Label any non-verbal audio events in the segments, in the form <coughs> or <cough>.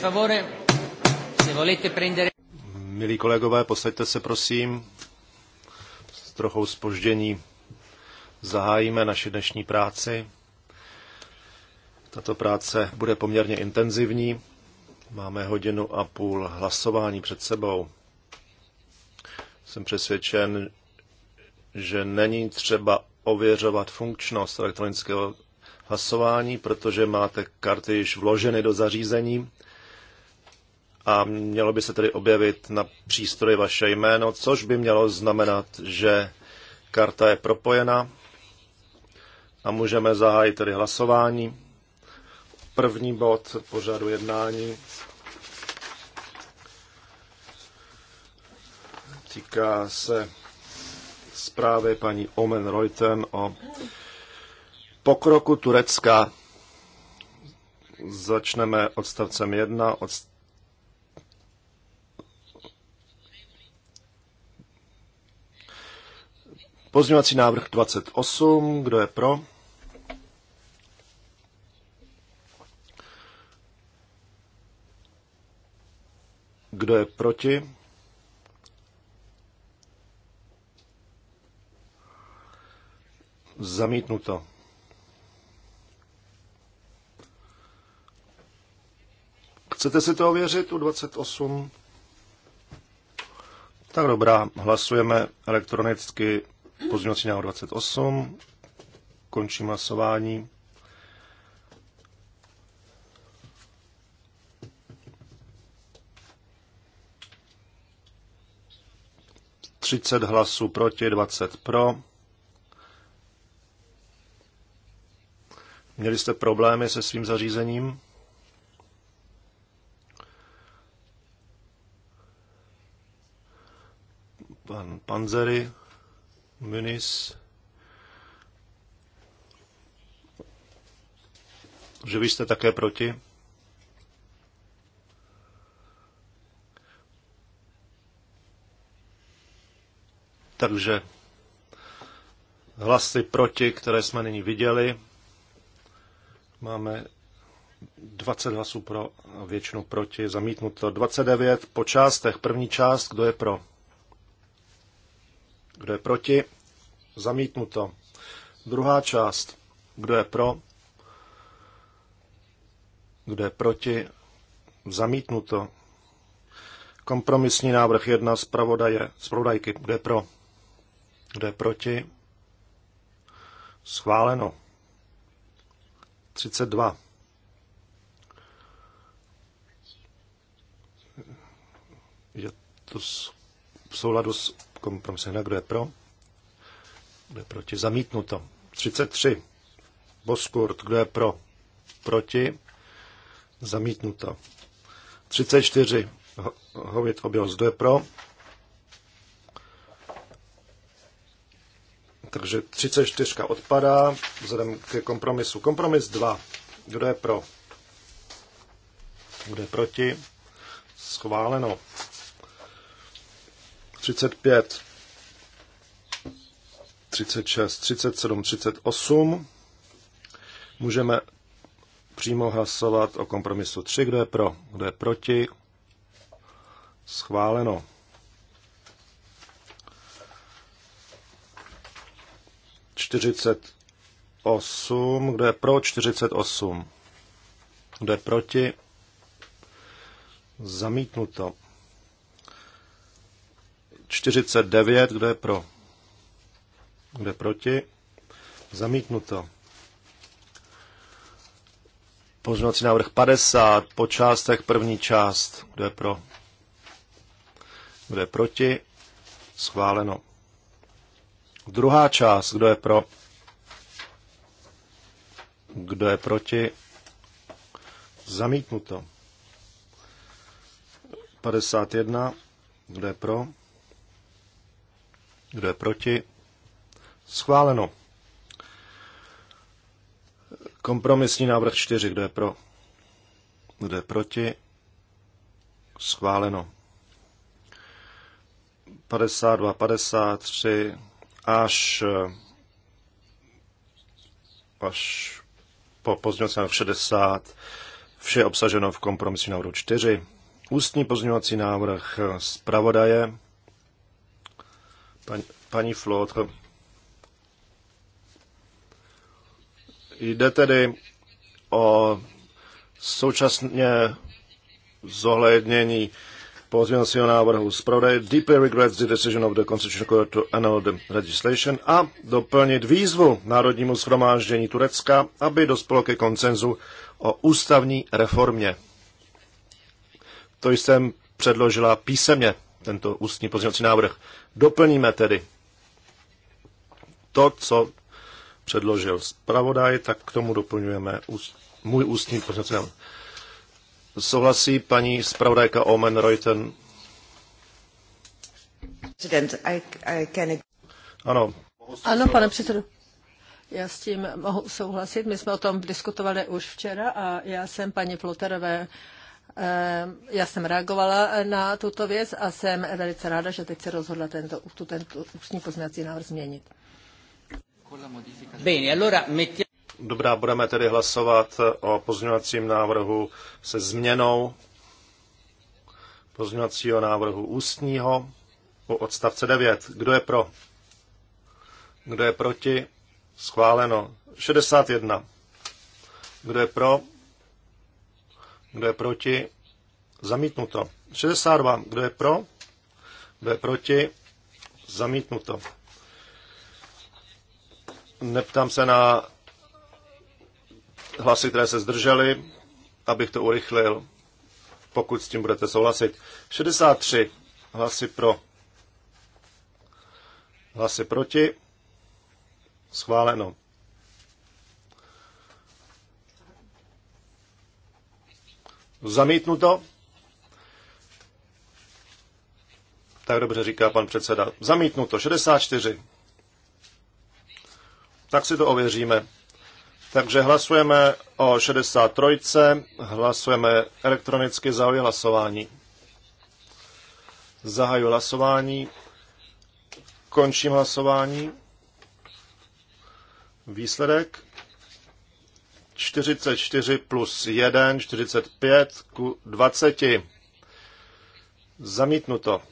se Milí kolegové, posaďte se prosím. S trochou spoždění zahájíme naši dnešní práci. Tato práce bude poměrně intenzivní. Máme hodinu a půl hlasování před sebou. Jsem přesvědčen, že není třeba ověřovat funkčnost elektronického hlasování, protože máte karty již vloženy do zařízení a mělo by se tedy objevit na přístroji vaše jméno, což by mělo znamenat, že karta je propojena a můžeme zahájit tedy hlasování. První bod pořadu jednání týká se zprávy paní Omen Reuten o pokroku Turecka. Začneme odstavcem 1. Od... Pozměňovací návrh 28. Kdo je pro? Kdo je proti? Zamítnuto. Chcete si to ověřit u 28? Tak dobrá, hlasujeme elektronicky pozměnocí návrh 28. Končím hlasování. Třicet hlasů proti, 20 pro. Měli jste problémy se svým zařízením? pan Panzery, Minis, že vy jste také proti? Takže hlasy proti, které jsme nyní viděli, máme 20 hlasů pro a většinu proti, zamítnuto 29 po částech. První část, kdo je pro? Kdo je proti? Zamítnuto. Druhá část. Kdo je pro? Kdo je proti? Zamítnuto. Kompromisní návrh pravodaje, z pravodajky. Kdo je pro? Kdo je proti? Schváleno. 32. Je to v souladu s Kompromis na kdo je pro? Kdo je proti? Zamítnuto. 33. Boskurt, kdo je pro? Proti? Zamítnuto. 34. Hovit Obios. kdo je pro? Takže 34 odpadá vzhledem ke kompromisu. Kompromis 2. Kdo je pro? Kdo je proti? Schváleno. 35, 36, 37, 38. Můžeme přímo hlasovat o kompromisu 3, kdo je pro, kdo je proti. Schváleno. Čtyřicet osm, kdo je pro, čtyřicet osm, kdo je proti, zamítnuto. 49, kdo je pro? Kdo je proti? Zamítnuto. Pozměňovací návrh 50, po částech první část. Kdo je pro? Kdo je proti? Schváleno. Druhá část, kdo je pro? Kdo je proti? Zamítnuto. 51, kdo je pro? Kdo je proti? Schváleno. Kompromisní návrh 4. Kdo je pro? Kdo je proti? Schváleno. 52, 53 až, až po pozměňovací 60. Vše obsaženo v kompromisní návrhu 4. Ústní pozměňovací návrh zpravodaje paní Flotr. Eh, jde tedy o současně zohlednění pozměnacího návrhu zpravodaje deeply regrets the decision of the Constitutional Court to annul the legislation a doplnit výzvu Národnímu schromáždění Turecka, aby dospělo ke koncenzu o ústavní reformě. To jsem předložila písemně tento ústní pozměňovací návrh. Doplníme tedy to, co předložil zpravodaj, tak k tomu doplňujeme úst, můj ústní pozměňovací návrh. Souhlasí paní zpravodajka Omen Reuten? Ano. Ano, pane předsedo. Já s tím mohu souhlasit. My jsme o tom diskutovali už včera a já jsem paní Ploterové Eh, já jsem reagovala eh, na tuto věc a jsem velice ráda, že teď se rozhodla tento, tento ústní pozměňovací návrh změnit. Dobrá, budeme tedy hlasovat eh, o pozměňovacím návrhu se změnou pozměňovacího návrhu ústního u odstavce 9. Kdo je pro? Kdo je proti? Schváleno. 61. Kdo je pro? Kdo je proti? Zamítnuto. 62. Kdo je pro? Kdo je proti? Zamítnuto. Neptám se na hlasy, které se zdržely, abych to urychlil, pokud s tím budete souhlasit. 63 hlasy pro, hlasy proti, schváleno. Zamítnuto. Tak dobře říká pan předseda. Zamítnuto. 64. Tak si to ověříme. Takže hlasujeme o 63. Hlasujeme elektronicky za hlasování. Zahaju hlasování. Končím hlasování. Výsledek 44 plus 1, 45 ku 20. Zamítnuto.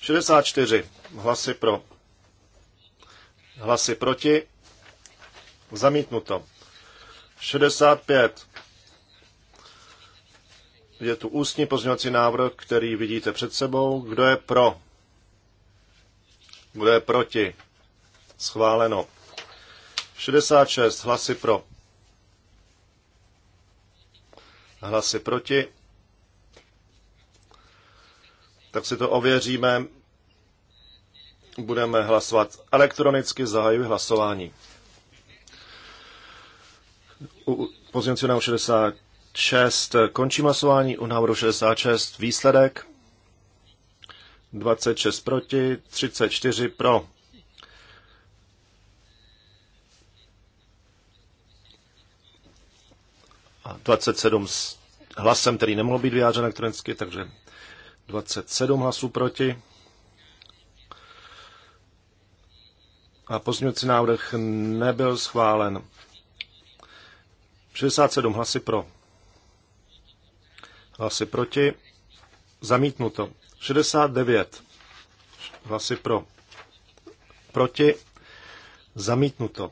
64 hlasy pro. Hlasy proti. Zamítnuto. 65. Je tu ústní pozměňovací návrh, který vidíte před sebou. Kdo je pro? Kdo je proti? Schváleno. 66 hlasy pro. Hlasy proti. Tak si to ověříme. Budeme hlasovat elektronicky, zahajuji hlasování. U pozměnci 66 končí hlasování, u návodu 66 výsledek 26 proti, 34 pro. a 27 s hlasem, který nemohl být vyjádřen elektronicky, takže 27 hlasů proti. A pozměňovací návrh nebyl schválen. 67 hlasy pro. Hlasy proti. Zamítnuto. 69 hlasy pro. Proti. Zamítnuto.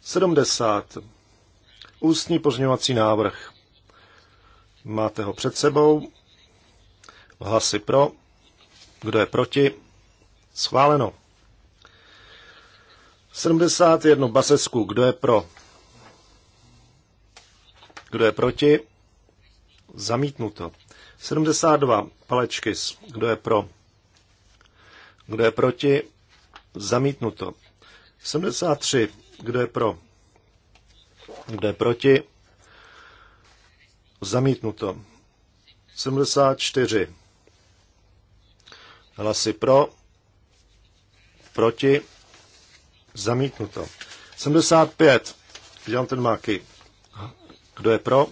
70 ústní pozměňovací návrh. Máte ho před sebou. Hlasy pro. Kdo je proti? Schváleno. 71 Basesku. Kdo je pro? Kdo je proti? Zamítnuto. 72 Palečkis. Kdo je pro? Kdo je proti? Zamítnuto. 73. Kdo je pro? Kdo je proti? Zamítnuto. 74. Hlasy pro, proti, zamítnuto. 75. Dělám ten máky. Kdo je pro?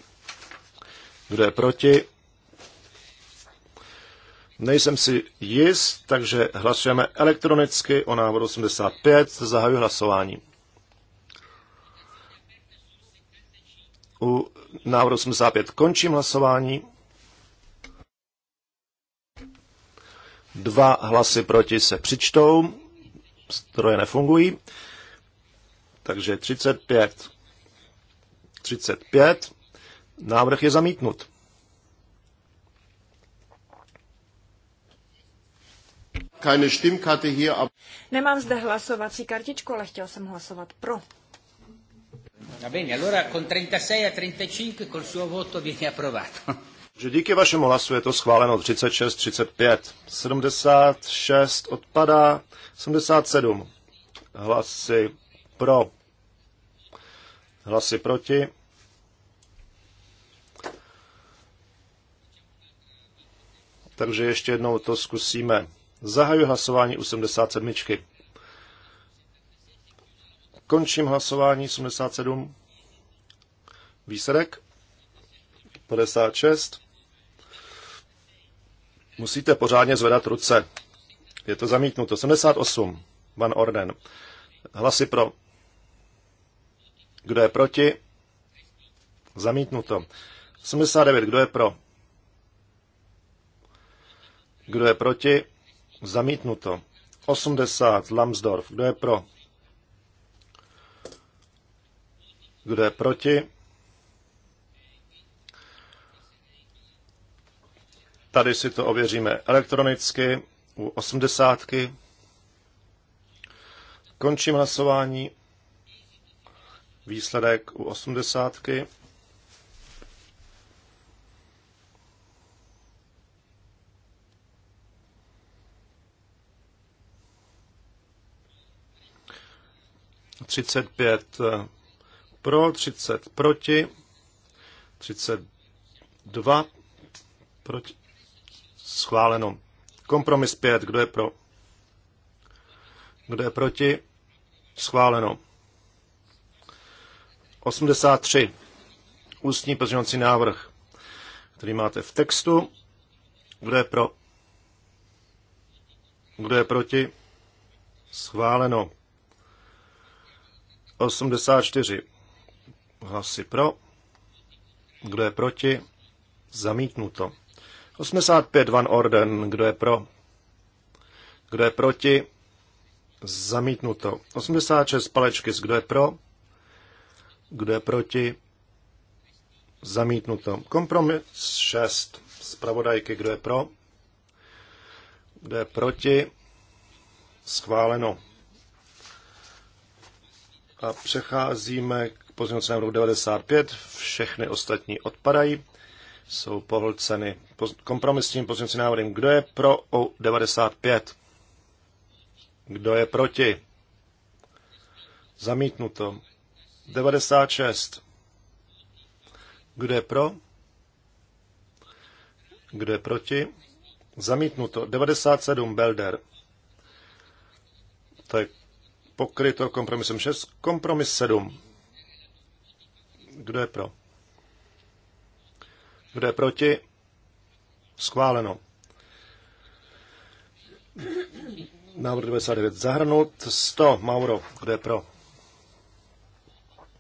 Kdo je proti? Nejsem si jist, takže hlasujeme elektronicky o návodu 85. Zahajuji hlasování. U návrhu 85 končím hlasování. Dva hlasy proti se přičtou. Stroje nefungují. Takže 35. 35. Návrh je zamítnut. Nemám zde hlasovací kartičku, ale chtěl jsem hlasovat pro. Va bene, allora con 36 a 35 col suo voto viene approvato. <laughs> Že díky vašemu hlasu je to schváleno 36, 35, 76 odpadá, 77 hlasy pro, hlasy proti. Takže ještě jednou to zkusíme. Zahajuji hlasování u 77. Končím hlasování 87. Výsledek 56. Musíte pořádně zvedat ruce. Je to zamítnuto. 78. Van Orden. Hlasy pro. Kdo je proti? Zamítnuto. 79. Kdo je pro? Kdo je proti? Zamítnuto. 80. Lambsdorff. Kdo je pro? Kdo je proti? Tady si to ověříme elektronicky u osmdesátky. Končím hlasování. Výsledek u osmdesátky. Třicet pět pro, 30 proti, 32 proti, schváleno. Kompromis 5, kdo je pro? Kdo je proti? Schváleno. 83. Ústní pozměňovací návrh, který máte v textu. Kdo je pro? Kdo je proti? Schváleno. 84 hlasy pro. Kdo je proti? Zamítnuto. 85 Van Orden. Kdo je pro? Kdo je proti? Zamítnuto. 86 Palečky, Kdo je pro? Kdo je proti? Zamítnuto. Kompromis 6. Spravodajky. Kdo je pro? Kdo je proti? Schváleno. A přecházíme k pozměňovací návrhu 95, všechny ostatní odpadají, jsou pohlceny kompromisním pozměňovacím návrhem. Kdo je pro o 95? Kdo je proti? Zamítnuto. 96. Kdo je pro? Kdo je proti? Zamítnuto. 97. Belder. To je pokryto kompromisem 6. Kompromis 7. Kdo je pro? Kdo je proti? Schváleno. Návrh 99 zahrnut. 100. Mauro. Kdo je pro?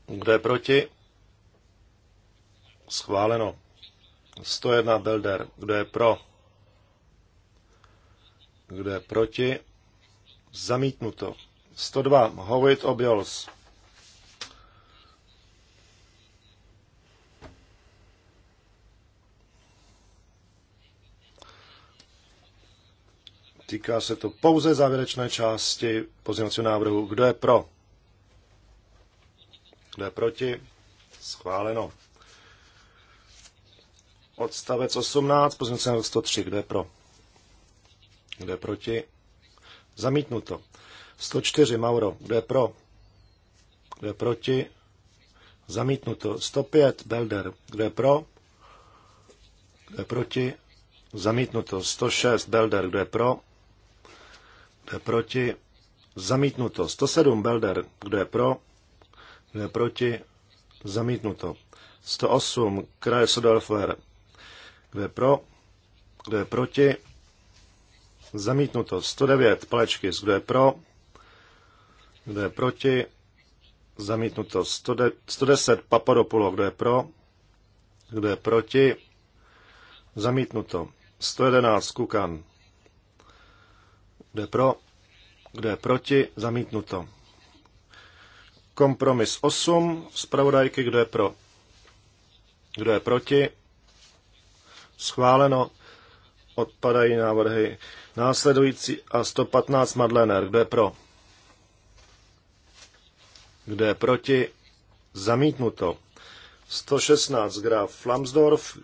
Kdo je proti? Schváleno. 101 Belder. Kdo je pro? Kdo je proti? Zamítnuto. 102 Howitt Obiols. Týká se to pouze závěrečné části pozměňovacího návrhu. Kdo je pro? Kdo je proti? Schváleno. Odstavec 18, pozměňovací návrh 103. Kdo je pro? Kdo je proti? Zamítnuto. 104, Mauro. Kdo je pro? Kdo je proti? Zamítnuto. 105, Belder. Kdo je pro? Kdo je proti? Zamítnuto. 106, Belder. Kdo je pro? kdo je proti, zamítnuto. 107 Belder, kdo je pro, kdo je proti, zamítnuto. 108 Kraje Sodalfer, kdo je pro, kdo je proti, zamítnuto. 109 Palečky, kdo je pro, kdo je proti, zamítnuto. 110 Papadopulo, kdo je pro, kdo je proti, zamítnuto. 111 Kukan, kdo je pro? Kdo je proti? Zamítnuto. Kompromis 8. Zpravodajky, kdo je pro? Kdo je proti? Schváleno. Odpadají návrhy následující a 115 Madlener. Kdo je pro? Kdo je proti? Zamítnuto. 116 Graf Flamsdorf.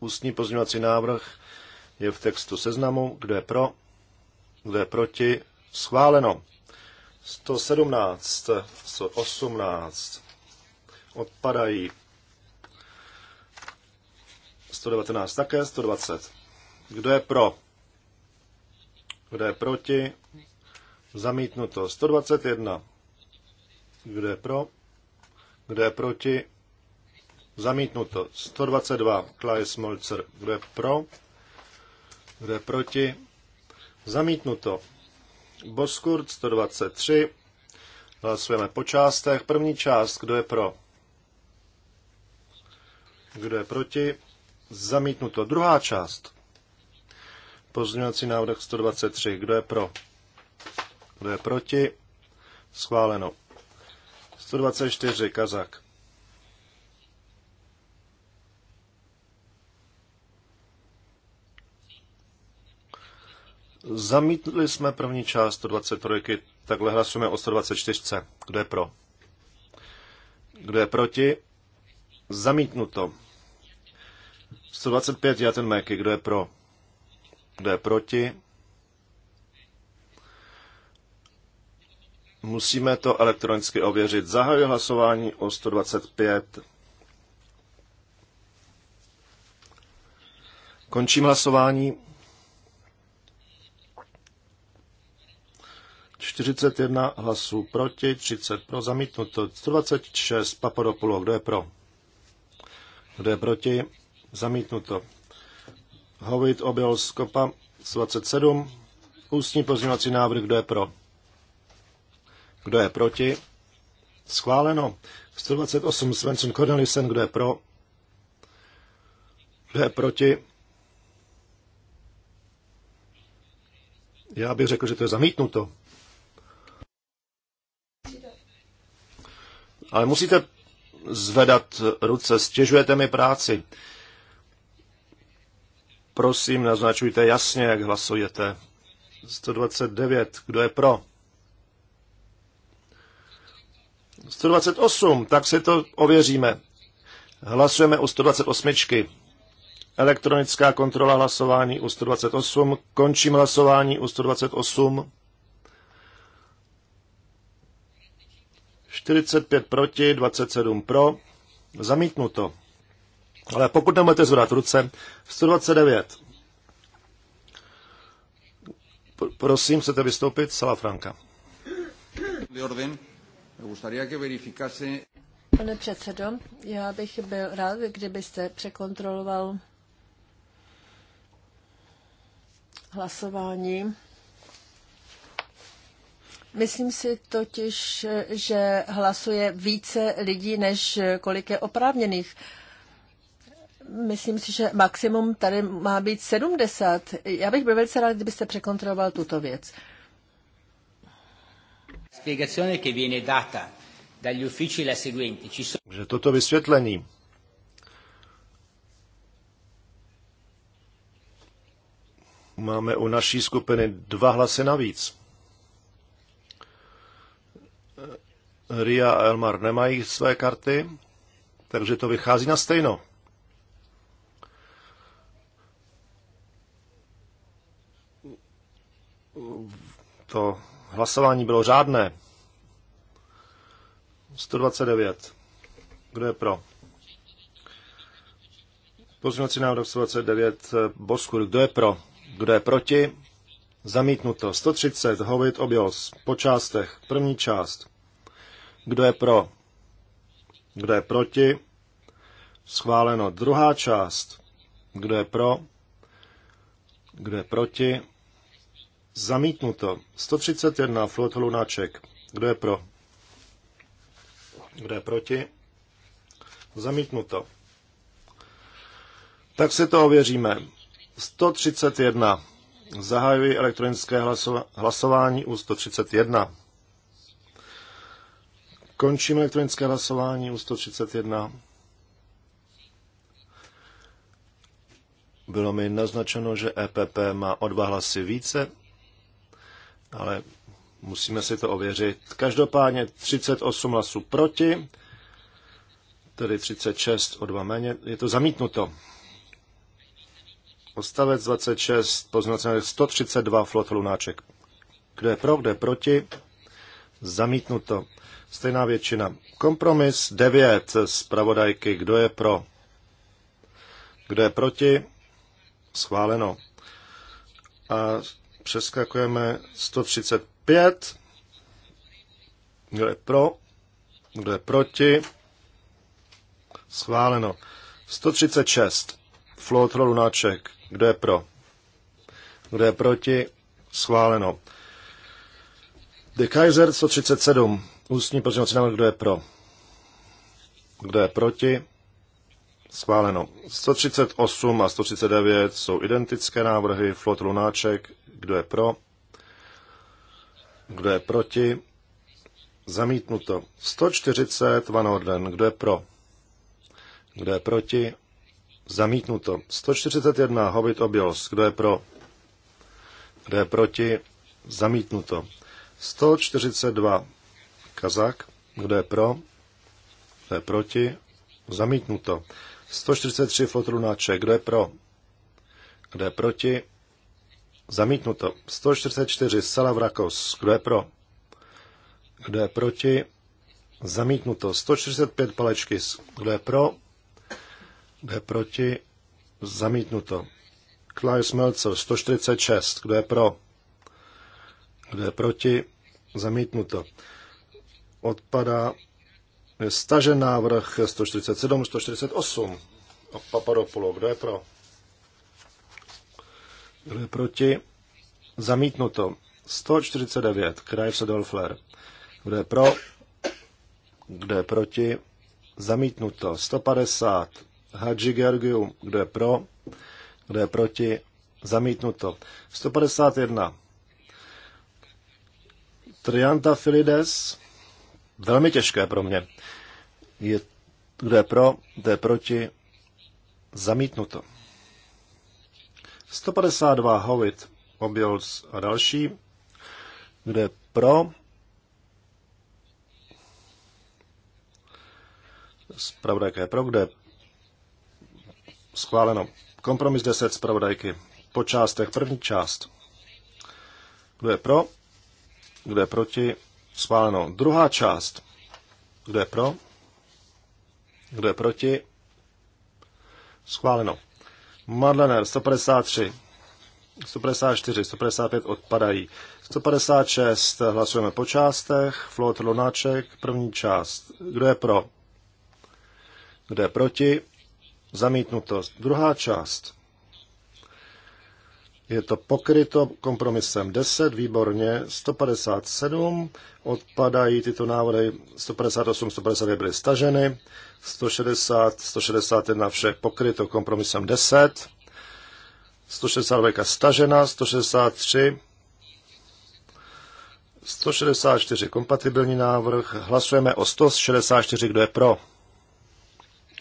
Ústní pozměňovací návrh je v textu seznamu. Kdo je pro? Kdo je proti? Schváleno. 117, 118 odpadají. 119 také, 120. Kdo je pro? Kdo je proti? Zamítnuto. 121. Kdo je pro? Kdo je proti? Zamítnuto. 122. Klaes Molzer. Kdo je pro? Kdo je proti? Zamítnuto. Boskurt 123. Hlasujeme po částech. První část, kdo je pro? Kdo je proti? Zamítnuto. Druhá část. Pozměňovací návrh 123. Kdo je pro? Kdo je proti? Schváleno. 124. Kazak. Zamítli jsme první část 123, takhle hlasujeme o 124. Kdo je pro? Kdo je proti? Zamítnuto. 125 já ten Meky, kdo je pro? Kdo je proti? Musíme to elektronicky ověřit. Zahajuji hlasování o 125. Končím hlasování. 41 hlasů proti, 30 pro, zamítnuto. 126 Papadopulo, kdo je pro? Kdo je proti? Zamítnuto. Hovit objel skopa 27. Ústní pozměňovací návrh, kdo je pro? Kdo je proti? Schváleno. 128 Svensson Cornelisen, kdo je pro? Kdo je proti? Já bych řekl, že to je zamítnuto. ale musíte zvedat ruce, stěžujete mi práci. Prosím, naznačujte jasně, jak hlasujete. 129, kdo je pro? 128, tak si to ověříme. Hlasujeme u 128. Elektronická kontrola hlasování u 128. Končím hlasování u 128. 45 proti, 27 pro. Zamítnuto. Ale pokud nebudete zvedat ruce, 129. Prosím, chcete vystoupit? Sala Franka. Pane předsedo, já bych byl rád, kdybyste překontroloval hlasování Myslím si totiž, že hlasuje více lidí, než kolik je oprávněných. Myslím si, že maximum tady má být 70. Já bych byl velice rád, kdybyste překontroloval tuto věc. Že toto vysvětlení máme u naší skupiny dva hlasy navíc. Ria a Elmar nemají své karty, takže to vychází na stejno. To hlasování bylo řádné. 129. Kdo je pro? Pozměňovací návrh 129 Boskur. Kdo je pro? Kdo je proti? Zamítnuto. 130 Hovit Objos. Po částech. První část. Kdo je pro? Kdo je proti? Schváleno. Druhá část. Kdo je pro? Kdo je proti? Zamítnuto. 131 Flot Lunaček. Kdo je pro? Kdo je proti? Zamítnuto. Tak si to ověříme. 131. Zahajuji elektronické hlasování u 131. Končím elektronické hlasování u 131. Bylo mi naznačeno, že EPP má o dva hlasy více, ale musíme si to ověřit. Každopádně 38 hlasů proti, tedy 36 o dva méně. Je to zamítnuto. Odstavec 26, poznací 132 flot lunáček. Kdo je pro, kdo je proti? Zamítnuto. Stejná většina. Kompromis 9 zpravodajky. Kdo je pro? Kdo je proti? Schváleno. A přeskakujeme 135. Kdo je pro? Kdo je proti? Schváleno. 136. Flotro Lunáček. Kdo je pro? Kdo je proti? Schváleno. De Kaiser 137. Ústní pozměňovací návrh, kdo je pro? Kdo je proti? Schváleno. 138 a 139 jsou identické návrhy. Flot Lunáček, kdo je pro? Kdo je proti? Zamítnuto. 140 Van Orden, kdo je pro? Kdo je proti? Zamítnuto. 141 Hobbit Obiols, kdo je pro? Kdo je proti? Zamítnuto. 142 Kazak. Kdo je pro? Kdo je proti? Zamítnuto. 143 Če. Kdo je pro? Kdo je proti? Zamítnuto. 144 Salavrakos. Kdo je pro? Kdo je proti? Zamítnuto. 145 Palečkis. Kdo je pro? Kdo je proti? Zamítnuto. Klaus Melcer. 146. Kdo je pro? Kdo je proti? Zamítnuto odpadá stažen návrh 147, 148 a Papadopulo. Kdo je pro? Kdo je proti? Zamítnuto. 149, Krajev Sedol Flair. Kdo je pro? Kdo je proti? Zamítnuto. 150, Hadži Georgiu. Kdo je pro? Kdo je proti? Zamítnuto. 151, Trianta Filides velmi těžké pro mě. Je, kdo je pro, kdo je proti, zamítnuto. 152 Hovit, Mobiles a další. Kdo je pro? Spravodajka je pro, kde schváleno. Kompromis 10 spravodajky. Po částech první část. Kdo je pro? Kdo je proti? Schváleno. Druhá část. Kdo je pro? Kdo je proti? Schváleno. Madlener 153, 154, 155 odpadají. 156 hlasujeme po částech. Flot Lunáček, první část. Kdo je pro? Kdo je proti? Zamítnuto. Druhá část. Je to pokryto kompromisem 10, výborně 157, odpadají tyto návrhy 158, 159 byly staženy, 160, 161 vše pokryto kompromisem 10, 162 stažena, 163, 164 kompatibilní návrh, hlasujeme o 164, kdo je pro,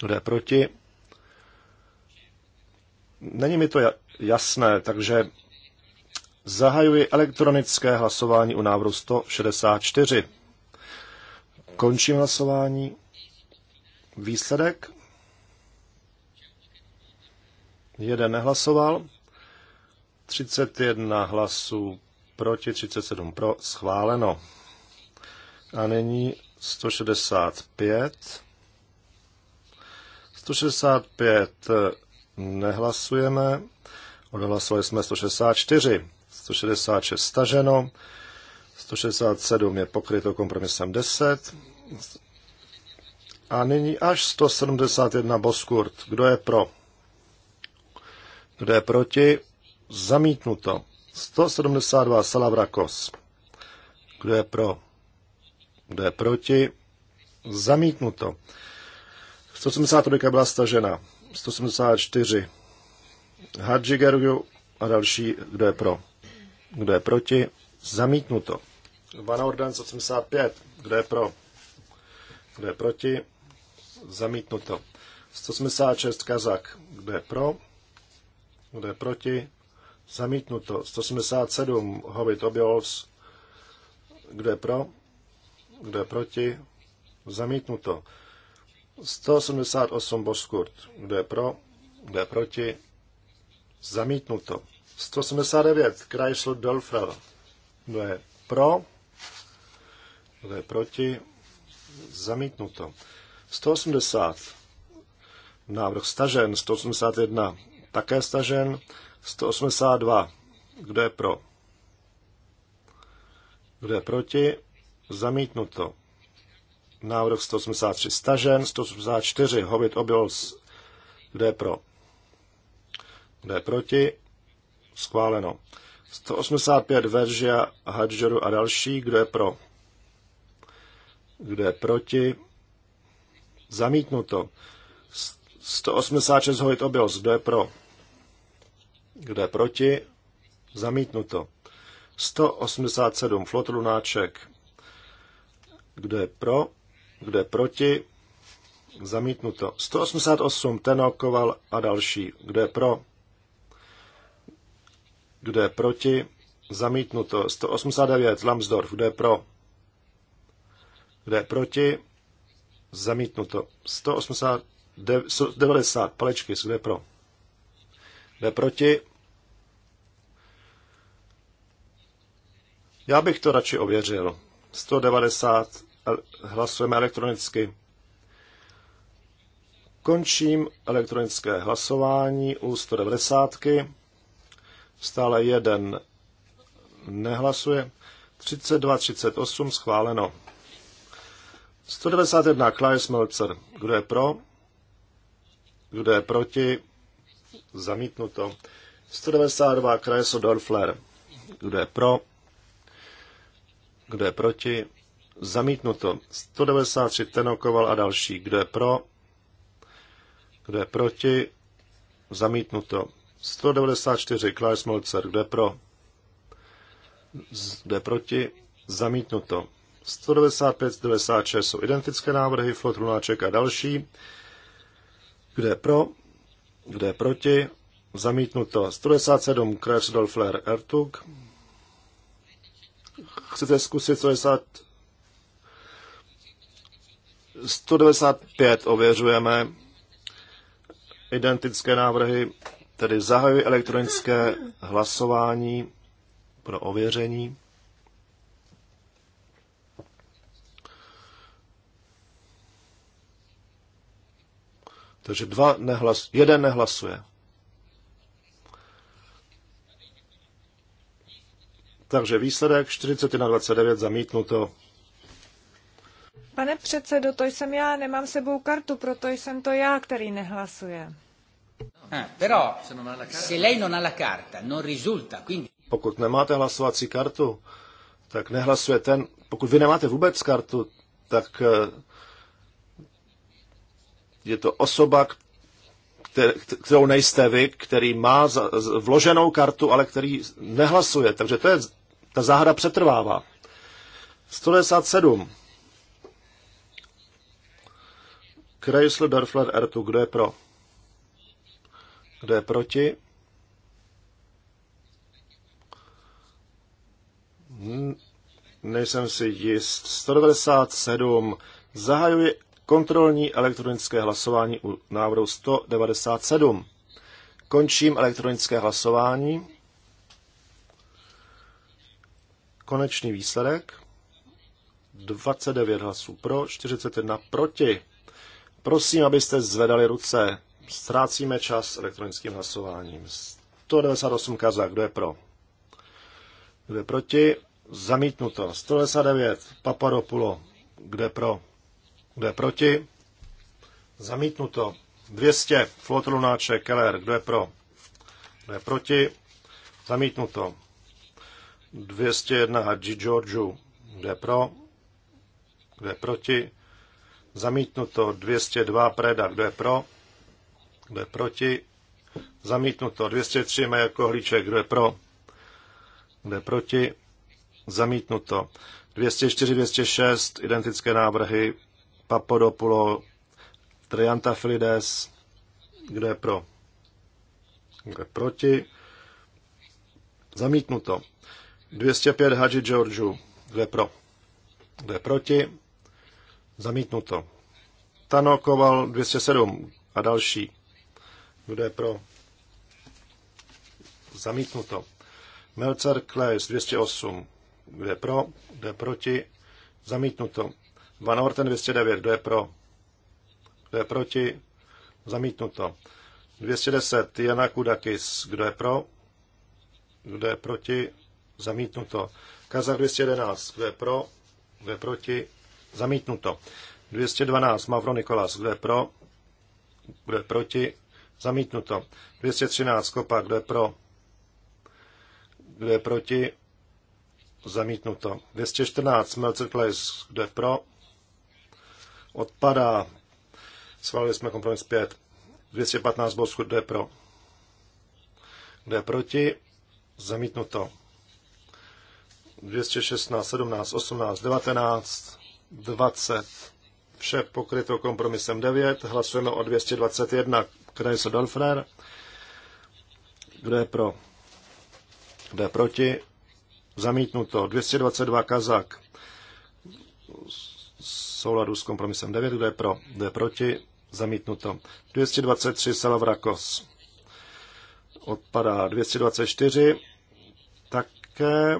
kdo je proti, Není mi to jasné, takže zahajuji elektronické hlasování u návrhu 164. Končím hlasování. Výsledek? Jeden nehlasoval. 31 hlasů proti, 37 pro, schváleno. A nyní 165. 165 nehlasujeme. Odhlasovali jsme 164. 166 staženo. 167 je pokryto kompromisem 10. A nyní až 171 Boskurt. Kdo je pro? Kdo je proti? Zamítnuto. 172 Salavrakos. Kdo je pro? Kdo je proti? Zamítnuto. 173 byla stažena. 174. Hadži Gergiu a další, kdo je pro. Kdo je proti? Zamítnuto. Van Orden 185, Kdo je pro? Kdo je proti? Zamítnuto. 186 Kazak. Kdo je pro? Kdo je proti? Zamítnuto. 187 Hobbit Obiols. Kdo je pro? Kdo je proti? Zamítnuto. 188 Boskurt. Kdo je pro? Kdo je proti? Zamítnuto. 179 Kreisel Dolfrava. Kdo je pro? Kdo je proti? Zamítnuto. 180. Návrh stažen. 181. Také stažen. 182. Kdo je pro? Kdo je proti? Zamítnuto. Návrh 183 stažen, 184 Hobbit Obils, kde je pro, kde je proti, schváleno. 185 Veržia, Hadžoru a další, kdo je pro, kdo je proti, zamítnuto. 186 Hobbit Obils, kdo je pro, kdo je proti, zamítnuto. 187 Flotlunáček, kdo je pro, kdo je proti? Zamítnuto. 188. Tenokoval a další. Kdo je pro? Kdo je proti? Zamítnuto. 189. Lambsdorff. Kdo je pro? Kdo je proti? Zamítnuto. 190. Palečky. Kdo je pro? Kdo je proti? Já bych to radši ověřil. 190 hlasujeme elektronicky. Končím elektronické hlasování u 190. Stále jeden nehlasuje. 32, 38 schváleno. 191 Klaus Melcer. Kdo je pro? Kdo je proti? Zamítnuto. 192 Krajeso Dorfler. Kdo je pro? Kdo je proti? Zamítnuto. 193 Tenokoval a další. Kdo je pro? Kdo je proti? Zamítnuto. 194 Klaes Molzer. Kdo je pro? Kdo je proti? Zamítnuto. 195, 96 jsou identické návrhy, Flot, Lunáček a další. Kdo je pro? Kdo je proti? Zamítnuto. 197 Krebs, Dolfler, Ertug. Chcete zkusit 190? 195 ověřujeme identické návrhy, tedy zahajuji elektronické hlasování pro ověření. Takže dva nehlas, jeden nehlasuje. Takže výsledek 41 29 zamítnuto. Pane předsedo, to jsem já, nemám sebou kartu, proto jsem to já, který nehlasuje. Pokud nemáte hlasovací kartu, tak nehlasuje ten. Pokud vy nemáte vůbec kartu, tak eh, je to osoba, kterou nejste vy, který má vloženou kartu, ale který nehlasuje. Takže to je, ta záhada přetrvává. 197. Kreisl, Dörfler, Ertu, kdo je pro? Kdo je proti? Nejsem si jist. 197. Zahajuji kontrolní elektronické hlasování u návrhu 197. Končím elektronické hlasování. Konečný výsledek. 29 hlasů pro, 41 proti. Prosím, abyste zvedali ruce. Ztrácíme čas elektronickým hlasováním. 198 kaza, kdo je pro? Kdo je proti? Zamítnuto. 199 Papadopulo, kdo je pro? Kdo je proti? Zamítnuto. 200 Flotrunáče Keller, kdo je pro? Kdo je proti? Zamítnuto. 201 Hadži Georgiou, kdo je pro? Kdo je proti? Zamítnuto 202 Preda, kdo je pro? Kdo je proti? Zamítnuto 203 jako Hlíček, kdo je pro? Kdo je proti? Zamítnuto 204, 206, identické návrhy Papodopulo, Trianta Filides, kdo je pro? Kdo je proti? Zamítnuto 205 Hadži Georgiou, kdo je pro? Kdo je proti? Zamítnuto. Tano Koval 207 a další. Kdo je pro? Zamítnuto. Melcer Kleis 208. Kdo je pro? Kdo je proti? Zamítnuto. Van Orten 209. Kdo je pro? Kdo je proti? Zamítnuto. 210. Jana Kudakis. Kdo je pro? Kdo je proti? Zamítnuto. Kazak 211. Kdo je pro? Kdo je proti? Zamítnuto. 212. Mavro Nikolas. Kdo je pro? Kdo je proti? Zamítnuto. 213. Kopa. Kdo je pro? Kdo je proti? Zamítnuto. 214. Melcer Place. Kdo je pro? Odpadá. Svalili jsme kompromis 5. 215. Bosku. Kdo je pro? Kdo je proti? Zamítnuto. 216, 17, 18, 19, 20. Vše pokryto kompromisem 9. Hlasujeme o 221. Krajso Dolfner. Kdo je pro? Kdo je proti? Zamítnuto. 222 Kazak. Souladu s kompromisem 9. Kdo je pro? Kdo je proti? Zamítnuto. 223 Salavrakos. Odpadá. 224. Také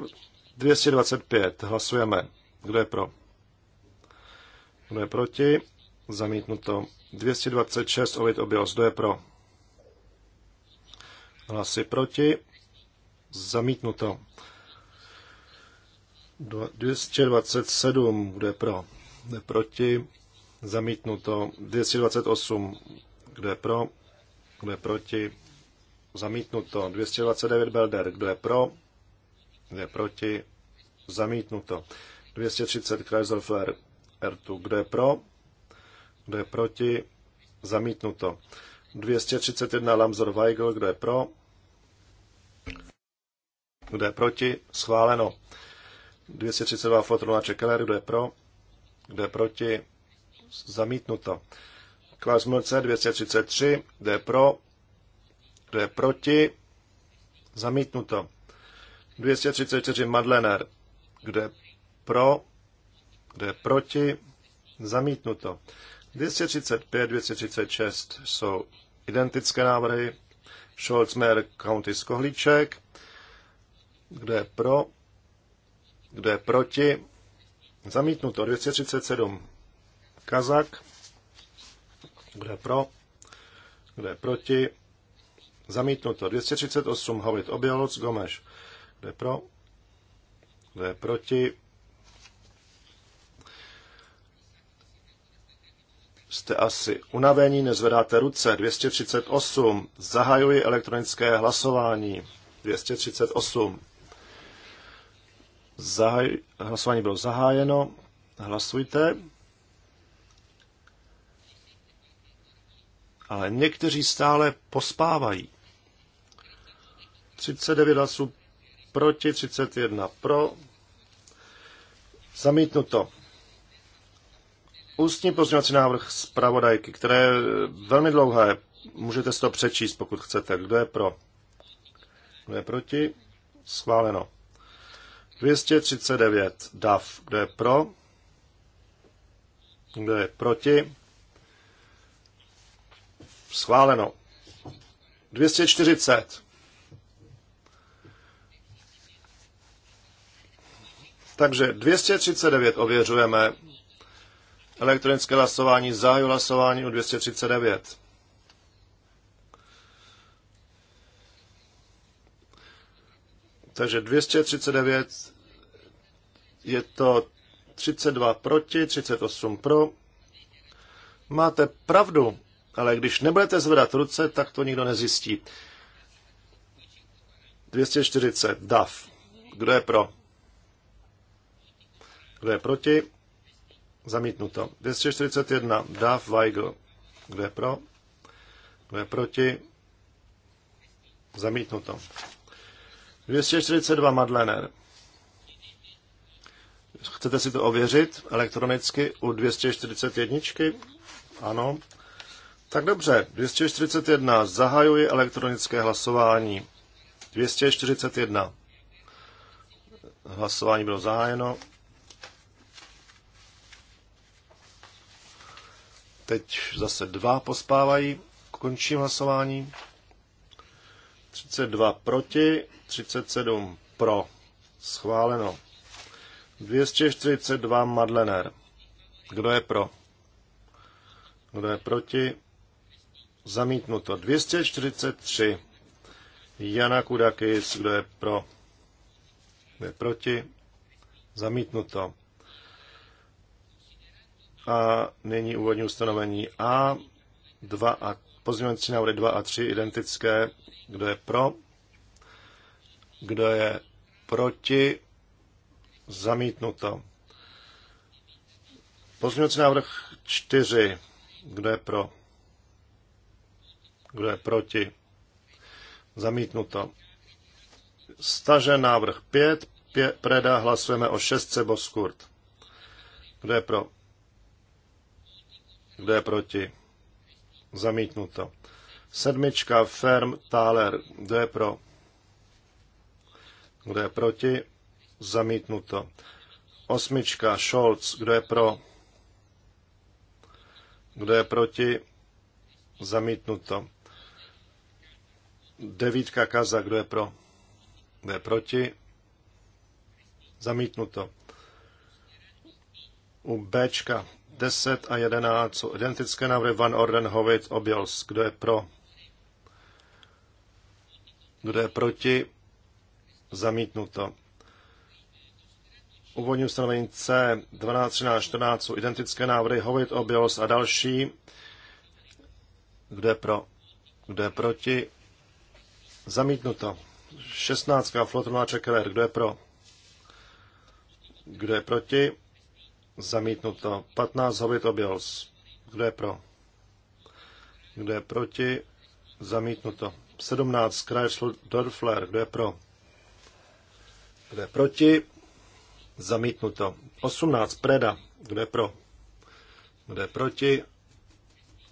225. Hlasujeme. Kdo je pro? Kdo je proti? Zamítnuto. 226 ovit Obios. Kdo je pro? Hlasy proti. Zamítnuto. 227 je pro, je proti, zamítnuto. 228 je pro, je proti, zamítnuto. 229 Belder, kdo je pro, kdo je proti, zamítnuto. 230 Kreisel Ertu. Kdo je pro? Kdo je proti? Zamítnuto. 231 Lamzor Weigel. Kdo je pro? Kdo je proti? Schváleno. 232 Fotronáček Keller. Kdo je pro? Kdo je proti? Zamítnuto. Mlce 233. Kdo je pro? Kdo je proti? Zamítnuto. 234 Madlener. Kdo je pro? Kdo je proti? Zamítnuto. 235, 236 jsou identické návrhy. Scholzmer, County Skohlíček. Kdo je pro? Kdo je proti? Zamítnuto. 237. Kazak. Kdo je pro? Kdo je proti? Zamítnuto. 238. Hovit Oběloc Gomeš. Kdo je pro? Kdo je proti? jste asi unavení, nezvedáte ruce. 238. Zahajuji elektronické hlasování. 238. Zahaj... Hlasování bylo zahájeno. Hlasujte. Ale někteří stále pospávají. 39 hlasů proti, 31 pro. Zamítnuto ústní pozměňovací návrh zpravodajky, které je velmi dlouhé. Můžete si to přečíst, pokud chcete. Kdo je pro? Kdo je proti? Schváleno. 239 DAF. Kdo je pro? Kdo je proti? Schváleno. 240. Takže 239 ověřujeme. Elektronické hlasování. Zahajuji hlasování u 239. Takže 239 je to 32 proti, 38 pro. Máte pravdu, ale když nebudete zvedat ruce, tak to nikdo nezjistí. 240 DAF. Kdo je pro? Kdo je proti? Zamítnuto. 241. Dav Weigl. Kdo je pro? Kdo je proti? Zamítnuto. 242. Madlener. Chcete si to ověřit elektronicky u 241? Ano. Tak dobře, 241. Zahajuji elektronické hlasování. 241. Hlasování bylo zahájeno. Teď zase dva pospávají. Končím hlasování. 32 proti, 37 pro. Schváleno. 242 Madlener. Kdo je pro? Kdo je proti? Zamítnuto. 243 Jana Kudakis. Kdo je pro? Kdo je proti? Zamítnuto. A nyní úvodní ustanovení A, dva a pozměňovací návrhy 2 a 3 identické. Kdo je pro? Kdo je proti? Zamítnuto. Pozměňovací návrh 4. Kdo je pro? Kdo je proti? Zamítnuto. Stažen návrh 5. preda hlasujeme o 6. Boskurt. Kdo je pro? Kdo je proti? Zamítnuto. Sedmička, Ferm, Thaler. Kdo je pro? Kdo je proti? Zamítnuto. Osmička, Scholz. Kdo je pro? Kdo je proti? Zamítnuto. Devítka, Kaza. Kdo je pro? Kdo je proti? Zamítnuto. U Bčka 10 a 11 jsou identické návrhy Van Orden, Hovic, Objels. Kdo je pro? Kdo je proti? Zamítnuto. Úvodní ustanovení C, 12, 13, 14 jsou identické návrhy Hovit, Objels a další. Kdo je pro? Kdo je proti? Zamítnuto. 16. Flotrona Keller. Kdo je pro? Kdo je proti? Zamítnuto. 15 Hobbit Obils. Kdo je pro? Kdo je proti? Zamítnuto. 17 Chrysler Dörfler. Kdo je pro? Kdo je proti? Zamítnuto. 18 Preda. Kdo je pro? Kdo je proti?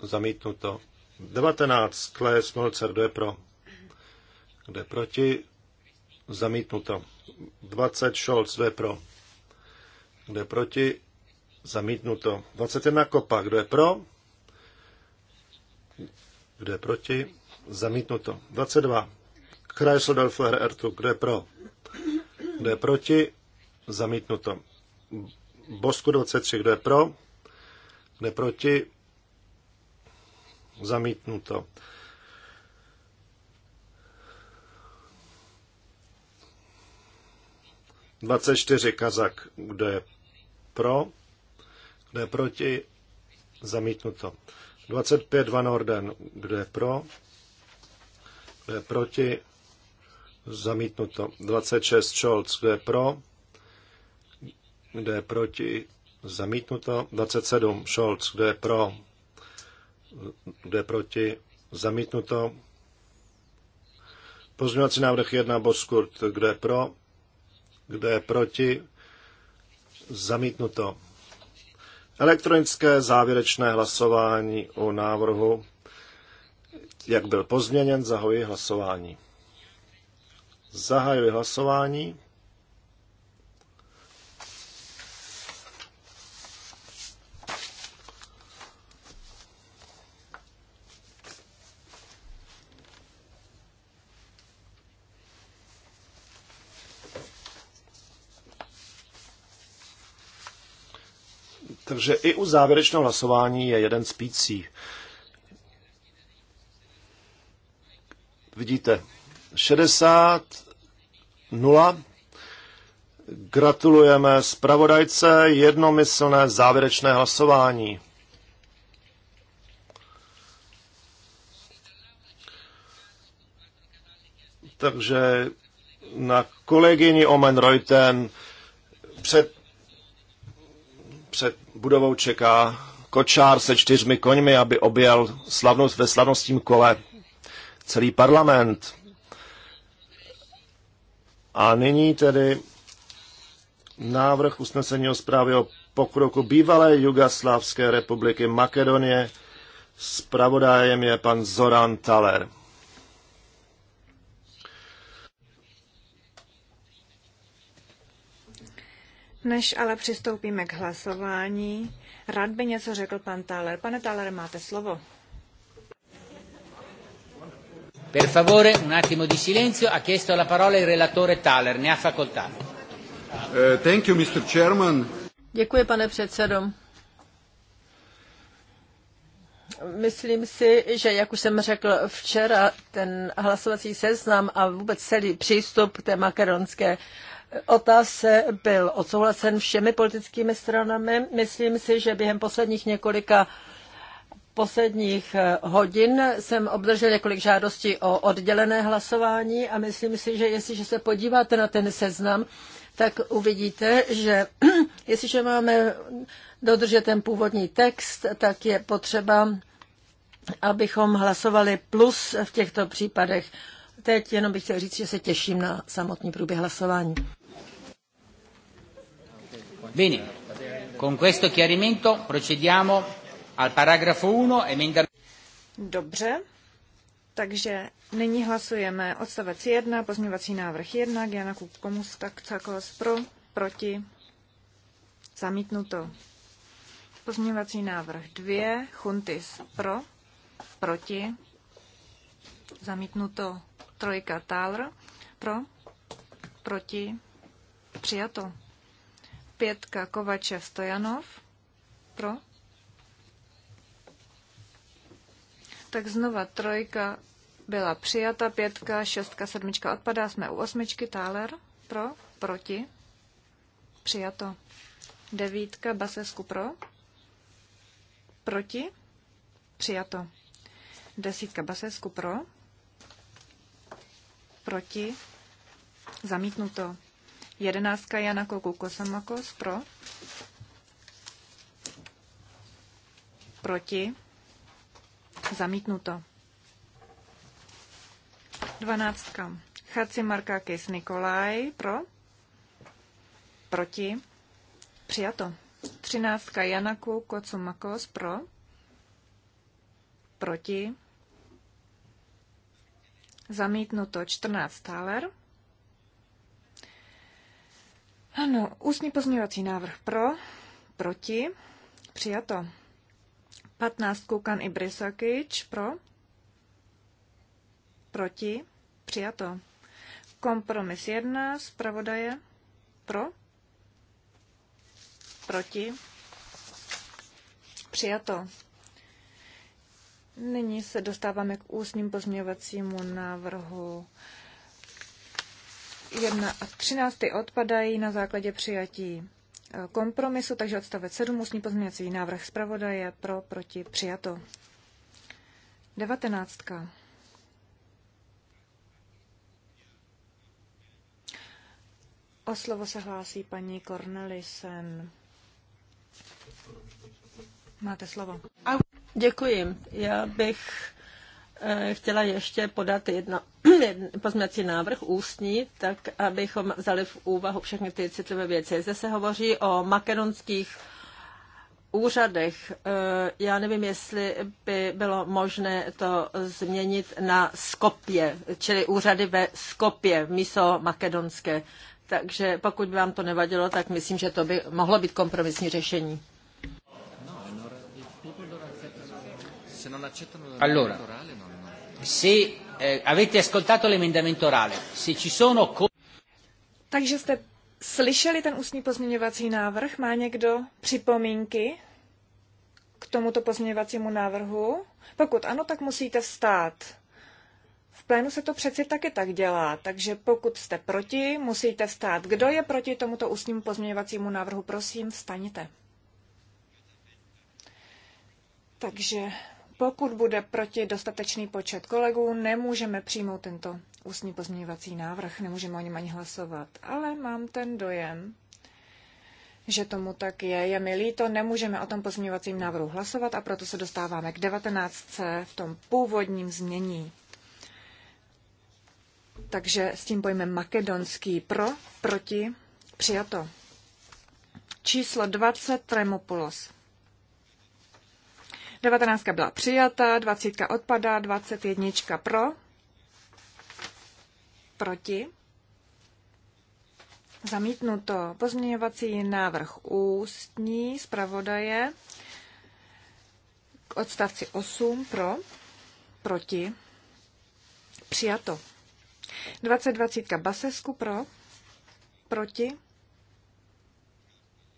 Zamítnuto. 19 Claire Smolcer. Kdo je pro? Kdo je proti? Zamítnuto. 20 Scholz. Kdo je pro? Kdo je proti? Zamítnuto. 21 kopa. Kdo je pro? Kdo je proti? Zamítnuto. 22. Kreisel Delfler Ertu. Kdo je pro? Kdo je proti? Zamítnuto. Bosku 23. Kdo je pro? Kdo je proti? Zamítnuto. Dvacet čtyři Kazak, kdo je pro? kdo je proti, zamítnuto. 25 Van Orden, kdo je pro, kdo je proti, zamítnuto. 26 Scholz, kdo je pro, kdo je proti, zamítnuto. 27 Scholz, kdo je pro, kdo je proti, zamítnuto. Pozměňovací návrh 1 Boskurt, kdo je pro, kdo je proti, zamítnuto. Elektronické závěrečné hlasování o návrhu, jak byl pozměněn, zahajuji hlasování. Zahajuji hlasování. že i u závěrečného hlasování je jeden spící. Vidíte, 60, 0. Gratulujeme zpravodajce jednomyslné závěrečné hlasování. Takže na kolegyni Omen Reuten před budovou čeká kočár se čtyřmi koňmi, aby objel slavnost ve slavnostním kole celý parlament. A nyní tedy návrh usnesení o zprávě o pokroku bývalé Jugoslávské republiky Makedonie. Spravodajem je pan Zoran Taler. Než ale přistoupíme k hlasování, rád by něco řekl pan Thaler. Pane Thaler, máte slovo. Per favore, un attimo di silenzio. Ha chiesto la parola il relatore Thaler. Ne ha facoltà. Uh, thank you, Mr. Chairman. Děkuji, pane předsedo. Myslím si, že jak už jsem řekl včera, ten hlasovací seznam a vůbec celý přístup té makaronské uh, otázce byl odsouhlasen všemi politickými stranami. Myslím si, že během posledních několika posledních eh, hodin jsem obdržel několik žádostí o oddělené hlasování a myslím si, že jestliže se podíváte na ten seznam, tak uvidíte, že <clears throat> jestliže máme dodržet ten původní text, tak je potřeba, abychom hlasovali plus v těchto případech teď jenom bych chtěl říct, že se těším na samotný průběh hlasování. Bene, con questo chiarimento procediamo al paragrafo 1 emendamento. Dobře, takže nyní hlasujeme odstavec 1, pozměňovací návrh 1, Jana Kukomus, tak Cakos pro, proti, zamítnuto. Pozměňovací návrh 2, Chuntis pro, proti, zamítnuto. Trojka tálr pro, proti, přijato. Pětka Kovačev Stojanov pro. Tak znova trojka byla přijata, pětka, šestka, sedmička odpadá, jsme u osmičky, Thaler pro, proti, přijato. Devítka, Basesku pro, proti, přijato. Desítka, Basesku pro, proti, zamítnuto. Jedenáctka Jana Kokukosamakos, pro, proti, zamítnuto. Dvanáctka Chaci Markakis Nikolaj, pro, proti, přijato. Třináctka Janaku Kocumakos, pro, proti, Zamítnuto 14 táler. Ano, ústní pozměňovací návrh pro, proti, přijato. 15 Kukan i Ibrisakič pro, proti, přijato. Kompromis 1, zpravodaje, pro, proti, přijato. Nyní se dostáváme k ústním pozměňovacímu návrhu 1 a 13 odpadají na základě přijatí eh, kompromisu, takže odstavec 7, ústní pozměňovací návrh zpravodaje pro, proti, přijato. 19. O slovo se hlásí paní Cornelisen. Máte slovo. Děkuji. Já bych eh, chtěla ještě podat jedno <clears throat> pozměnací návrh ústní, tak abychom vzali v úvahu všechny ty citlivé věci. Zde se hovoří o makedonských úřadech. Eh, já nevím, jestli by bylo možné to změnit na Skopje, čili úřady ve Skopje, místo makedonské. Takže pokud by vám to nevadilo, tak myslím, že to by mohlo být kompromisní řešení. se non accettano l'emendamento allora, orale non... No. Se eh, avete ascoltato l'emendamento orale, se ci sono... Takže jste slyšeli ten ústní pozměňovací návrh? Má někdo připomínky k tomuto pozměňovacímu návrhu? Pokud ano, tak musíte vstát. V plénu se to přeci taky tak dělá, takže pokud jste proti, musíte vstát. Kdo je proti tomuto ústnímu pozměňovacímu návrhu, prosím, vstaňte. Takže pokud bude proti dostatečný počet kolegů, nemůžeme přijmout tento ústní pozměňovací návrh, nemůžeme o něm ani hlasovat. Ale mám ten dojem, že tomu tak je. Je mi líto, nemůžeme o tom pozměňovacím návrhu hlasovat a proto se dostáváme k 19c v tom původním změní. Takže s tím pojmem makedonský pro, proti, přijato. Číslo 20 Tremopolos. 19 byla přijata, 20 odpadá, 21 pro, proti, zamítnuto pozměňovací návrh ústní zpravodaje k odstavci 8 pro, proti, přijato. 2020 Basesku pro, proti,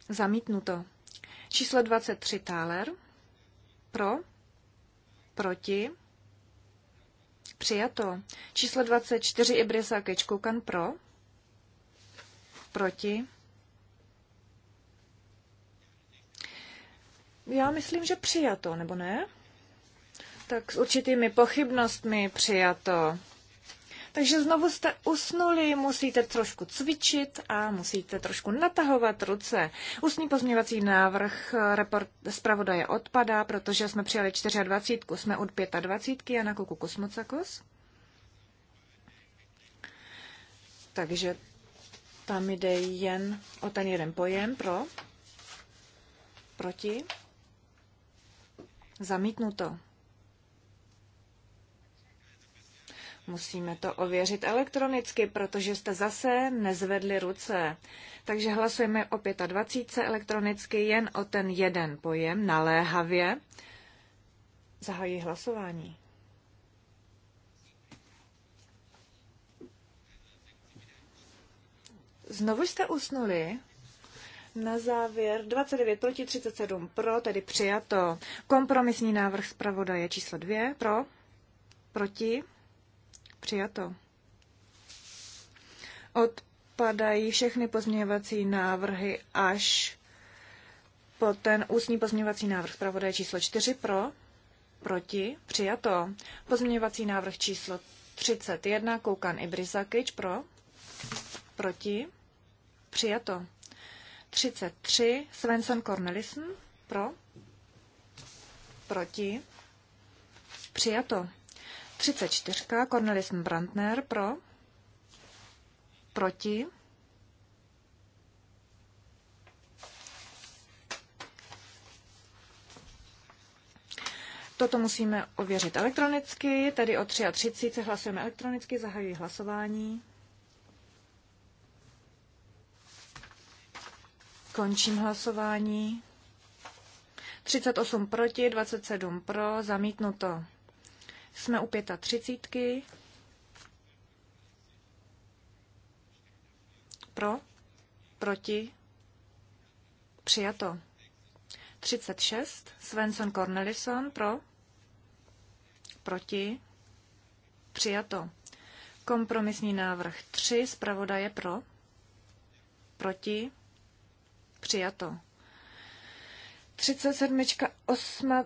zamítnuto. Číslo 23 Thaler pro? Proti? Přijato. Číslo 24 Ibrisa Kečkoukan pro? Proti? Já myslím, že přijato, nebo ne? Tak s určitými pochybnostmi přijato. Takže znovu jste usnuli, musíte trošku cvičit a musíte trošku natahovat ruce. Ústní pozměvací návrh eh, report zpravodaje odpadá, protože jsme přijali 24, jsme od 25 Jana Kuku Kusmocakos. Takže tam jde jen o ten jeden pojem pro, proti, zamítnuto. Musíme to ověřit elektronicky, protože jste zase nezvedli ruce. Takže hlasujeme o 25 elektronicky jen o ten jeden pojem naléhavě. Zahají hlasování. Znovu jste usnuli? Na závěr 29 proti 37 pro, tedy přijato. Kompromisní návrh zpravodaje číslo 2 pro, proti. Přijato. Odpadají všechny pozměňovací návrhy až po ten ústní pozměňovací návrh zpravodaje číslo 4 pro, proti, přijato. Pozměňovací návrh číslo 31, Koukan Ibrizakič pro, proti, přijato. 33, Svensson Cornelissen pro, proti, přijato. 34. Cornelis Brandner pro. Proti. Toto musíme ověřit elektronicky, tedy o 33 hlasujeme elektronicky, zahajuji hlasování. Končím hlasování. 38 proti, 27 pro, zamítnuto. Jsme u 35. Pro, proti, přijato. 36. Svensson Cornelison pro, proti, přijato. Kompromisní návrh 3. Zpravodaje pro, proti, přijato. 37. 8.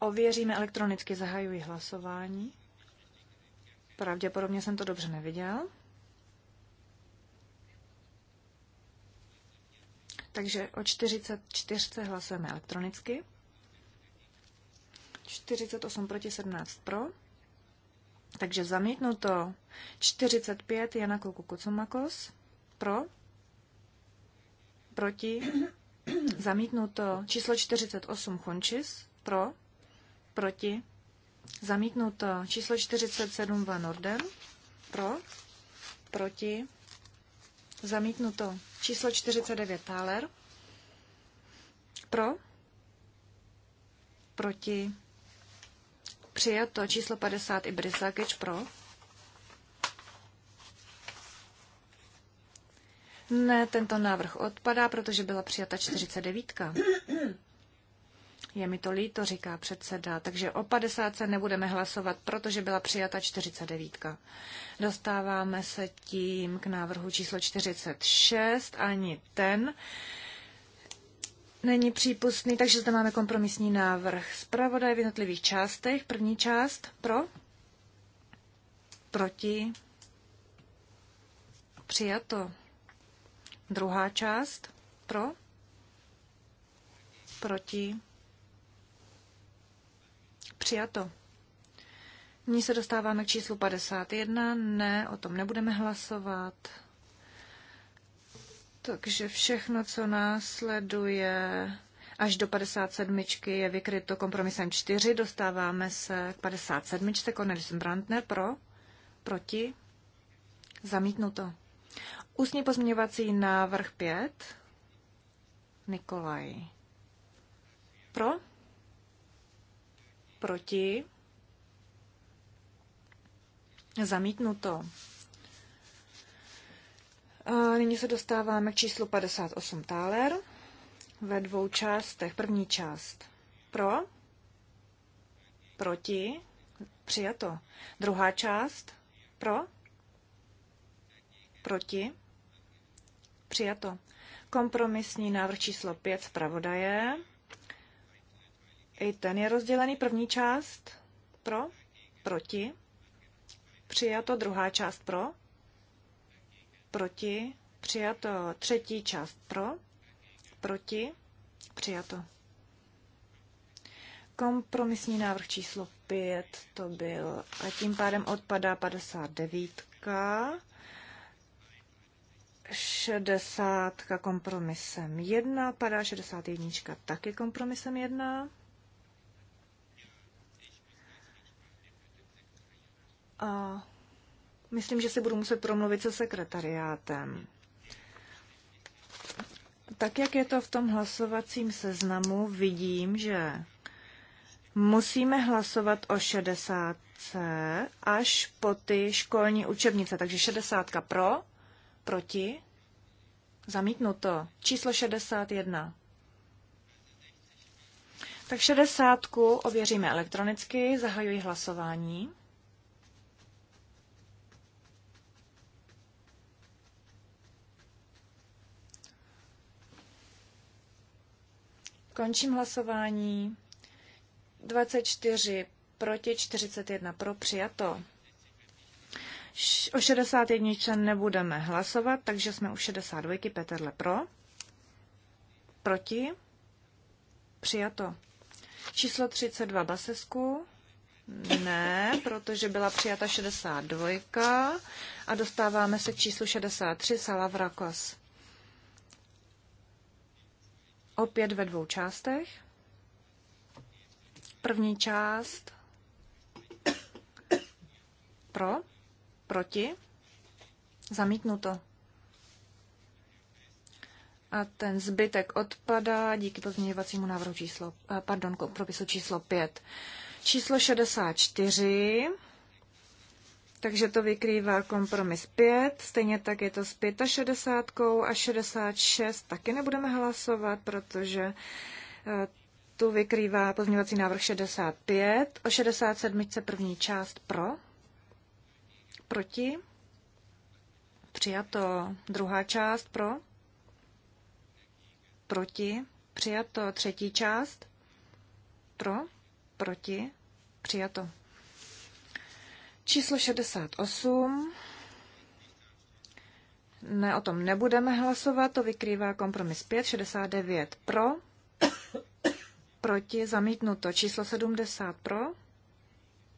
Ověříme elektronicky, zahajuji hlasování. Pravděpodobně jsem to dobře neviděl. Takže o 44 hlasujeme elektronicky. 48 proti 17 pro. Takže zamítnuto 45 Jana Kucumakos pro. Proti. Zamítnuto číslo 48 Chončis pro Proti. Zamítnuto. Číslo 47 Van Orden. Pro. Proti. Zamítnuto. Číslo 49 Thaler. Pro. Proti. Přijato. Číslo 50 Ibrisagič. Pro. Ne, tento návrh odpadá, protože byla přijata 49. Je mi to líto, říká předseda, takže o 50 se nebudeme hlasovat, protože byla přijata 49. Dostáváme se tím k návrhu číslo 46, ani ten není přípustný, takže zde máme kompromisní návrh. Zpravodaj v jednotlivých částech. První část pro, proti, přijato. Druhá část pro, proti, Přijato. Nyní se dostáváme k číslu 51. Ne, o tom nebudeme hlasovat. Takže všechno, co následuje až do 57. je vykryto kompromisem 4. Dostáváme se k 57. Cornelison Brandner pro, proti, zamítnuto. Ústní pozměňovací návrh 5. Nikolaj. Pro? proti, zamítnuto. Nyní se dostáváme k číslu 58 táler ve dvou částech. První část pro, proti, přijato. Druhá část pro, proti, přijato. Kompromisní návrh číslo 5 zpravodaje i ten je rozdělený první část pro, proti, přijato druhá část pro, proti, přijato třetí část pro, proti, přijato. Kompromisní návrh číslo 5 to byl a tím pádem odpadá 59. 60 kompromisem 1, padá 61 taky kompromisem 1. A myslím, že si budu muset promluvit se sekretariátem. Tak, jak je to v tom hlasovacím seznamu, vidím, že musíme hlasovat o 60 až po ty školní učebnice. Takže 60 pro, proti, zamítnuto. Číslo 61. Tak 60 ověříme elektronicky, zahajuji hlasování. Končím hlasování. 24 proti, 41 pro, přijato. O 61 nebudeme hlasovat, takže jsme u 62. Petrle pro. Proti. Přijato. Číslo 32 Basesku. Ne, protože byla přijata 62 a dostáváme se k číslu 63 Salavrakos opět ve dvou částech. První část pro, proti, zamítnuto. A ten zbytek odpadá díky pozměňovacímu návrhu číslo, eh, pardon, kompromisu číslo 5. Číslo 64 takže to vykrývá kompromis 5, stejně tak je to s 65 a 66 taky nebudeme hlasovat, protože eh, tu vykrývá pozměňovací návrh 65. O 67 první část pro, proti, přijato druhá část pro, proti, přijato třetí část pro, proti, přijato. Číslo 68. Ne, o tom nebudeme hlasovat, to vykrývá kompromis 5, 69 pro, proti, zamítnuto. Číslo 70 pro,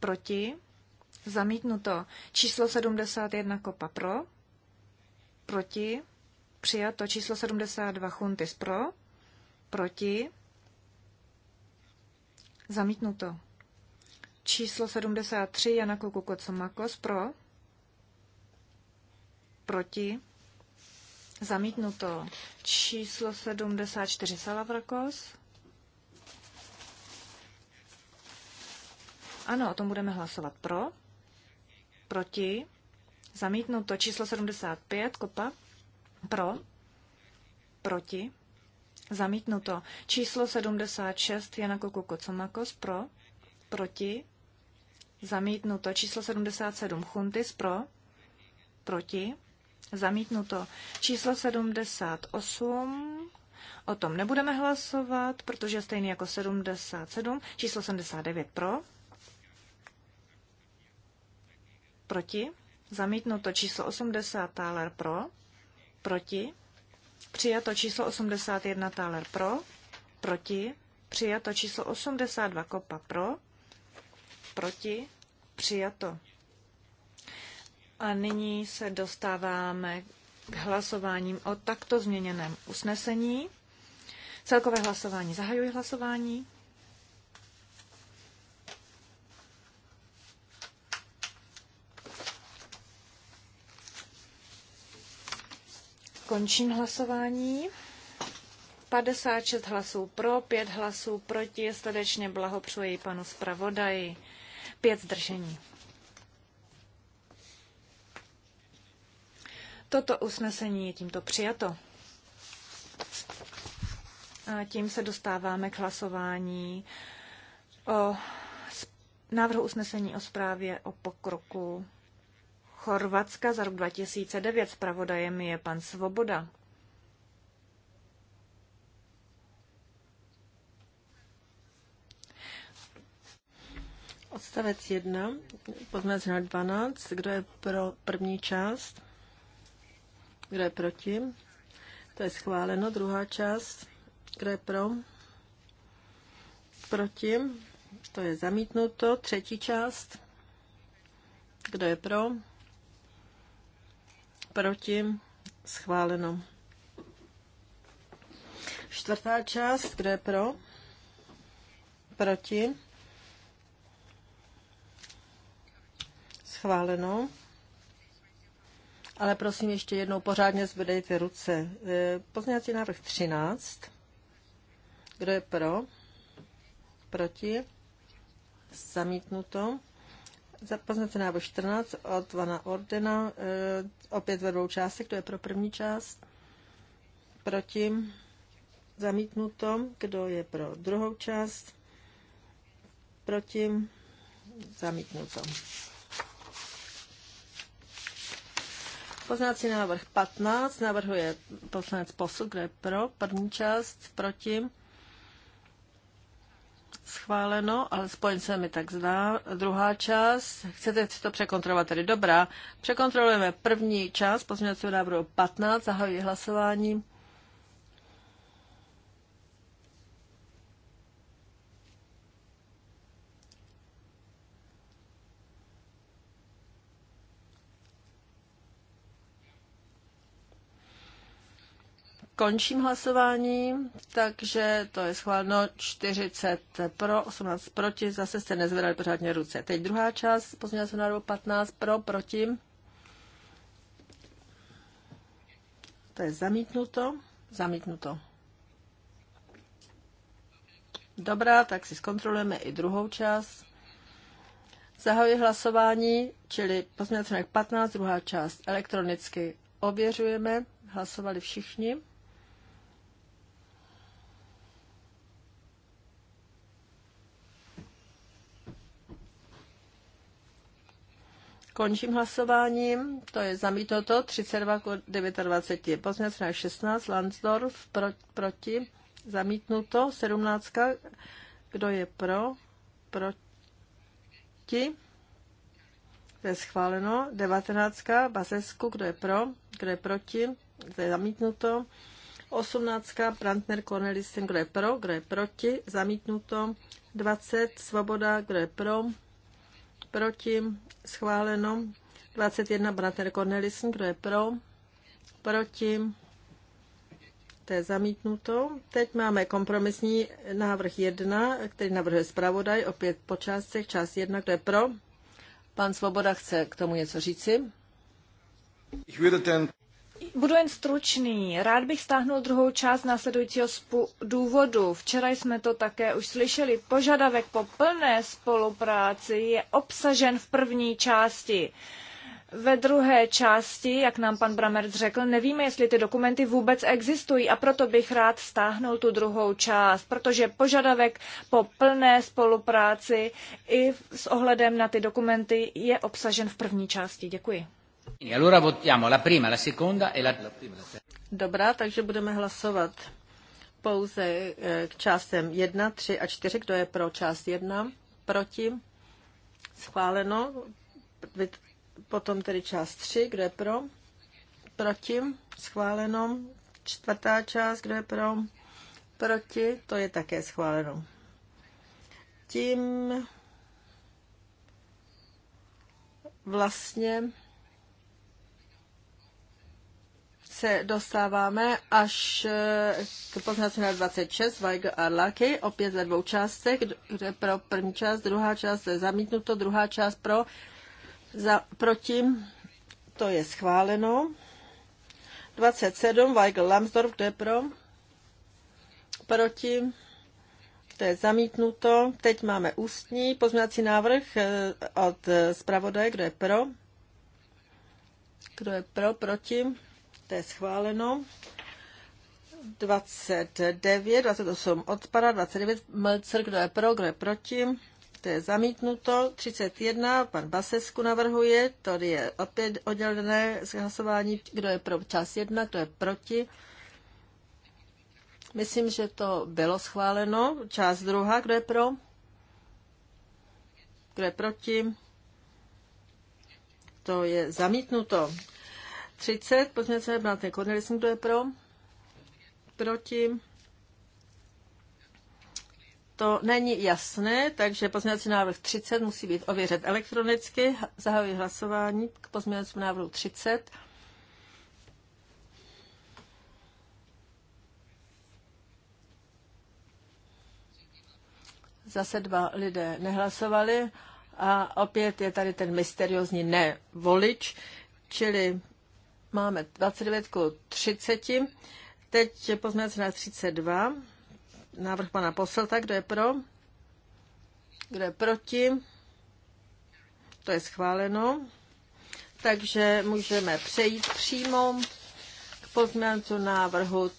proti, zamítnuto. Číslo 71 kopa pro, proti, přijato. Číslo 72 chuntis pro, proti, zamítnuto. Číslo 73 Jana Kukukocomakos pro. Proti. Zamítnuto. Číslo 74 Salavrakos. Ano, o tom budeme hlasovat pro. Proti. Zamítnuto. Číslo 75 Kopa. Pro. Proti. Zamítnuto. Číslo 76 Jana Kukukocomakos pro. Proti. Zamítnuto. Číslo 77 Chuntis pro. Proti. Zamítnuto. Číslo 78. O tom nebudeme hlasovat, protože je stejný jako 77. Číslo 79 pro. Proti. Zamítnuto číslo 80 táler pro. Proti. Přijato číslo 81 táler pro. Proti. Přijato číslo 82 kopa pro Proti? Přijato. A nyní se dostáváme k hlasováním o takto změněném usnesení. Celkové hlasování. Zahajuji hlasování. Končím hlasování. 56 hlasů pro, 5 hlasů proti. Sledečně blahopřeji panu zpravodaji pět zdržení. Toto usnesení je tímto přijato. A tím se dostáváme k hlasování o návrhu usnesení o zprávě o pokroku Chorvatska za rok 2009. Spravodajem je pan Svoboda. Odstavec 1, poznáte na 12. Kdo je pro první část? Kdo je proti? To je schváleno. Druhá část. Kdo je pro? Proti? To je zamítnuto. Třetí část. Kdo je pro? Proti? Schváleno. Čtvrtá část. Kdo je pro? Proti? schváleno. Ale prosím, ještě jednou pořádně zvedejte ruce. E, pozměňovací návrh 13. Kdo je pro? Proti? Zamítnuto. Pozměňovací návrh 14 od Vana Ordena. E, opět ve dvou částech. Kdo je pro první část? Proti? Zamítnuto. Kdo je pro druhou část? Proti? Zamítnuto. Poznací návrh 15 navrhuje poslanec Posu, kde je pro, první část, proti, schváleno, ale spojen se mi tak zdá. Druhá část, chcete si to překontrolovat, tedy dobrá. Překontrolujeme první část pozměňovacího návrhu 15, zahajuji hlasování. Končím hlasování, takže to je schváleno 40 pro, 18 proti, zase jste nezvedali pořádně ruce. Teď druhá část, se návrhu 15 pro, proti. To je zamítnuto, zamítnuto. Dobrá, tak si zkontrolujeme i druhou část. Zahajuji hlasování, čili pozměňovací 15, druhá část elektronicky ověřujeme. Hlasovali všichni. Končím hlasováním. To je zamítnuto. 32 k 29. Pozměnací 16. Landsdorf pro, proti. Zamítnuto. 17. Kdo je pro? Proti. To je schváleno. 19. Bazesku. Kdo je pro? Kdo je proti? To je zamítnuto. 18. Brandner Cornelisten. Kdo je pro? Kdo je proti? Zamítnuto. 20. Svoboda. Kdo je pro? proti, schváleno. 21 Brater Cornelison, kdo je pro, proti, to je zamítnuto. Teď máme kompromisní návrh 1, který navrhuje zpravodaj, opět po částech, část 1, kdo je pro. Pan Svoboda chce k tomu něco říci. Ten... Budu jen stručný. Rád bych stáhnul druhou část následujícího důvodu. Včera jsme to také už slyšeli. Požadavek po plné spolupráci je obsažen v první části. Ve druhé části, jak nám pan Bramert řekl, nevíme, jestli ty dokumenty vůbec existují a proto bych rád stáhnul tu druhou část, protože požadavek po plné spolupráci i s ohledem na ty dokumenty je obsažen v první části. Děkuji. Dobrá, takže budeme hlasovat pouze eh, k částem 1, 3 a 4. Kdo je pro část 1? Proti? Schváleno. Potom tedy část 3. Kdo je pro? Proti? Schváleno. Čtvrtá část. Kdo je pro? Proti? To je také schváleno. Tím vlastně se dostáváme až eh, k poznací na 26, Weigl a Lucky, opět ve dvou částech, kde pro první část, druhá část je zamítnuto, druhá část pro, za, proti, to je schváleno. 27, Weigl Lambsdorff, kde pro, proti, to je zamítnuto. Teď máme ústní pozměňovací návrh eh, od eh, zpravodaje, kdo je pro, kdo je pro, proti? to je schváleno. 29, 28 odpada, 29 Melcer, kdo je pro, kdo je proti, to je zamítnuto. 31, pan Basesku navrhuje, to je opět oddělené hlasování, kdo je pro část 1, kdo je proti. Myslím, že to bylo schváleno. Část druhá, kdo je pro? Kdo je proti? To je zamítnuto. 30, se návrh Blanté jsem kdo je pro? Proti? To není jasné, takže pozměňovací návrh 30 musí být ověřen elektronicky. Zahajuji hlasování k pozměňovacímu návrhu 30. Zase dva lidé nehlasovali a opět je tady ten mysteriózní nevolič, čili Máme 29 k 30. Teď pozměňovací na 32. Návrh pana Poselta. Kdo je pro? Kdo je proti? To je schváleno. Takže můžeme přejít přímo k pozměňovacímu návrhu.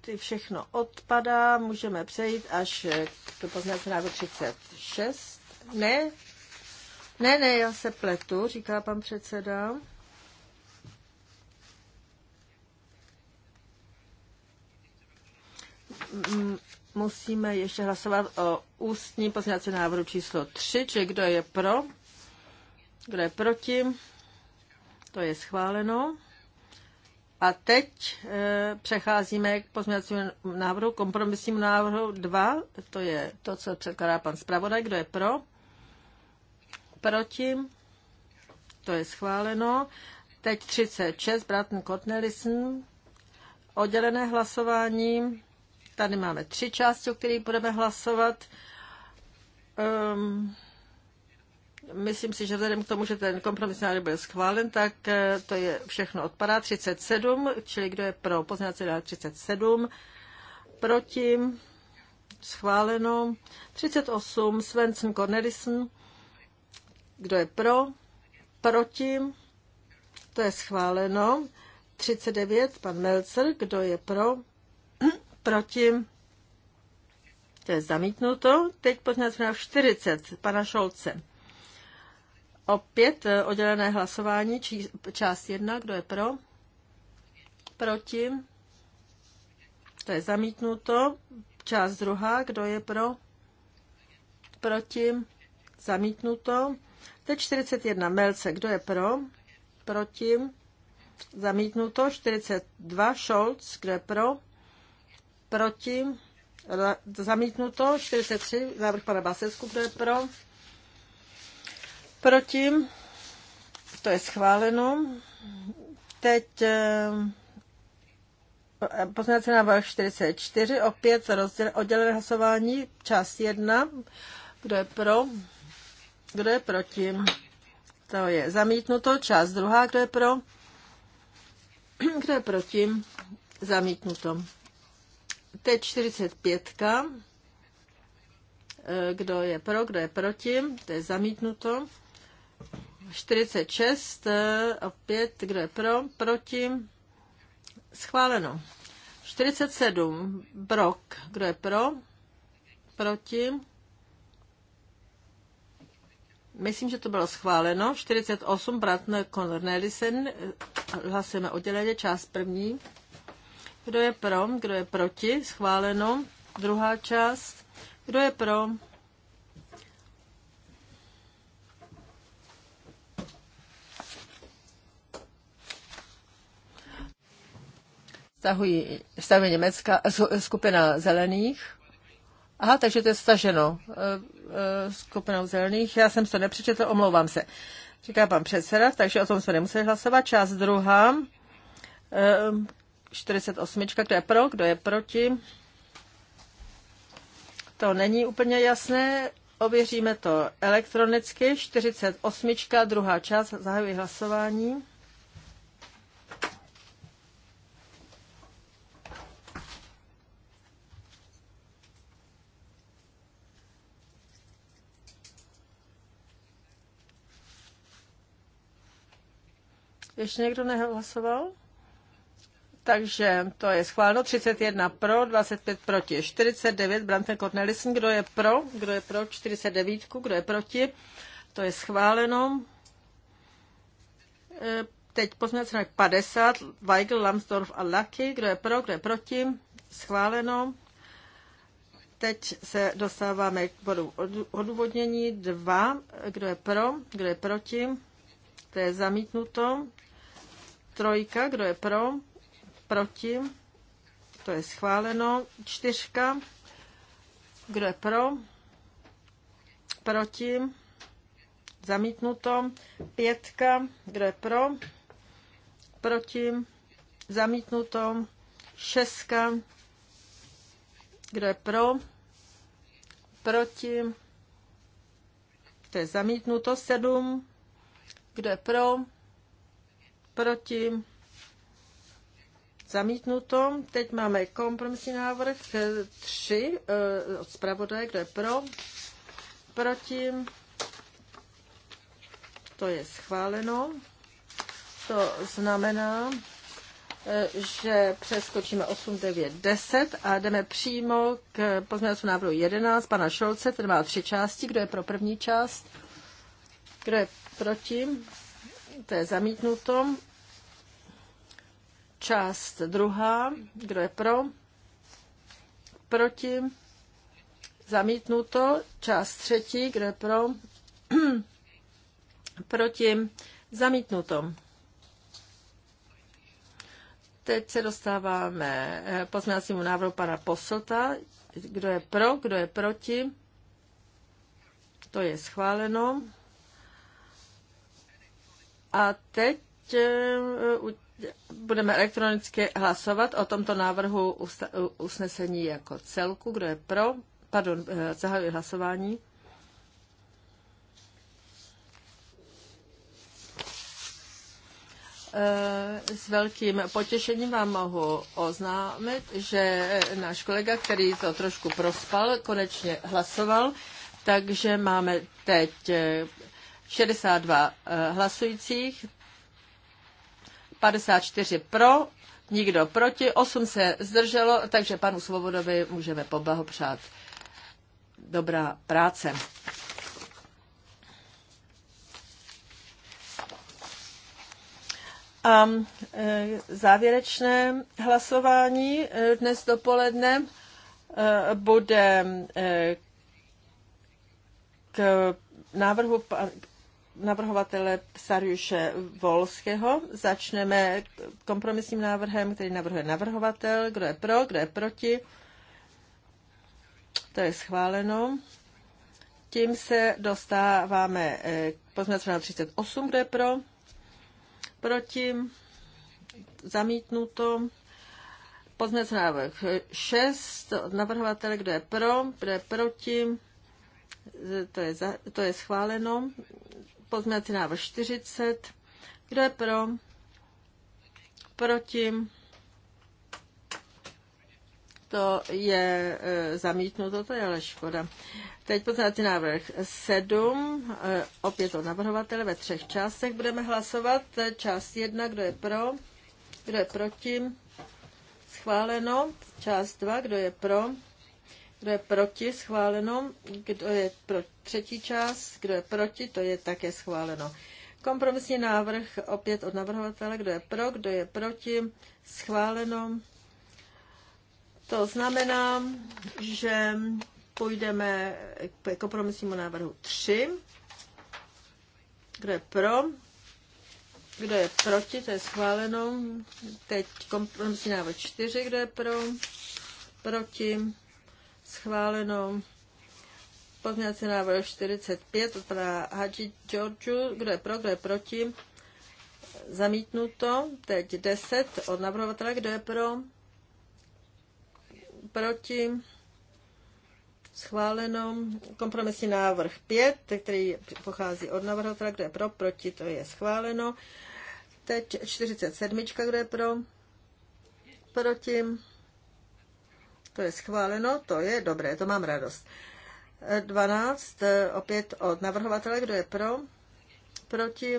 Ty všechno odpadá. Můžeme přejít až k pozměňovacímu návrhu 36. Ne, ne, ne, já se pletu, říká pan předseda. Musíme ještě hlasovat o ústní pozměňovací návrhu číslo 3, či kdo je pro, kdo je proti, to je schváleno. A teď e, přecházíme k pozměňovacímu návrhu, kompromisnímu návrhu 2, to je to, co předkládá pan zpravodaj, kdo je pro, proti, to je schváleno. Teď 36, Bratton Cornelissen, oddělené hlasování. Tady máme tři části, o kterých budeme hlasovat. Um, myslím si, že vzhledem k tomu, že ten kompromis návrh byl schválen, tak eh, to je všechno odpadá. 37, čili kdo je pro poznávací návrh 37, proti, schváleno. 38, Svensson Cornelissen, kdo je pro? Proti? To je schváleno. 39, pan Melcer. Kdo je pro? <clears throat> Proti? To je zamítnuto. Teď pozměňovací návrh 40, pana Šolce. Opět eh, oddělené hlasování, či, část 1, kdo je pro? Proti? To je zamítnuto. Část druhá, kdo je pro? Proti? Zamítnuto. Teď 41 Melce, kdo je pro? Proti? Zamítnuto. 42 Scholz, kdo je pro? Proti? Zamítnuto. 43 návrh pana Basesku, kdo je pro? Proti? To je schváleno. Teď eh, poznávací návrh 44, opět rozděl, oddělené hlasování, část 1. Kdo je pro? Kdo je proti? To je zamítnuto. Část druhá. Kdo je pro? <clears throat> Kdo je proti? Zamítnuto. Teď 45. Eh, kdo je pro, kdo je proti? To je zamítnuto. 46. Eh, opět, kdo je pro, proti? Schváleno. 47. Brok. Kdo je pro? Proti? Myslím, že to bylo schváleno. 48 Bratner Cornelisen. Hlasujeme odděleně. Část první. Kdo je pro? Kdo je proti? Schváleno. Druhá část. Kdo je pro? Stahují, stavuje Německa, eh, skupina zelených. Aha, takže to je staženo eh, eh, skupinou zelených. Já jsem to nepřečetl, omlouvám se. Říká pan předseda, takže o tom jsme nemuseli hlasovat. Část druhá, 48. Eh, kdo je pro, kdo je proti? To není úplně jasné. Ověříme to elektronicky. 48. druhá část. Zahajuji hlasování. Ještě někdo nehlasoval? Takže to je schváleno. 31 pro, 25 proti. 49, Branten Cornelissen. Kdo je pro? Kdo je pro 49? Kdo je proti? To je schváleno. E, teď pozměňovací na 50, Weigl, Lambsdorff a Lucky. Kdo je pro? Kdo je proti? Schváleno. Teď se dostáváme k bodu odůvodnění 2. Kdo je pro? Kdo je proti? To je zamítnuto. Trojka, kdo je pro? Proti? To je schváleno. Čtyřka, kdo je pro? Proti? Zamítnuto. Pětka, kdo je pro? Proti? Zamítnuto. Šestka, kdo je pro? Proti? To je zamítnuto. Sedm, kdo je pro? proti, zamítnuto. Teď máme kompromisní návrh 3 eh, od zpravodaje, kdo je pro, proti, to je schváleno. To znamená, eh, že přeskočíme 8, 9, 10 a jdeme přímo k pozměňovacímu návrhu 11 pana Šolce, který má tři části. Kdo je pro první část? Kdo je proti? To je zamítnuto. Část druhá, kdo je pro? Proti? Zamítnuto. Část třetí, kdo je pro? <clears throat> Proti? Zamítnuto. Teď se dostáváme eh, pozměňovacímu návrhu pana Poslta. Kdo je pro, kdo je proti? To je schváleno. A teď eh, u budeme elektronicky hlasovat o tomto návrhu usnesení jako celku. Kdo je pro? Pardon, eh, zahajuji hlasování. Eh, s velkým potěšením vám mohu oznámit, že náš kolega, který to trošku prospal, konečně hlasoval, takže máme teď 62 eh, hlasujících, 54 pro, nikdo proti, 8 se zdrželo, takže panu Svobodovi můžeme poblahopřát. Dobrá práce. A e, závěrečné hlasování e, dnes dopoledne e, bude k návrhu navrhovatele Sarjuše Volského. Začneme kompromisním návrhem, který navrhuje navrhovatel. Kdo je pro, kdo je proti? To je schváleno. Tím se dostáváme eh, k pozměnacímu 38, kdo je pro, proti, zamítnuto. Pozměnací návrh 6 navrhovatele, kdo je pro, kdo je proti, to je, za, to je schváleno. Pozměňovací návrh 40. Kdo je pro? Proti? To je e, zamítnuto, to je ale škoda. Teď poznáte návrh 7, e, opět od navrhovatele ve třech částech budeme hlasovat. Část 1, kdo je pro, kdo je proti, schváleno. Část 2, kdo je pro, kdo je proti, schváleno. Kdo je pro třetí část, kdo je proti, to je také schváleno. Kompromisní návrh opět od navrhovatele, kdo je pro, kdo je proti, schváleno. To znamená, že půjdeme k kompromisnímu návrhu 3. Kdo je pro? Kdo je proti? To je schváleno. Teď kompromisní návrh 4. Kdo je pro? Proti? Schváleno. Pozměňovací návrh 45 od pana Hadži Georgiu. Kdo je pro, kdo je proti? Zamítnuto. Teď 10 od navrhovatele. Kdo je pro? Proti? Schváleno. Kompromisní návrh 5, který pochází od navrhovatele. Kdo je pro? Proti? To je schváleno. Teď 47. Kdo je pro? Proti? to je schváleno, to je dobré, to mám radost. 12, eh, eh, opět od navrhovatele, kdo je pro, proti,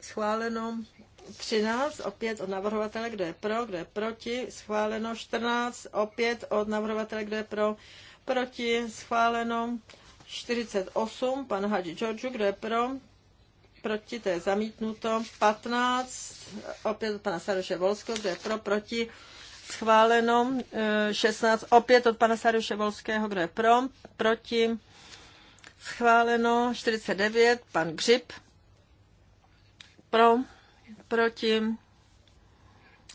schváleno. 13, opět od navrhovatele, kdo je pro, kdo je proti, schváleno. 14, opět od navrhovatele, kdo je pro, proti, schváleno. 48, pan Hadži Georgiou, kdo je pro, proti, to je zamítnuto. 15, opět od pana Saroše Volského, kdo je pro, proti, Schváleno 16 eh, opět od pana Saruše Volského, kdo je pro, proti. Schváleno 49, pan Gřib. Pro, proti.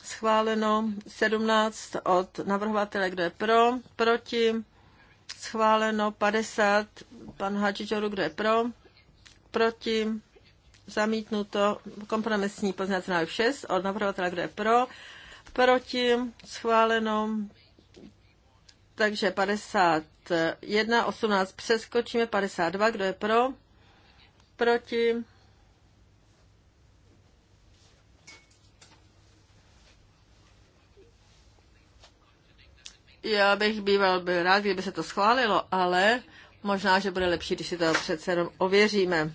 Schváleno 17 od navrhovatele, kdo je pro, proti. Schváleno 50, pan Hačičoru, kdo je pro, proti. Zamítnuto kompromisní poznací návrh 6 od navrhovatele, kdo je pro, proti, schváleno. Takže 51, 18 přeskočíme, 52, kdo je pro, proti. Já bych býval byl rád, kdyby se to schválilo, ale možná, že bude lepší, když si to přece jenom ověříme.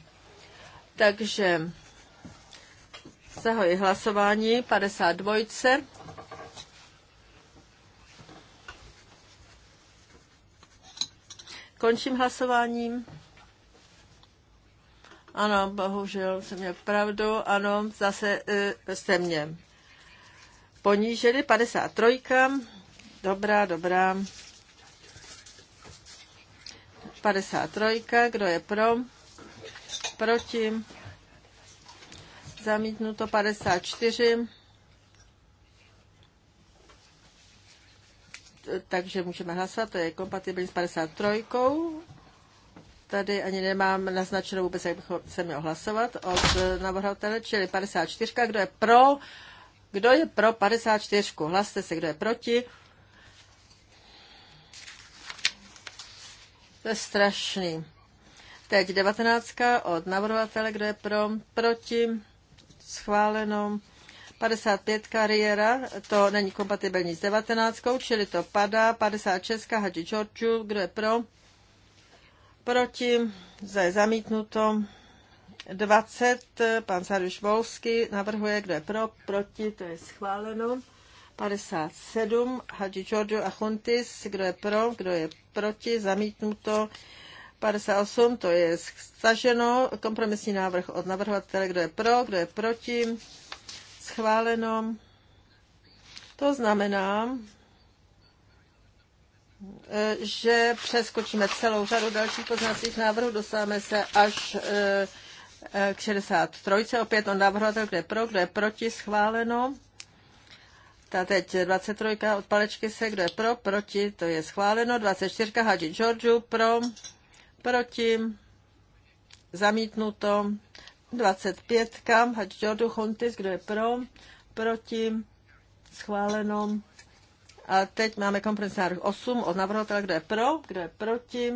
Takže zahoji hlasování 52. Končím hlasováním. Ano, bohužel jsem měl pravdu. Ano, zase e, jste mě ponížili. 53. Dobrá, dobrá. 53. Kdo je pro? Proti? Zamítnuto 54. takže můžeme hlasovat, to je kompatibilní s 53. Tady ani nemám naznačeno vůbec, jak bych se měl hlasovat od navrhovatele, čili 54. Kdo je pro? Kdo je pro 54? Hlaste se, kdo je proti. To je strašný. Teď 19. od navrhovatele, kdo je pro, proti, schváleno. 55 kariéra, to není kompatibilní s 19, čili to padá. 56 Hadži Georgiou, kdo je pro? Proti, zde je zamítnuto. 20, pan Saruš Volsky navrhuje, kdo je pro, proti, to je schváleno. 57, Hadži a Chuntis, kdo je pro, kdo je proti, zamítnuto. 58, to je staženo, kompromisní návrh od navrhovatele, kdo je pro, kdo je proti, Schváleno. To znamená, e, že přeskočíme celou řadu dalších poznacích návrhů, dostáváme se až e, e, k 63. Opět on navrhovatel, kde pro, kde proti, schváleno. Ta teď 23. od palečky se, kde je pro, proti, to je schváleno. 24. Hadži Georgiou, pro, proti, zamítnuto. 25. Hadžodu chontis, kdo je pro, proti, schváleno. A teď máme kompromisní návrh 8 od navrhovatele, kdo je pro, kdo je proti,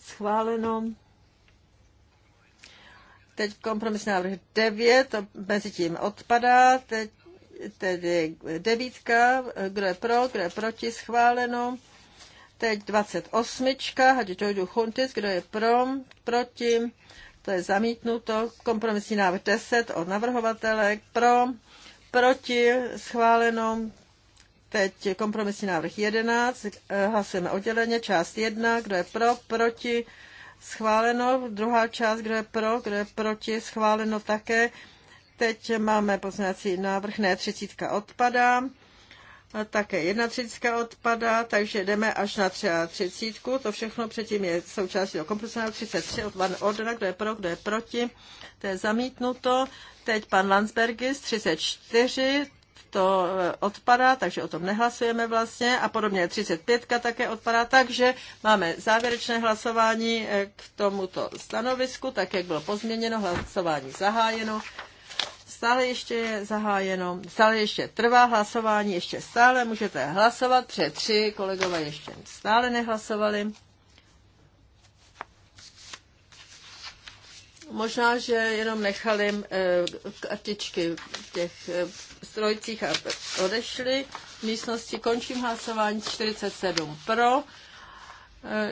schváleno. Teď kompromisní návrh 9, to mezi tím odpadá, teď tedy devítka, kdo je pro, kdo je proti, schváleno. Teď 28. Hadžodu Chuntis, kdo je pro, proti, to je zamítnuto. Kompromisní návrh 10 od navrhovatele pro, proti, schváleno. Teď kompromisní návrh 11, hlasujeme odděleně, část 1, kdo je pro, proti, schváleno. Druhá část, kdo je pro, kdo je proti, schváleno také. Teď máme pozměňovací návrh, ne, třicítka odpadá také 31 odpadá, takže jdeme až na 33. To všechno předtím je součástí do kompromisu 33 od pan Ordena, kdo je pro, kdo je proti. To je zamítnuto. Teď pan Landsbergis 34, to eh, odpadá, takže o tom nehlasujeme vlastně a podobně 35 také odpadá, takže máme závěrečné hlasování eh, k tomuto stanovisku, tak jak bylo pozměněno, hlasování zahájeno. Stále ještě je zahájeno, stále ještě trvá hlasování, ještě stále můžete hlasovat, pře tři kolegové ještě stále nehlasovali. Možná, že jenom nechali eh, kartičky v těch eh, strojcích a odešli. V místnosti končím hlasování 47 pro,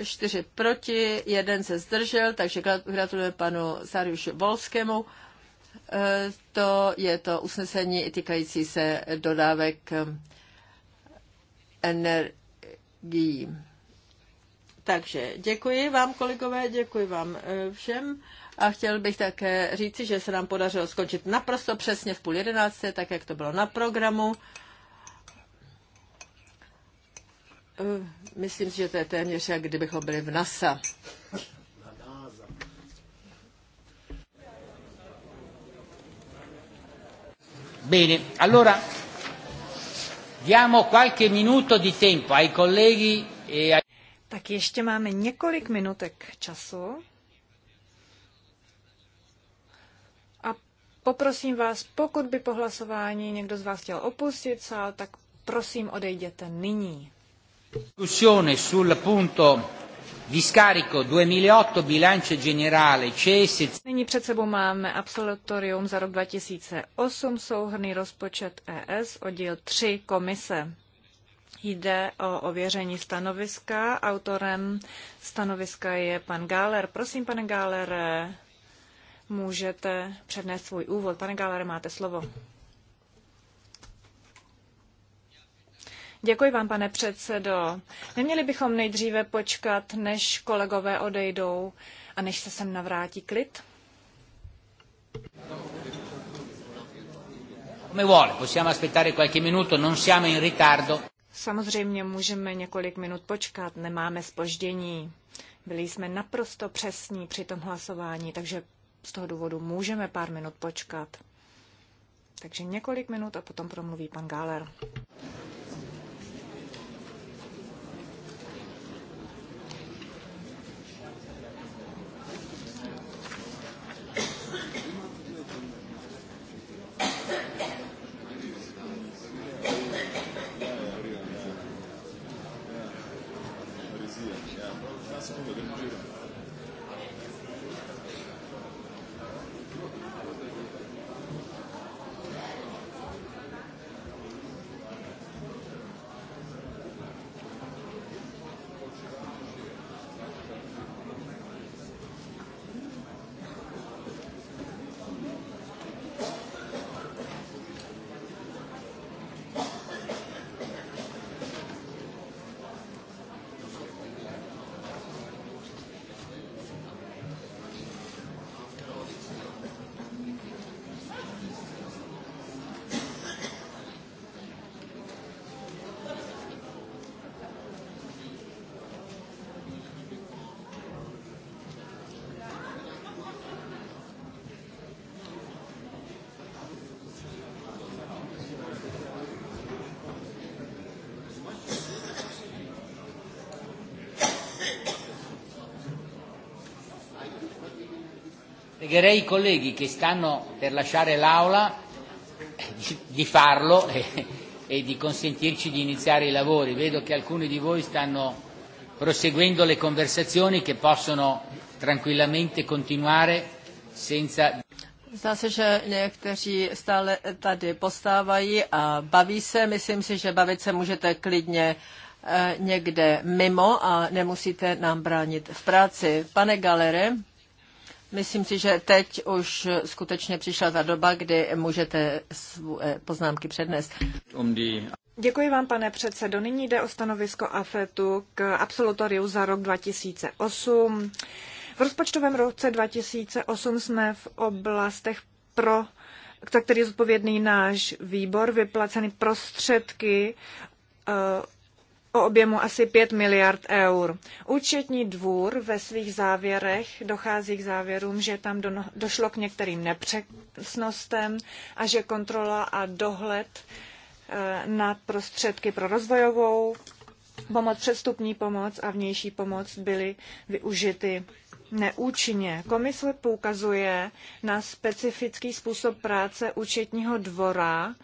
4 eh, proti, jeden se zdržel, takže gratulujeme panu Sariuši Volskému to je to usnesení týkající se dodávek eh, energií. Takže děkuji vám, kolegové, děkuji vám eh, všem. A chtěl bych také říci, že se nám podařilo skončit naprosto přesně v půl jedenácté, tak jak to bylo na programu. Eh, myslím si, že to je téměř, jak kdybychom byli v NASA. Bene, allora diamo qualche minuto di tempo ai colleghi e a... Tak ještě máme několik minutek času. A poprosím vás, pokud by po hlasování někdo z vás chtěl opustit sál, tak prosím odejděte nyní. Diskusione sul punto Di 2008 bilance generale CES. Nyní před sebou máme absolutorium za rok 2008, souhrný rozpočet ES, oddíl 3 komise. Jde o ověření stanoviska. Autorem stanoviska je pan Gáler. Prosím, pane Gáler, můžete přednést svůj úvod. Pane Gáler, máte slovo. Děkuji vám, pane předsedo. Neměli bychom nejdříve počkat, než kolegové odejdou a než se sem navrátí klid? Samozřejmě můžeme několik minut počkat, nemáme spoždění. Byli jsme naprosto přesní při tom hlasování, takže z toho důvodu můžeme pár minut počkat. Takže několik minut a potom promluví pan Gáler. pregherei i colleghi che stanno per lasciare l'Aula eh, di farlo <laughs> e, e di consentirci di iniziare i lavori. Vedo che alcuni di voi stanno proseguendo le conversazioni che possono tranquillamente continuare senza. Zdá se, že někteří stále tady postávají a baví se. Myslím si, že bavit se můžete klidně eh, někde mimo a nemusíte nám bránit v práci. Pane Galere, Myslím si, že teď už skutečně přišla ta doba, kdy můžete své poznámky přednést. Děkuji vám, pane předsedo. Nyní jde o stanovisko AFETu k absolutoriu za rok 2008. V rozpočtovém roce 2008 jsme v oblastech pro za který je zodpovědný náš výbor, vyplaceny prostředky eh, o objemu asi 5 miliard eur. Účetní dvůr ve svých závěrech dochází k závěrům, že tam do, došlo k některým nepřesnostem a že kontrola a dohled eh, nad prostředky pro rozvojovou pomoc, přestupní pomoc a vnější pomoc byly využity neúčinně. Komise poukazuje na specifický způsob práce účetního dvora,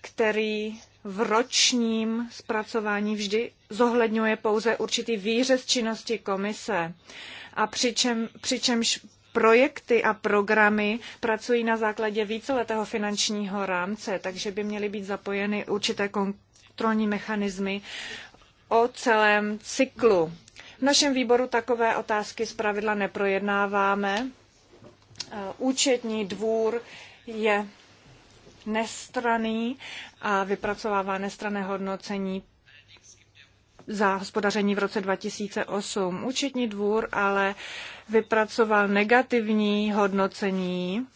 který v ročním zpracování vždy zohledňuje pouze určitý výřez činnosti komise. A přičem, přičemž projekty a programy pracují na základě víceletého finančního rámce, takže by měly být zapojeny určité kontrolní mechanismy o celém cyklu. V našem výboru takové otázky zpravidla neprojednáváme. E, účetní dvůr je nestraný a vypracovává nestrané hodnocení za hospodaření v roce 2008. Účetní dvůr ale vypracoval negativní hodnocení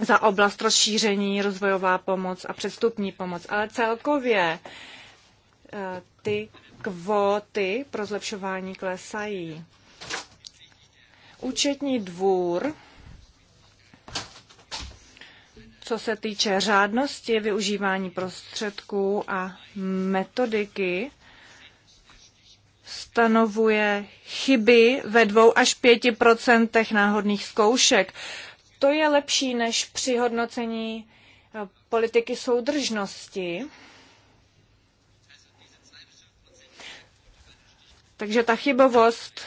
za oblast rozšíření, rozvojová pomoc a předstupní pomoc. Ale celkově eh, ty kvóty pro zlepšování klesají. Účetní dvůr co se týče řádnosti využívání prostředků a metodiky, stanovuje chyby ve dvou až procentech náhodných zkoušek. To je lepší než při hodnocení eh, politiky soudržnosti. Takže ta chybovost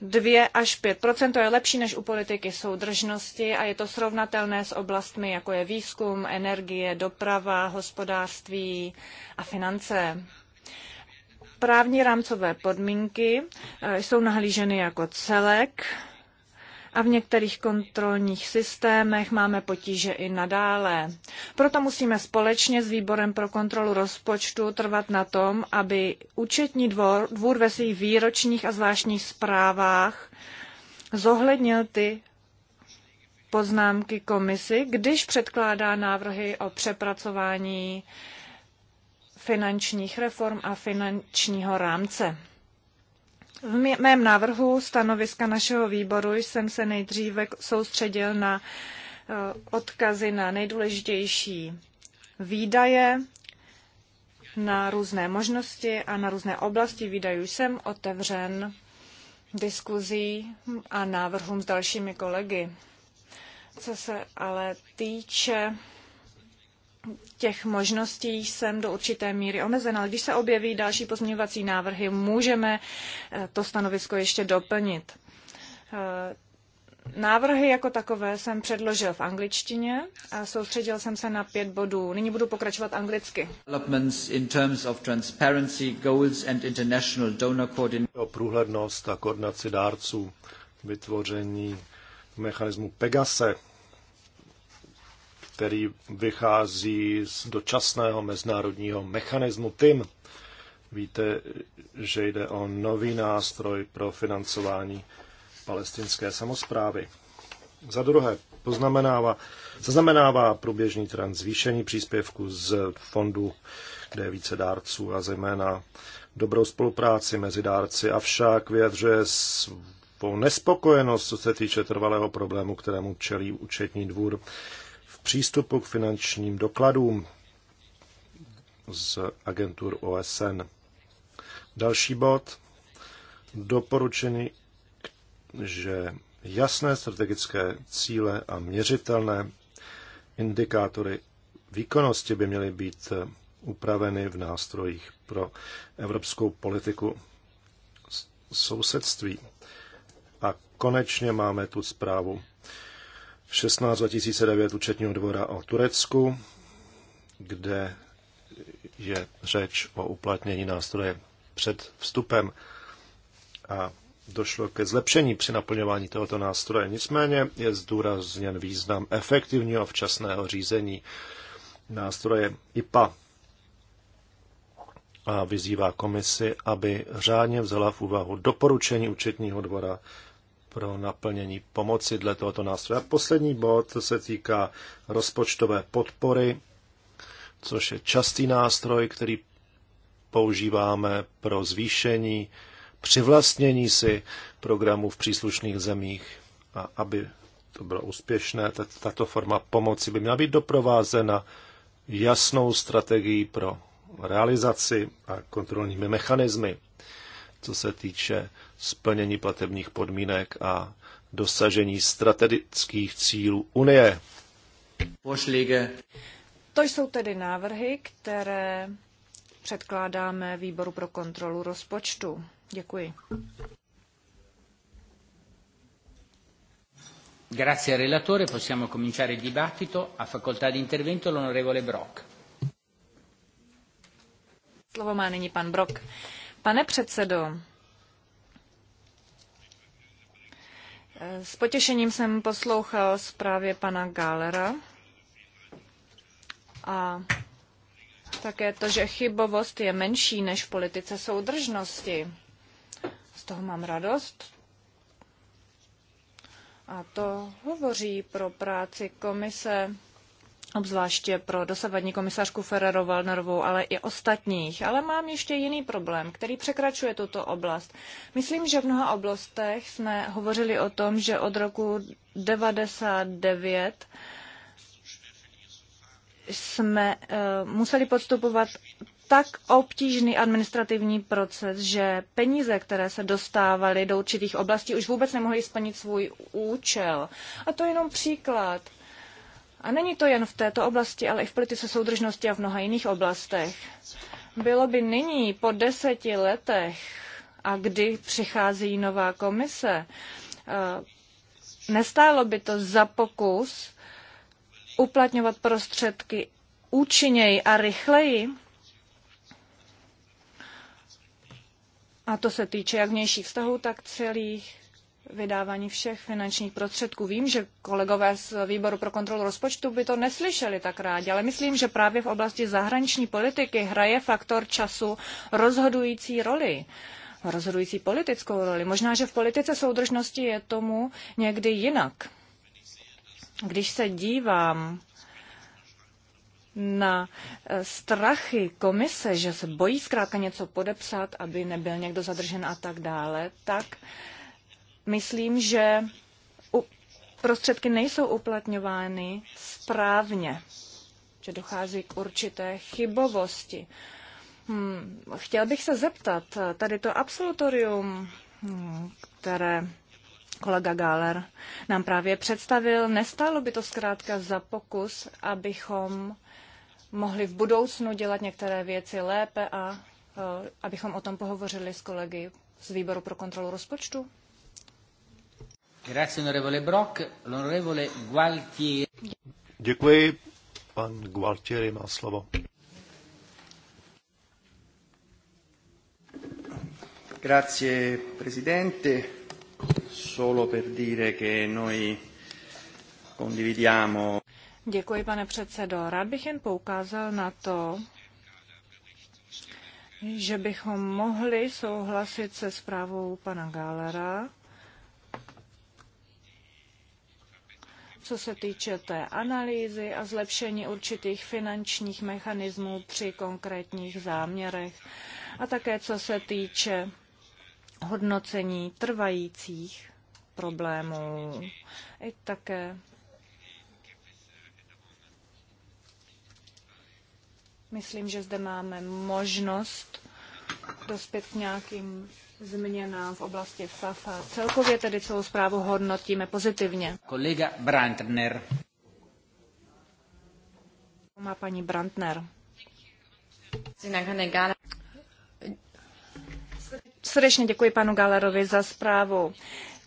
2 až 5 to je lepší než u politiky soudržnosti a je to srovnatelné s oblastmi, jako je výzkum, energie, doprava, hospodářství a finance. Právní rámcové podmínky eh, jsou nahlíženy jako celek a v některých kontrolních systémech máme potíže i nadále. Proto musíme společně s Výborem pro kontrolu rozpočtu trvat na tom, aby účetní dvor, dvůr ve svých výročních a zvláštních zprávách zohlednil ty poznámky komisy, když předkládá návrhy o přepracování finančních reform a finančního rámce. V mém návrhu stanoviska našeho výboru jsem se nejdříve soustředil na eh, odkazy na nejdůležitější výdaje, na různé možnosti a na různé oblasti výdajů. Jsem otevřen diskuzí a návrhům s dalšími kolegy. Co se ale týče těch možností jsem do určité míry omezena. ale Když se objeví další pozměňovací návrhy, můžeme eh, to stanovisko ještě doplnit. Eh, návrhy jako takové jsem předložil v angličtině a soustředil jsem se na pět bodů. Nyní budu pokračovat anglicky. průhlednost a koordinaci dárců, vytvoření mechanismu Pegase, který vychází z dočasného mezinárodního mechanismu TIM. Víte, že jde o nový nástroj pro financování palestinské samozprávy. Za druhé, poznamenává, zaznamenává průběžný trend zvýšení příspěvku z fondu, kde je více dárců a zejména dobrou spolupráci mezi dárci, avšak vyjadřuje svou nespokojenost, co se týče trvalého problému, kterému čelí účetní dvůr přístupu k finančním dokladům z agentur OSN. Další bod. Doporučení, že jasné strategické cíle a měřitelné indikátory výkonnosti by měly být upraveny v nástrojích pro evropskou politiku sousedství. A konečně máme tu zprávu 16 2009 účetního dvora o Turecku, kde je řeč o uplatnění nástroje před vstupem a došlo ke zlepšení při naplňování tohoto nástroje. Nicméně je zdůrazněn význam efektivního a včasného řízení nástroje IPA a vyzývá komisi, aby řádně vzala v úvahu doporučení účetního dvora pro naplnění pomoci dle tohoto nástroje. A poslední bod se týká rozpočtové podpory, což je častý nástroj, který používáme pro zvýšení přivlastnění si programů v příslušných zemích. A aby to bylo úspěšné, tato forma pomoci by měla být doprovázena jasnou strategií pro realizaci a kontrolními mechanismy. Co se týče splnění platebních podmínek a dosažení strategických cílů Unie. To jsou tedy návrhy, které předkládáme Výboru pro kontrolu rozpočtu. Děkuji. Grazie al relatore, possiamo cominciare il dibattito. A facoltà di intervento l'onorevole Brock. Slovo má nyní pan Brock. Pane předsedo, S potěšením jsem poslouchal zprávě pana Gálera a také to, že chybovost je menší než v politice soudržnosti. Z toho mám radost. A to hovoří pro práci komise obzvláště pro dosavadní komisařku Ferrero Valnerovou, ale i ostatních. Ale mám ještě jiný problém, který překračuje tuto oblast. Myslím, že v mnoha oblastech jsme hovořili o tom, že od roku 99 jsme uh, museli podstupovat tak obtížný administrativní proces, že peníze, které se dostávaly do určitých oblastí, už vůbec nemohly splnit svůj účel. A to je jenom příklad. A není to jen v této oblasti, ale i v politice soudržnosti a v mnoha jiných oblastech. Bylo by nyní po deseti letech, a kdy přichází nová komise, eh, nestálo by to za pokus uplatňovat prostředky účinněji a rychleji? A to se týče jak vnějších vztahů, tak celých vydávání všech finančních prostředků. Vím, že kolegové z výboru pro kontrolu rozpočtu by to neslyšeli tak rádi, ale myslím, že právě v oblasti zahraniční politiky hraje faktor času rozhodující roli rozhodující politickou roli. Možná, že v politice soudržnosti je tomu někdy jinak. Když se dívám na eh, strachy komise, že se bojí zkrátka něco podepsat, aby nebyl někdo zadržen a tak dále, tak uh, myslím, že prostředky nejsou uplatňovány správně, že dochází k určité chybovosti. Hmm, chtěl bych se zeptat, tady to absolutorium, hmm, které kolega Gáler nám právě představil, nestálo by to zkrátka za pokus, abychom mohli v budoucnu dělat některé věci lépe a eh, abychom o tom pohovořili s kolegy z výboru pro kontrolu rozpočtu? Grazie, Děkuji. Pan Gualtieri má slovo. Grazie, Presidente. Solo per dire che noi condividiamo... Děkuji, pane předsedo. Rád bych jen poukázal na to, že bychom mohli souhlasit se zprávou pana Gálera, co se týče té analýzy a zlepšení určitých finančních mechanismů při konkrétních záměrech a také co se týče hodnocení trvajících problémů. I také myslím, že zde máme možnost dospět k nějakým změna v oblasti FAF celkově tedy celou zprávu hodnotíme pozitivně. Kolega Brandner. Má paní Brandner. Srdečně děkuji panu Galerovi za zprávu.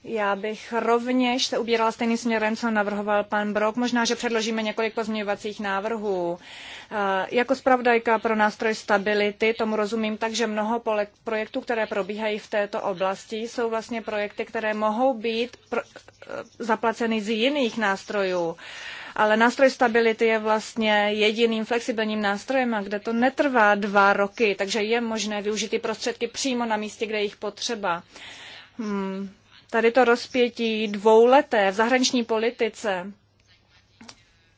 Já bych rovněž se ubírala stejným směrem, co navrhoval pan Brok. Možná, že předložíme několik pozměňovacích návrhů. Eh, jako zpravodajka pro nástroj stability tomu rozumím tak, že mnoho projektů, které probíhají v této oblasti, jsou vlastně projekty, které mohou být eh, zaplaceny z jiných nástrojů ale nástroj stability je vlastně jediným flexibilním nástrojem, a kde to netrvá dva roky, takže je možné využít ty prostředky přímo na místě, kde je jich potřeba. Hmm. Tady to rozpětí dvouleté v zahraniční politice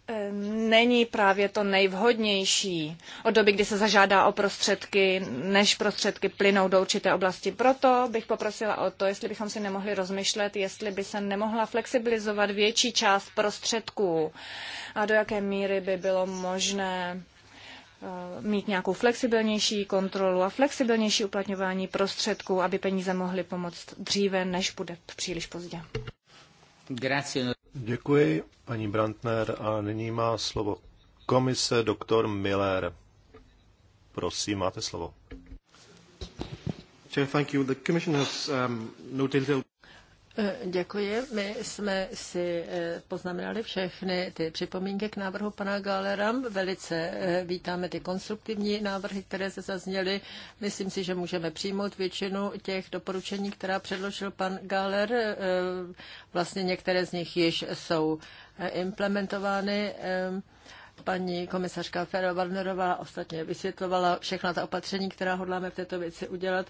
eh, není právě to nejvhodnější od doby, kdy se zažádá o prostředky, než prostředky plynou do určité oblasti. Proto bych poprosila o to, jestli bychom si nemohli rozmyšlet, jestli by se nemohla flexibilizovat větší část prostředků a do jaké míry by bylo možné Eh, mít nějakou flexibilnější kontrolu a flexibilnější uplatňování prostředků, aby peníze mohly pomoct dříve, než bude příliš pozdě. Děkuji, paní Brantner. A nyní má slovo komise doktor Miller. Prosím, máte slovo. Chair, thank you. The Commission has um, no detailed Děkuji. My jsme si eh, poznamenali všechny ty připomínky k návrhu pana Galera. Velice eh, vítáme ty konstruktivní návrhy, které se zazněly. Myslím si, že můžeme přijmout většinu těch doporučení, která předložil pan Galer. Eh, vlastně některé z nich již jsou implementovány. Paní komisařka Fera Warnerová ostatně vysvětlovala všechna ta opatření, která hodláme v této věci udělat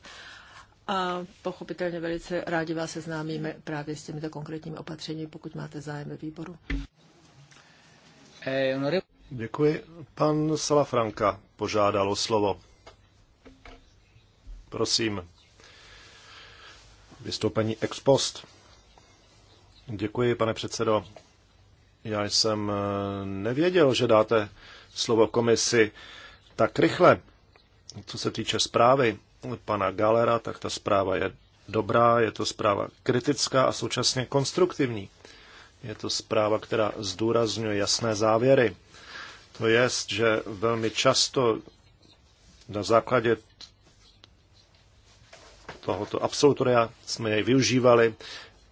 a pochopitelně velice rádi vás seznámíme právě s těmito konkrétními opatřeními, pokud máte zájem ve výboru. Děkuji. Pan Salafranka požádal o slovo. Prosím. Vystoupení ex post. Děkuji, pane předsedo. Já jsem eh, nevěděl, že dáte slovo komisi tak rychle, co se týče zprávy pana Galera, tak ta zpráva je dobrá, je to zpráva kritická a současně konstruktivní. Je to zpráva, která zdůrazňuje jasné závěry. To je, že velmi často na základě tohoto absolutoria jsme jej využívali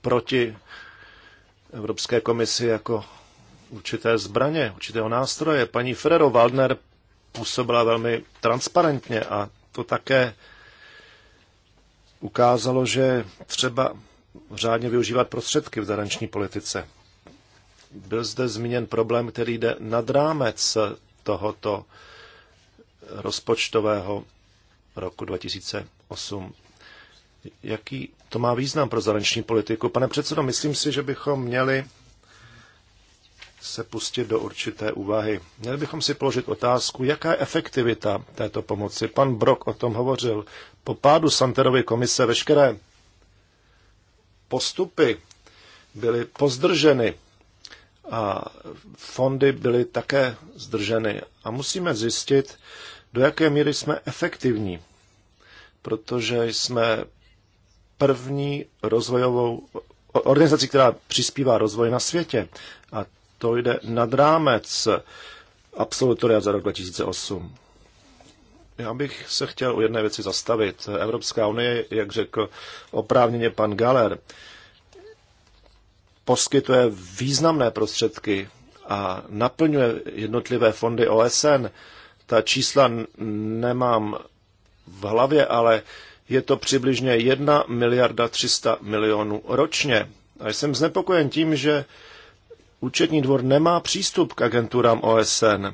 proti Evropské komisi jako určité zbraně, určitého nástroje. Paní Ferrero Waldner působila velmi transparentně a to také ukázalo, že třeba řádně využívat prostředky v zahraniční politice. Byl zde zmíněn problém, který jde nad rámec tohoto rozpočtového roku 2008. Jaký to má význam pro zahraniční politiku? Pane předsedo, myslím si, že bychom měli se pustit do určité úvahy. Měli bychom si položit otázku, jaká je efektivita této pomoci. Pan Brok o tom hovořil po pádu Santerovy komise veškeré postupy byly pozdrženy a fondy byly také zdrženy. A musíme zjistit, do jaké míry jsme efektivní, protože jsme první rozvojovou organizací, která přispívá rozvoji na světě. A to jde nad rámec absolutoria za rok 2008. Já bych se chtěl u jedné věci zastavit. Evropská unie, jak řekl oprávněně pan Galer, poskytuje významné prostředky a naplňuje jednotlivé fondy OSN. Ta čísla nemám v hlavě, ale je to přibližně 1 miliarda 300 milionů ročně. A jsem znepokojen tím, že účetní dvor nemá přístup k agenturám OSN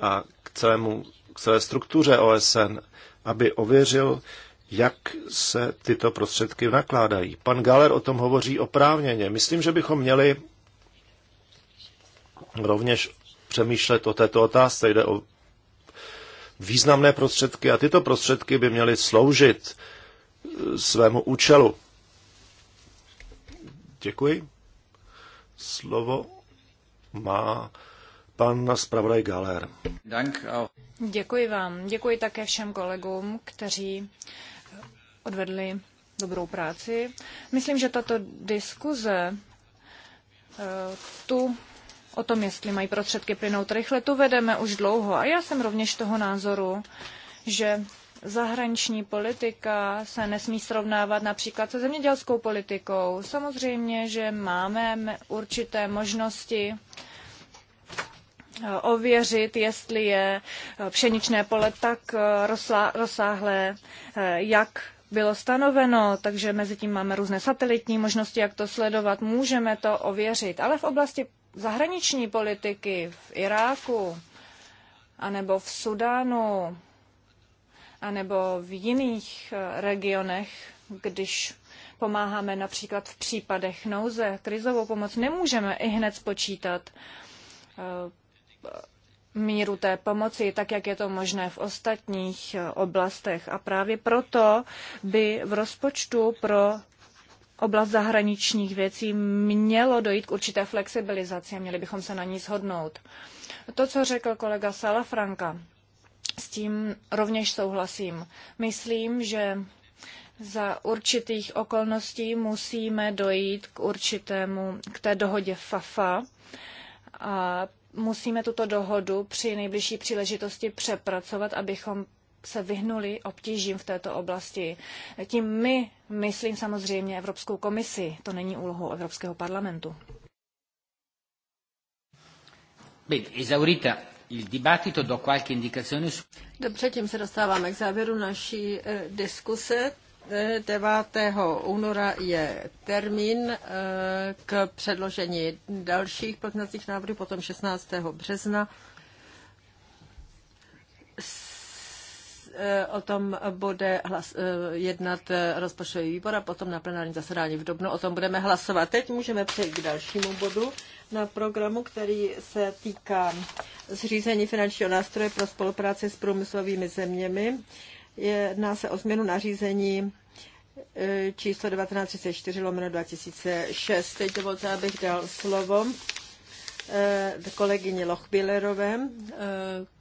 a k celému k celé struktuře OSN, aby ověřil, jak se tyto prostředky nakládají. Pan Galer o tom hovoří oprávněně. Myslím, že bychom měli rovněž přemýšlet o této otázce. Jde o významné prostředky a tyto prostředky by měly sloužit eh, svému účelu. Děkuji. Slovo má pan zpravodaj Galer. Děkuji vám. Děkuji také všem kolegům, kteří odvedli dobrou práci. Myslím, že tato diskuze eh, tu o tom, jestli mají prostředky plynout rychle, tu vedeme už dlouho. A já jsem rovněž toho názoru, že zahraniční politika se nesmí srovnávat například se zemědělskou politikou. Samozřejmě, že máme určité možnosti Eh, ověřit, jestli je eh, pšeničné pole tak eh, rozsáhlé, jak bylo stanoveno, takže mezi tím máme různé satelitní možnosti, jak to sledovat, můžeme to ověřit. Ale v oblasti zahraniční politiky v Iráku, anebo v Sudánu, anebo v jiných regionech, když pomáháme například v případech nouze, krizovou pomoc, nemůžeme i hned spočítat míru té pomoci, tak jak je to možné v ostatních eh, oblastech. A právě proto by v rozpočtu pro oblast zahraničních věcí mělo dojít k určité flexibilizaci a měli bychom se na ní shodnout. To, co řekl kolega Salafranka, s tím rovněž souhlasím. Myslím, že za určitých okolností musíme dojít k určitému, k té dohodě FAFA a musíme tuto dohodu při nejbližší příležitosti přepracovat, abychom se vyhnuli obtížím v této oblasti. Tím my myslím samozřejmě Evropskou komisi. To není úlohou Evropského parlamentu. Dobře, tím se dostáváme k závěru naší eh, diskuse. 9. února je termín eh, k předložení dalších pozměňovacích návrhů, potom 16. března eh, o tom bude hlas, eh, jednat rozpočtový výbor a potom na plenární zasedání v Dobnu o tom budeme hlasovat. Teď můžeme přejít k dalšímu bodu na programu, který se týká zřízení finančního nástroje pro spolupráci s průmyslovými zeměmi. Jedná se o změnu nařízení e, číslo 1934 lomeno 2006. Teď dovolte, abych dal slovo e, kolegyni Lochbillerové, e,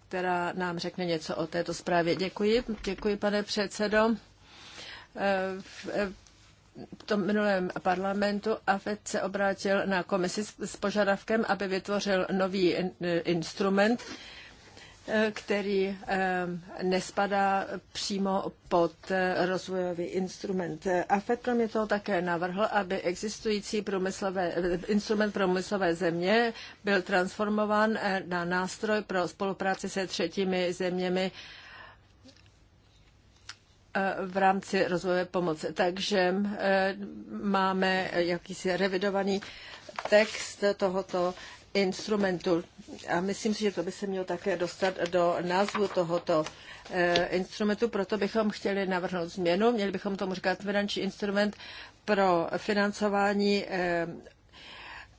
která nám řekne něco o této zprávě. Děkuji, děkuji pane předsedo. V tom minulém parlamentu AFED se obrátil na komisi s požadavkem, aby vytvořil nový instrument, který nespadá přímo pod rozvojový instrument. A FED kromě toho také navrhl, aby existující průmyslové, instrument průmyslové země byl transformován eh, na nástroj pro spolupráci se třetími zeměmi eh, v rámci rozvoje pomoci. Takže eh, máme jakýsi revidovaný text tohoto instrumentu. A myslím si, že to by se mělo také dostat do názvu tohoto eh, instrumentu, proto bychom chtěli navrhnout změnu. Měli bychom tomu říkat finanční instrument pro financování eh,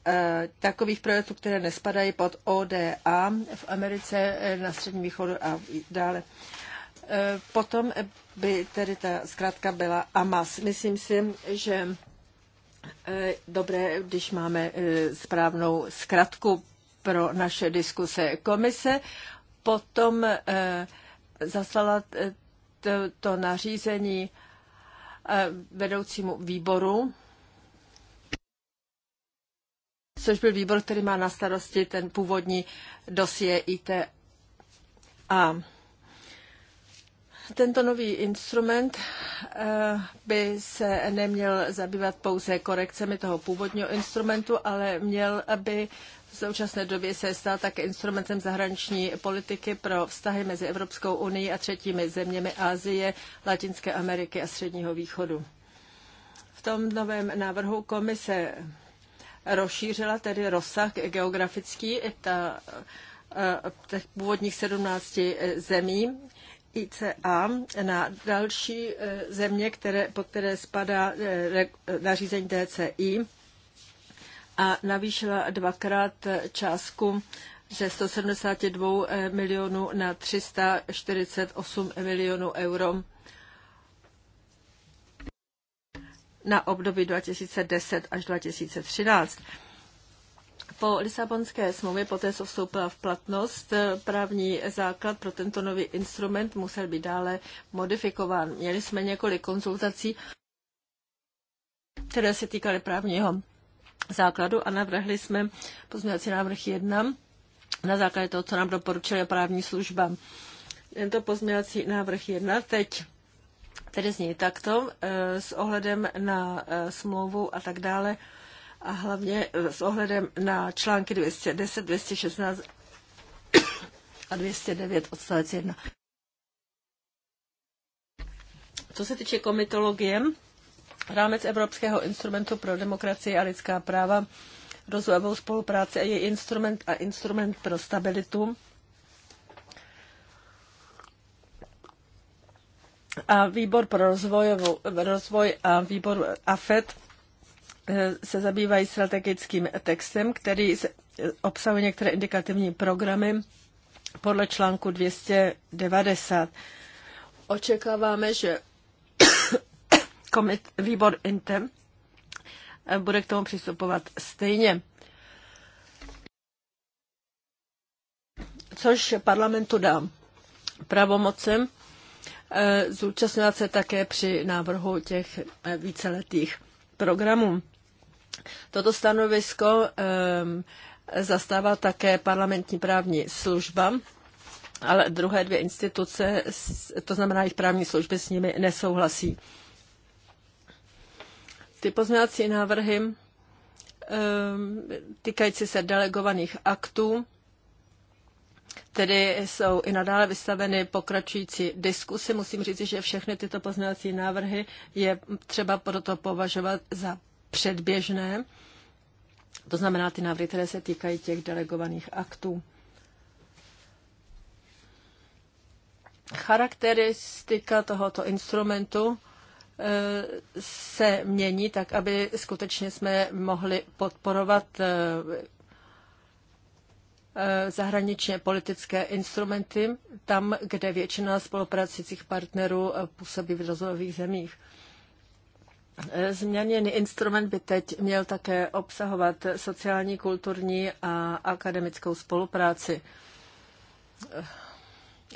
eh, takových projektů, které nespadají pod ODA v Americe, na Střední východu a dále. Potom by tedy ta zkrátka byla AMAS. Myslím si, že Eh, dobré, když máme eh, správnou zkratku pro naše diskuse. Komise potom eh, zaslala to nařízení vedoucímu výboru, což byl výbor, který má na starosti ten původní dosie IT. A tento nový instrument eh, by se neměl zabývat pouze korekcemi toho původního instrumentu, ale měl by v současné době se stal také instrumentem zahraniční politiky pro vztahy mezi Evropskou unii a třetími zeměmi Asie, Latinské Ameriky a Středního východu. V tom novém návrhu komise rozšířila tedy rozsah geografický, ta eh, těch původních 17 zemí, ICA na další e, země, které, pod které spadá e, nařízení DCI a navýšila dvakrát e, částku ze 172 milionů na 348 milionů euro na období 2010 až 2013. Po Lisabonské smlouvě, poté co vstoupila v platnost, právní základ pro tento nový instrument musel být dále modifikován. Měli jsme několik konzultací, které se týkaly právního základu a navrhli jsme pozměňovací návrh 1 na základě toho, co nám doporučila právní služba. Tento pozměňovací návrh 1 teď tedy zní takto e, s ohledem na e, smlouvu a tak dále a hlavně eh, s ohledem na články 210, 216 <coughs> a 209 odstavec 1. Co se týče komitologie, rámec Evropského instrumentu pro demokracii a lidská práva, rozvojovou spolupráci a její instrument a instrument pro stabilitu. A výbor pro rozvojovou, rozvoj a výbor AFET Eh, se zabývají strategickým textem, který eh, obsahuje některé indikativní programy podle článku 290. Očekáváme, že <coughs> komit, výbor INTEM eh, bude k tomu přistupovat stejně. Což parlamentu dá pravomocem zúčastňovat se také při návrhu těch víceletých programů. Toto stanovisko ehm, zastává také parlamentní právní služba, ale druhé dvě instituce, to znamená jejich právní služby, s nimi nesouhlasí. Ty pozměňovací návrhy ehm, týkající se delegovaných aktů, tedy jsou i nadále vystaveny pokračující diskusy. Musím říct, že všechny tyto pozměňovací návrhy je třeba proto považovat za předběžné, to znamená ty návrhy, které se týkají těch delegovaných aktů. Charakteristika tohoto instrumentu eh, se mění tak, aby skutečně jsme mohli podporovat eh, eh, zahraničně politické instrumenty tam, kde většina spolupracujících partnerů působí v rozvojových zemích. Změněný instrument by teď měl také obsahovat sociální, kulturní a akademickou spolupráci.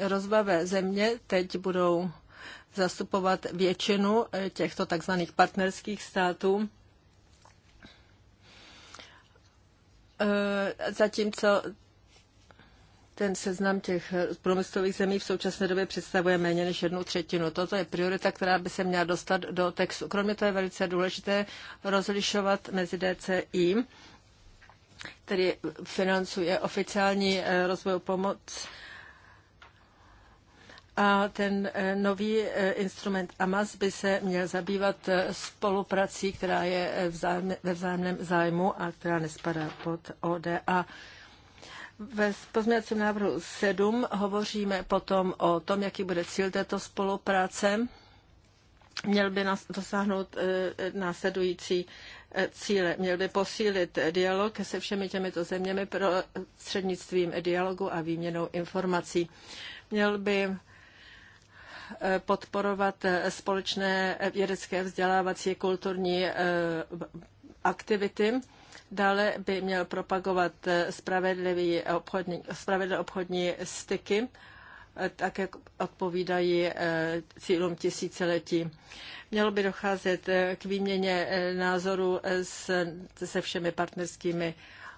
Rozbavé země teď budou zastupovat většinu eh, těchto takzvaných partnerských států, eh, zatímco ten seznam těch eh, průmyslových zemí v současné době představuje méně než jednu třetinu. Toto je priorita, která by se měla dostat do textu. Kromě toho je velice důležité rozlišovat mezi DCI, který financuje oficiální eh, rozvoj pomoc a ten eh, nový instrument AMAS by se měl zabývat spoluprací, která je ve vzájemném zájmu a která nespadá pod ODA. Ve pozměňovacím návrhu 7 hovoříme potom o tom, jaký bude cíl této spolupráce. Měl by nás dosáhnout e, následující e, cíle. Měl by posílit dialog se všemi těmito zeměmi prostřednictvím dialogu a výměnou informací. Měl by e, podporovat společné vědecké vzdělávací kulturní aktivity Dále by měl propagovat eh, spravedlivý obchodní, spravedlivé obchodní styky, eh, tak jak odpovídají eh, cílům tisíciletí. Mělo by docházet k výměně názorů se všemi partnerskými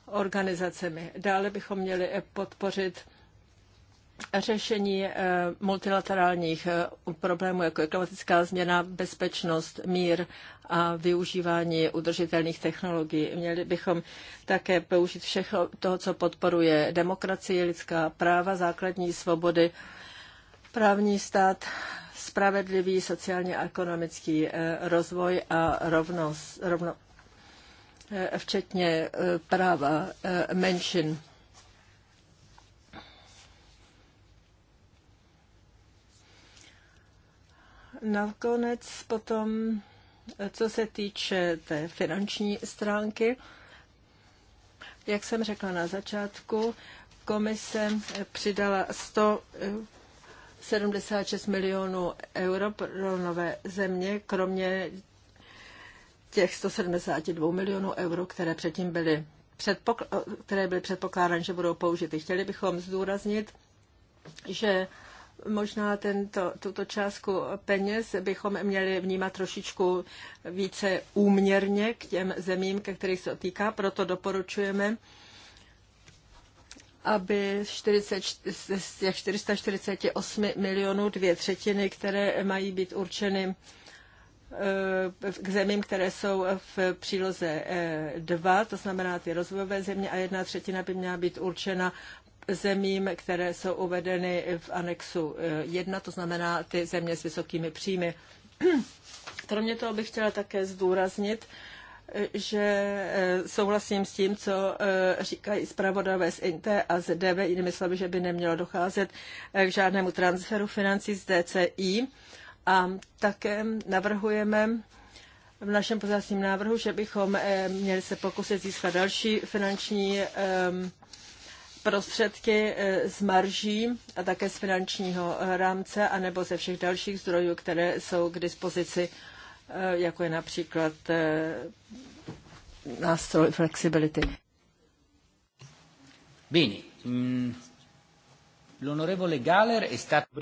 organizacemi. Dále bychom měli podpořit řešení eh, multilaterálních eh, problémů, jako je klimatická změna, bezpečnost, mír a využívání udržitelných technologií. Měli bychom také použít všechno toho, co podporuje demokracii, lidská práva, základní svobody, právní stát, spravedlivý sociálně a ekonomický eh, rozvoj a rovnost, rovno, včetně práva menšin. nakonec potom, co se týče té finanční stránky, jak jsem řekla na začátku, komise přidala 176 eh, milionů euro pro nové země, kromě těch 172 milionů euro, které předtím byly, předpokl- které byly předpokládány, že budou použity. Chtěli bychom zdůraznit, že Možná tento, tuto částku peněz bychom měli vnímat trošičku více úměrně k těm zemím, ke kterých se týká, proto doporučujeme, aby 40, z těch 448 milionů dvě třetiny, které mají být určeny eh, k zemím, které jsou v příloze 2, eh, to znamená ty rozvojové země, a jedna třetina by měla být určena zemím, které jsou uvedeny v anexu 1, eh, to znamená ty země s vysokými příjmy. <clears throat> Kromě toho bych chtěla také zdůraznit, eh, že eh, souhlasím s tím, co říkají zpravodavé z INT a z DV, jinými slovy, že by nemělo docházet k žádnému transferu financí z DCI. A také navrhujeme v našem pozdravním návrhu, že bychom měli se pokusit získat další finanční um, prostředky eh, z marží a také z finančního eh, rámce anebo ze všech dalších zdrojů, které jsou k dispozici, eh, jako je například nástroj flexibility. Bini. Mm, l'onorevole Galler je stato...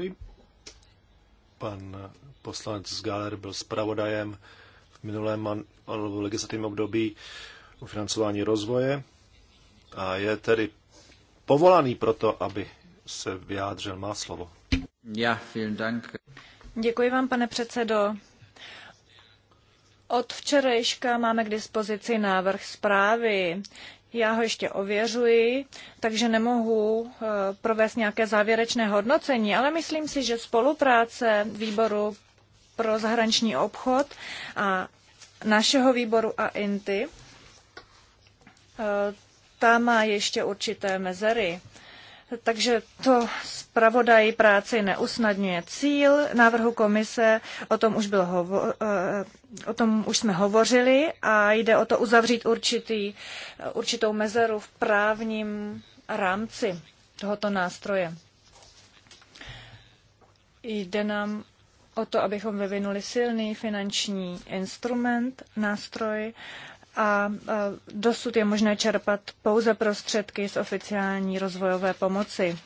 Pan poslanec Galler byl zpravodajem v minulém legislativním období o financování rozvoje a je tedy povolaný pro to, aby se vyjádřil. Má slovo. Ja, vielen Dank. Děkuji vám, pane předsedo. Od včerejška máme k dispozici návrh zprávy. Já ho ještě ověřuji, takže nemohu eh, provést nějaké závěrečné hodnocení, ale myslím si, že spolupráce výboru pro zahraniční obchod a našeho výboru a INTY eh, ta má ještě určité mezery. Takže to zpravodaji práci neusnadňuje cíl návrhu komise, o tom, už bylo hovo- eh, o tom už jsme hovořili a jde o to uzavřít určitý, určitou mezeru v právním rámci tohoto nástroje. Jde nám o to, abychom vyvinuli silný finanční instrument, nástroj, a dosud je možné čerpat pouze prostředky z oficiální rozvojové pomoci.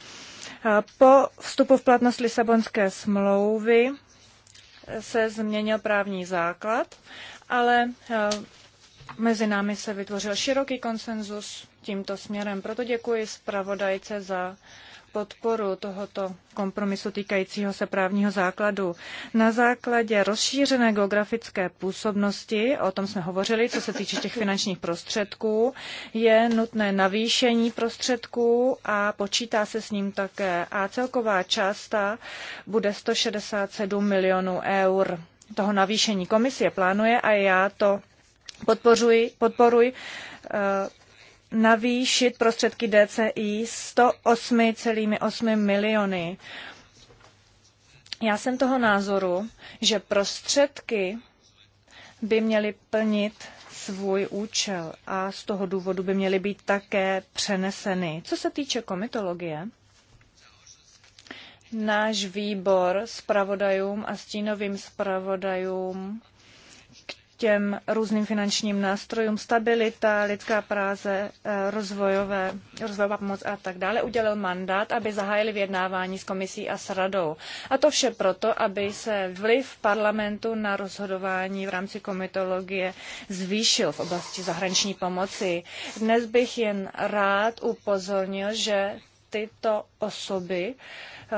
Po vstupu v platnost Lisabonské smlouvy se změnil právní základ, ale mezi námi se vytvořil široký konsenzus tímto směrem. Proto děkuji zpravodajce za podporu tohoto kompromisu týkajícího se právního základu. Na základě rozšířené geografické působnosti, o tom jsme hovořili, co se týče těch finančních prostředků, je nutné navýšení prostředků a počítá se s ním také. A celková částa bude 167 milionů eur. Toho navýšení komisie plánuje a já to podporuji, podporuji eh, navýšit prostředky DCI 108,8 miliony. Já jsem toho názoru, že prostředky by měly plnit svůj účel a z toho důvodu by měly být také přeneseny. Co se týče komitologie, náš výbor s pravodajům a stínovým spravodajům těm různým finančním nástrojům, stabilita, lidská práze, eh, rozvojové, rozvojová pomoc a tak dále, udělil mandát, aby zahájili vyjednávání s komisí a s radou. A to vše proto, aby se vliv parlamentu na rozhodování v rámci komitologie zvýšil v oblasti zahraniční pomoci. Dnes bych jen rád upozornil, že tyto osoby eh,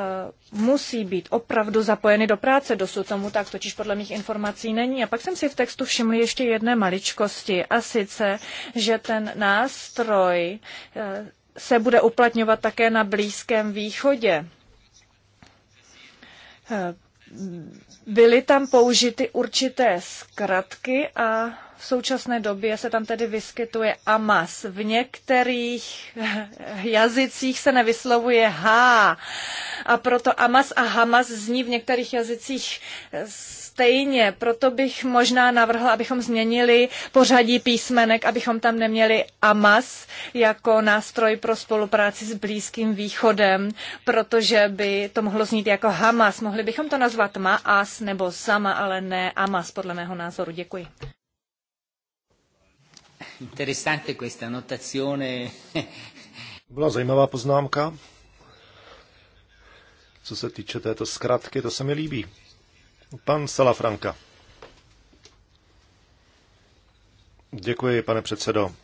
musí být opravdu zapojeny do práce. Dosud tomu tak totiž podle mých informací není. A pak jsem si v textu všiml ještě jedné maličkosti, a sice, že ten nástroj eh, se bude uplatňovat také na Blízkém východě eh, byly tam použity určité zkratky a v současné době se tam tedy vyskytuje amas. V některých <laughs> jazycích se nevyslovuje H. A proto amas a hamas zní v některých jazycích eh, stejně. Proto bych možná navrhla, abychom změnili pořadí písmenek, abychom tam neměli amas jako nástroj pro spolupráci s Blízkým východem, protože by to mohlo znít jako Hamas. Mohli bychom to nazvat Maas nebo Sama, ale ne Amas, podle mého názoru. Děkuji. Interessante questa notazione. Byla zajímavá poznámka. Co se týče této zkratky, to se mi líbí. Pan Salafranka. Děkuji, pane předsedo.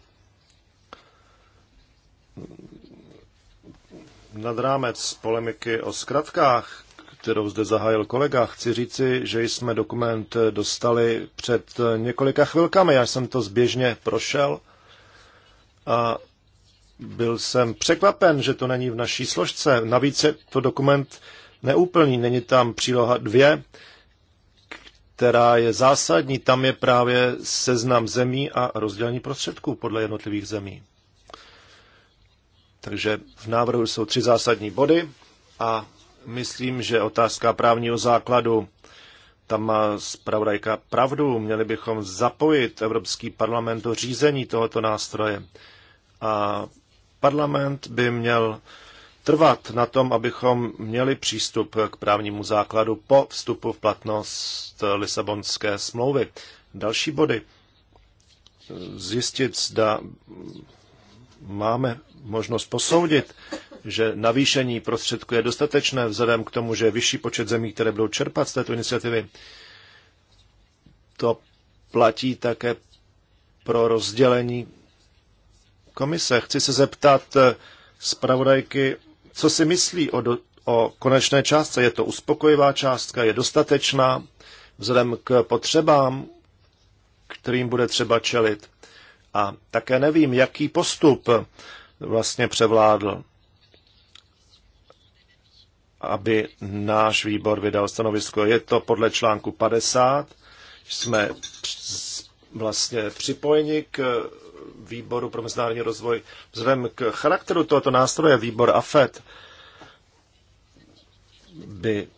Nad rámec polemiky o zkratkách kterou zde zahájil kolega, chci říci, že jsme dokument dostali před několika chvilkami. Já jsem to zběžně prošel a byl jsem překvapen, že to není v naší složce. Navíc je to dokument neúplný, není tam příloha dvě, která je zásadní. Tam je právě seznam zemí a rozdělení prostředků podle jednotlivých zemí. Takže v návrhu jsou tři zásadní body a myslím, že otázka právního základu, tam má zpravodajka pravdu, měli bychom zapojit Evropský parlament do řízení tohoto nástroje. A parlament by měl trvat na tom, abychom měli přístup k právnímu základu po vstupu v platnost Lisabonské smlouvy. Další body. Zjistit, zda máme možnost posoudit, že navýšení prostředků je dostatečné vzhledem k tomu, že je vyšší počet zemí, které budou čerpat z této iniciativy. To platí také pro rozdělení komise. Chci se zeptat zpravodajky, co si myslí o, do, o konečné částce. Je to uspokojivá částka, je dostatečná vzhledem k potřebám, kterým bude třeba čelit. A také nevím, jaký postup vlastně převládl aby náš výbor vydal stanovisko. Je to podle článku 50. Jsme vlastně připojeni k výboru pro mezinárodní rozvoj. Vzhledem k charakteru tohoto nástroje výbor AFET by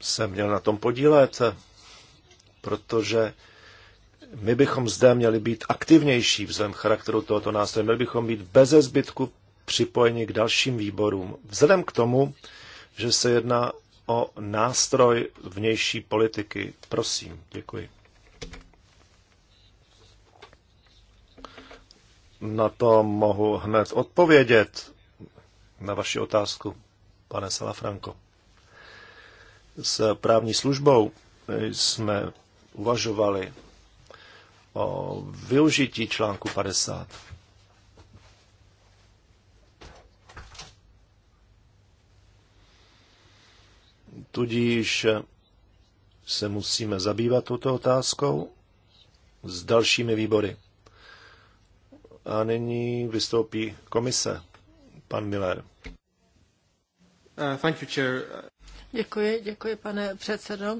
se měl na tom podílet, protože my bychom zde měli být aktivnější vzhledem k charakteru tohoto nástroje. Měli bychom být beze zbytku připojeni k dalším výborům. Vzhledem k tomu, že se jedná o nástroj vnější politiky. Prosím, děkuji. Na to mohu hned odpovědět na vaši otázku, pane Salafranko. S právní službou jsme uvažovali o využití článku 50 Tudíž se musíme zabývat touto otázkou s dalšími výbory. A nyní vystoupí komise. Pan Miller. Uh, thank you, Děkuji, děkuji, pane předsedo.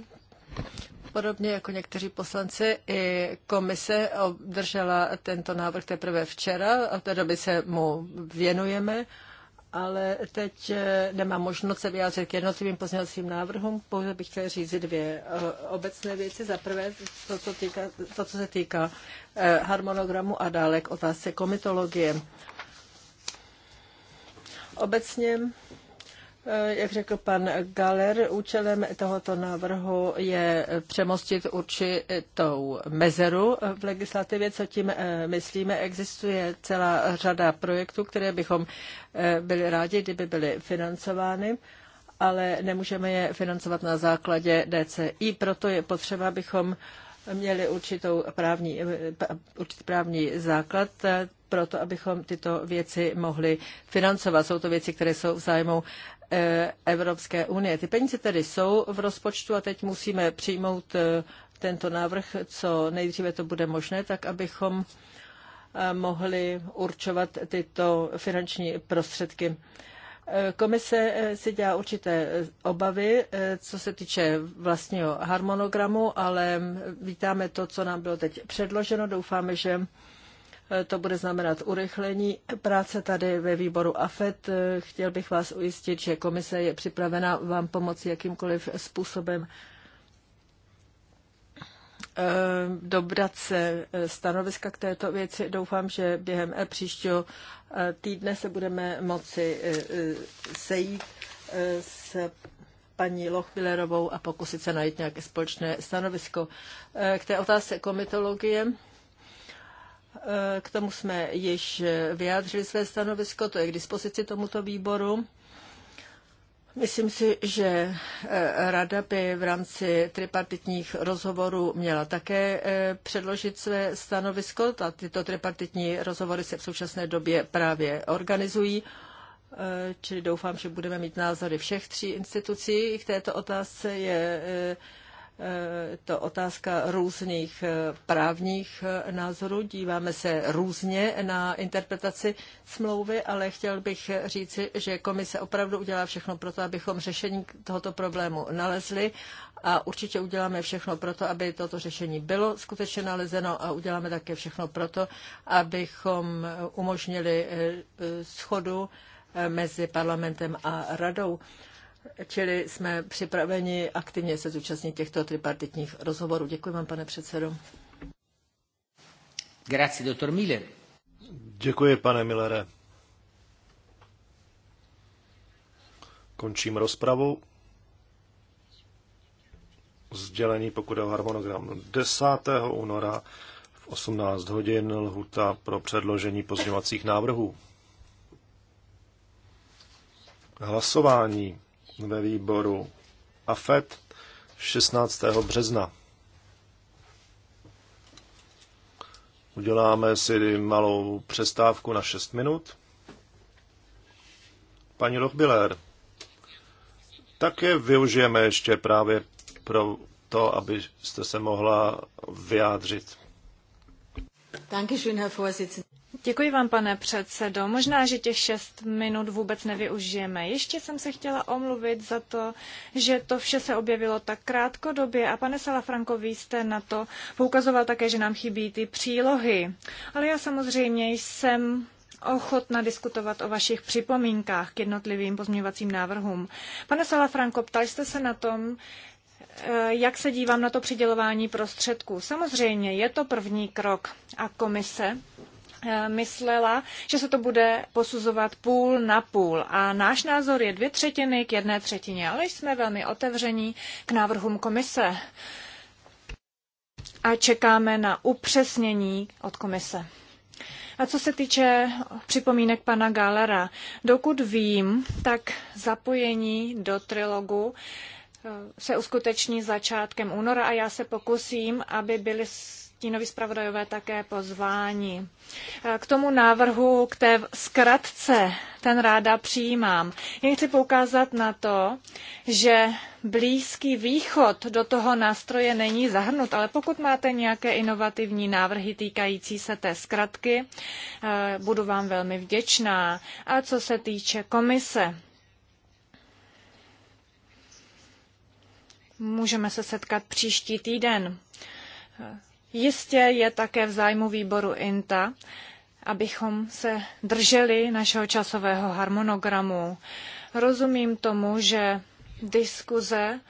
Podobně jako někteří poslanci, i komise obdržela tento návrh teprve včera a v té doby se mu věnujeme ale teď eh, nemám možnost se vyjádřit k jednotlivým pozměňovacím návrhům, pouze bych chtěla říct dvě eh, obecné věci. Za prvé to, co, týka, to, co se týká eh, harmonogramu a dále k otázce komitologie. Obecně Eh, jak řekl pan Galer, účelem tohoto návrhu je přemostit určitou mezeru v legislativě, co tím eh, myslíme. Existuje celá řada projektů, které bychom eh, byli rádi, kdyby byly financovány ale nemůžeme je financovat na základě DCI, proto je potřeba, abychom měli určitou právní, určitý právní základ pro to, abychom tyto věci mohli financovat. Jsou to věci, které jsou v zájmu eh, Evropské unie. Ty peníze tedy jsou v rozpočtu a teď musíme přijmout eh, tento návrh, co nejdříve to bude možné, tak abychom eh, mohli určovat tyto finanční prostředky. Komise si dělá určité obavy, co se týče vlastního harmonogramu, ale hm, vítáme to, co nám bylo teď předloženo. Doufáme, že to bude znamenat urychlení práce tady ve výboru AFET. Chtěl bych vás ujistit, že komise je připravena vám pomoci jakýmkoliv způsobem eh, dobrat se stanoviska k této věci. Doufám, že během příštího eh, týdne se budeme moci eh, sejít s paní Lochbillerovou a pokusit se najít nějaké společné stanovisko. K té otázce komitologie k tomu jsme již vyjádřili své stanovisko, to je k dispozici tomuto výboru. Myslím si, že eh, Rada by v rámci tripartitních rozhovorů měla také eh, předložit své stanovisko. A tyto tripartitní rozhovory se v současné době právě organizují, eh, čili doufám, že budeme mít názory všech tří institucí. K této otázce je Eh, to otázka různých eh, právních eh, názorů. Díváme se různě na interpretaci smlouvy, ale chtěl bych říci, že komise opravdu udělá všechno pro to, abychom řešení tohoto problému nalezli a určitě uděláme všechno pro to, aby toto řešení bylo skutečně nalezeno a uděláme také všechno pro to, abychom umožnili schodu mezi parlamentem a radou. Čili jsme připraveni aktivně se zúčastnit těchto tripartitních rozhovorů. Děkuji vám, pane předsedo. Grazie, doktor Miller. Děkuji, pane Millere. Končím rozpravu. Sdělení, pokud je o harmonogram 10. února v 18 hodin lhuta pro předložení pozměňovacích návrhů. Hlasování ve výboru AFET 16. března. Uděláme si malou přestávku na 6 minut. Paní Lochbiller, také využijeme ještě právě pro to, abyste se mohla vyjádřit. Dankeschön, Herr Vorsitzender. Děkuji vám, pane předsedo. Možná, že těch šest minut vůbec nevyužijeme. Ještě jsem se chtěla omluvit za to, že to vše se objevilo tak krátkodobě a pane Salafranko, vy jste na to poukazoval také, že nám chybí ty přílohy. Ale já samozřejmě jsem ochotna diskutovat o vašich připomínkách k jednotlivým pozměňovacím návrhům. Pane Salafranko, ptal jste se na tom, eh, jak se dívám na to přidělování prostředků. Samozřejmě je to první krok a komise Eh, myslela, že se to bude posuzovat půl na půl. A náš názor je dvě třetiny k jedné třetině, ale jsme velmi otevření k návrhům komise. A čekáme na upřesnění od komise. A co se týče připomínek pana Galera, dokud vím, tak zapojení do trilogu eh, se uskuteční začátkem února a já se pokusím, aby byly stínoví zpravodajové také pozváni. E, k tomu návrhu, k té zkratce, ten ráda přijímám. Jen chci poukázat na to, že Blízký východ do toho nástroje není zahrnut, ale pokud máte nějaké inovativní návrhy týkající se té zkratky, e, budu vám velmi vděčná. A co se týče komise, můžeme se setkat příští týden. Jistě je také v zájmu výboru INTA, abychom se drželi našeho časového harmonogramu. Rozumím tomu, že diskuze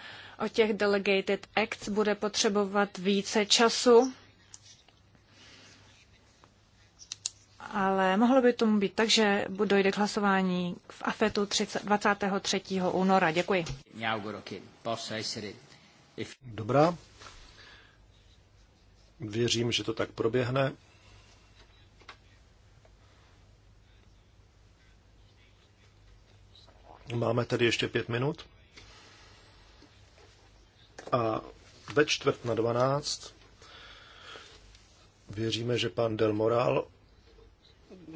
o těch delegated acts bude potřebovat více času, ale mohlo by tomu být tak, že dojde k hlasování v AFETu 23. února. Děkuji. Dobrá, Věřím, že to tak proběhne. Máme tedy ještě pět minut. A ve čtvrt na dvanáct věříme, že pan Del Moral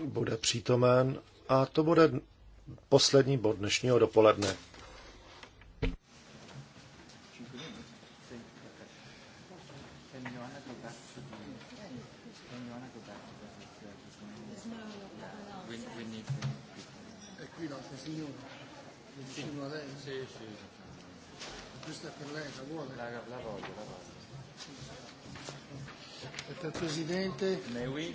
bude přítomen a to bude poslední bod dnešního dopoledne. Sì, sì. Questa per lei, la vuole? La, la voglio, la voglio. il Presidente. Ne oui. Eh?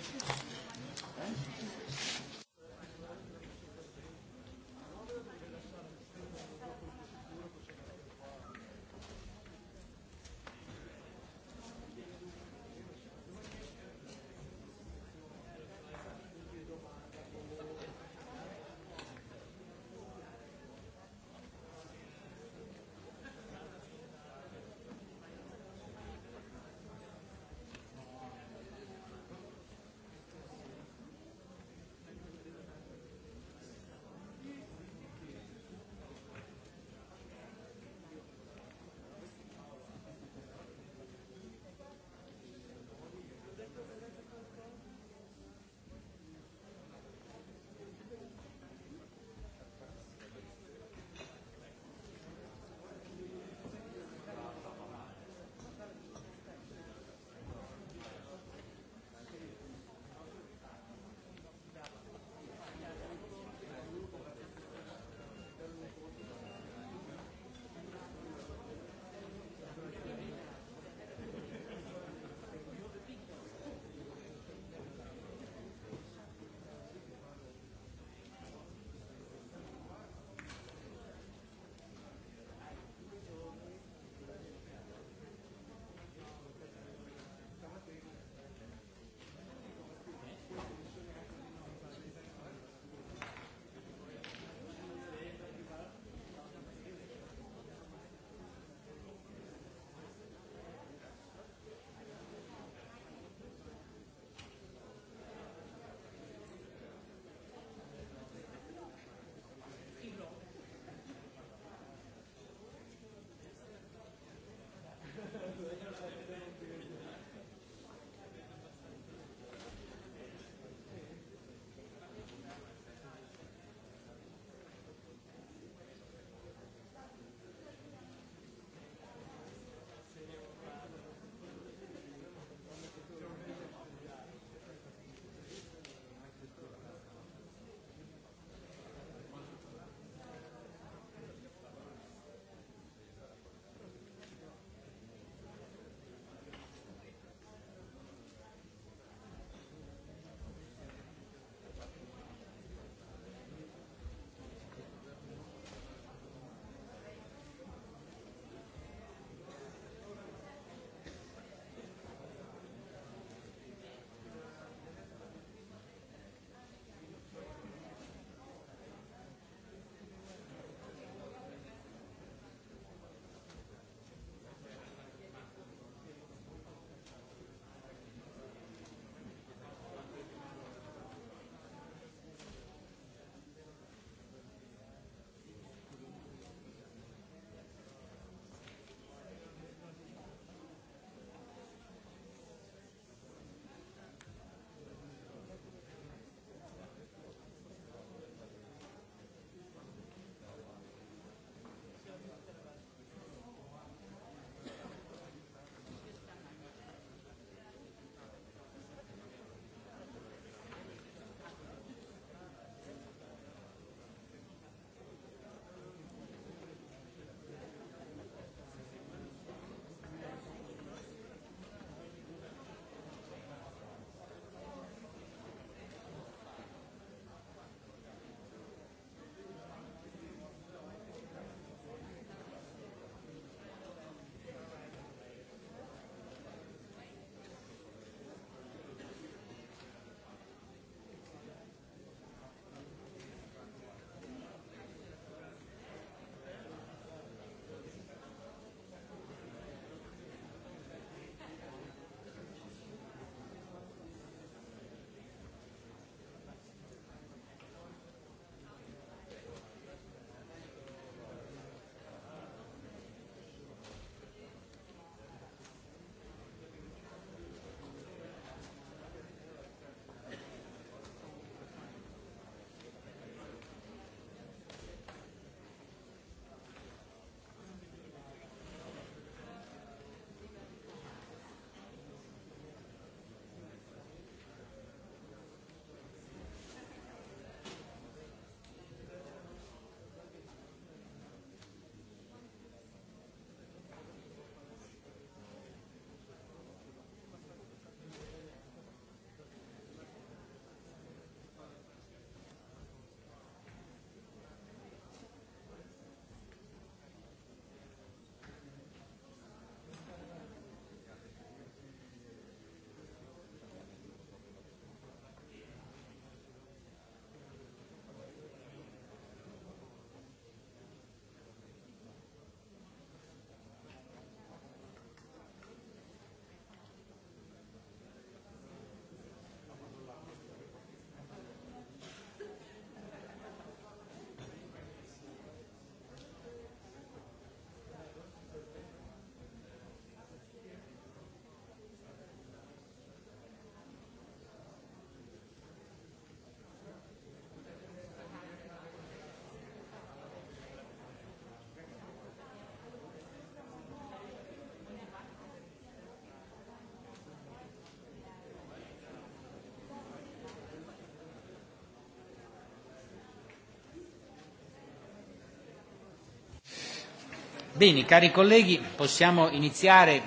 Bene, cari colleghi, possiamo iniziare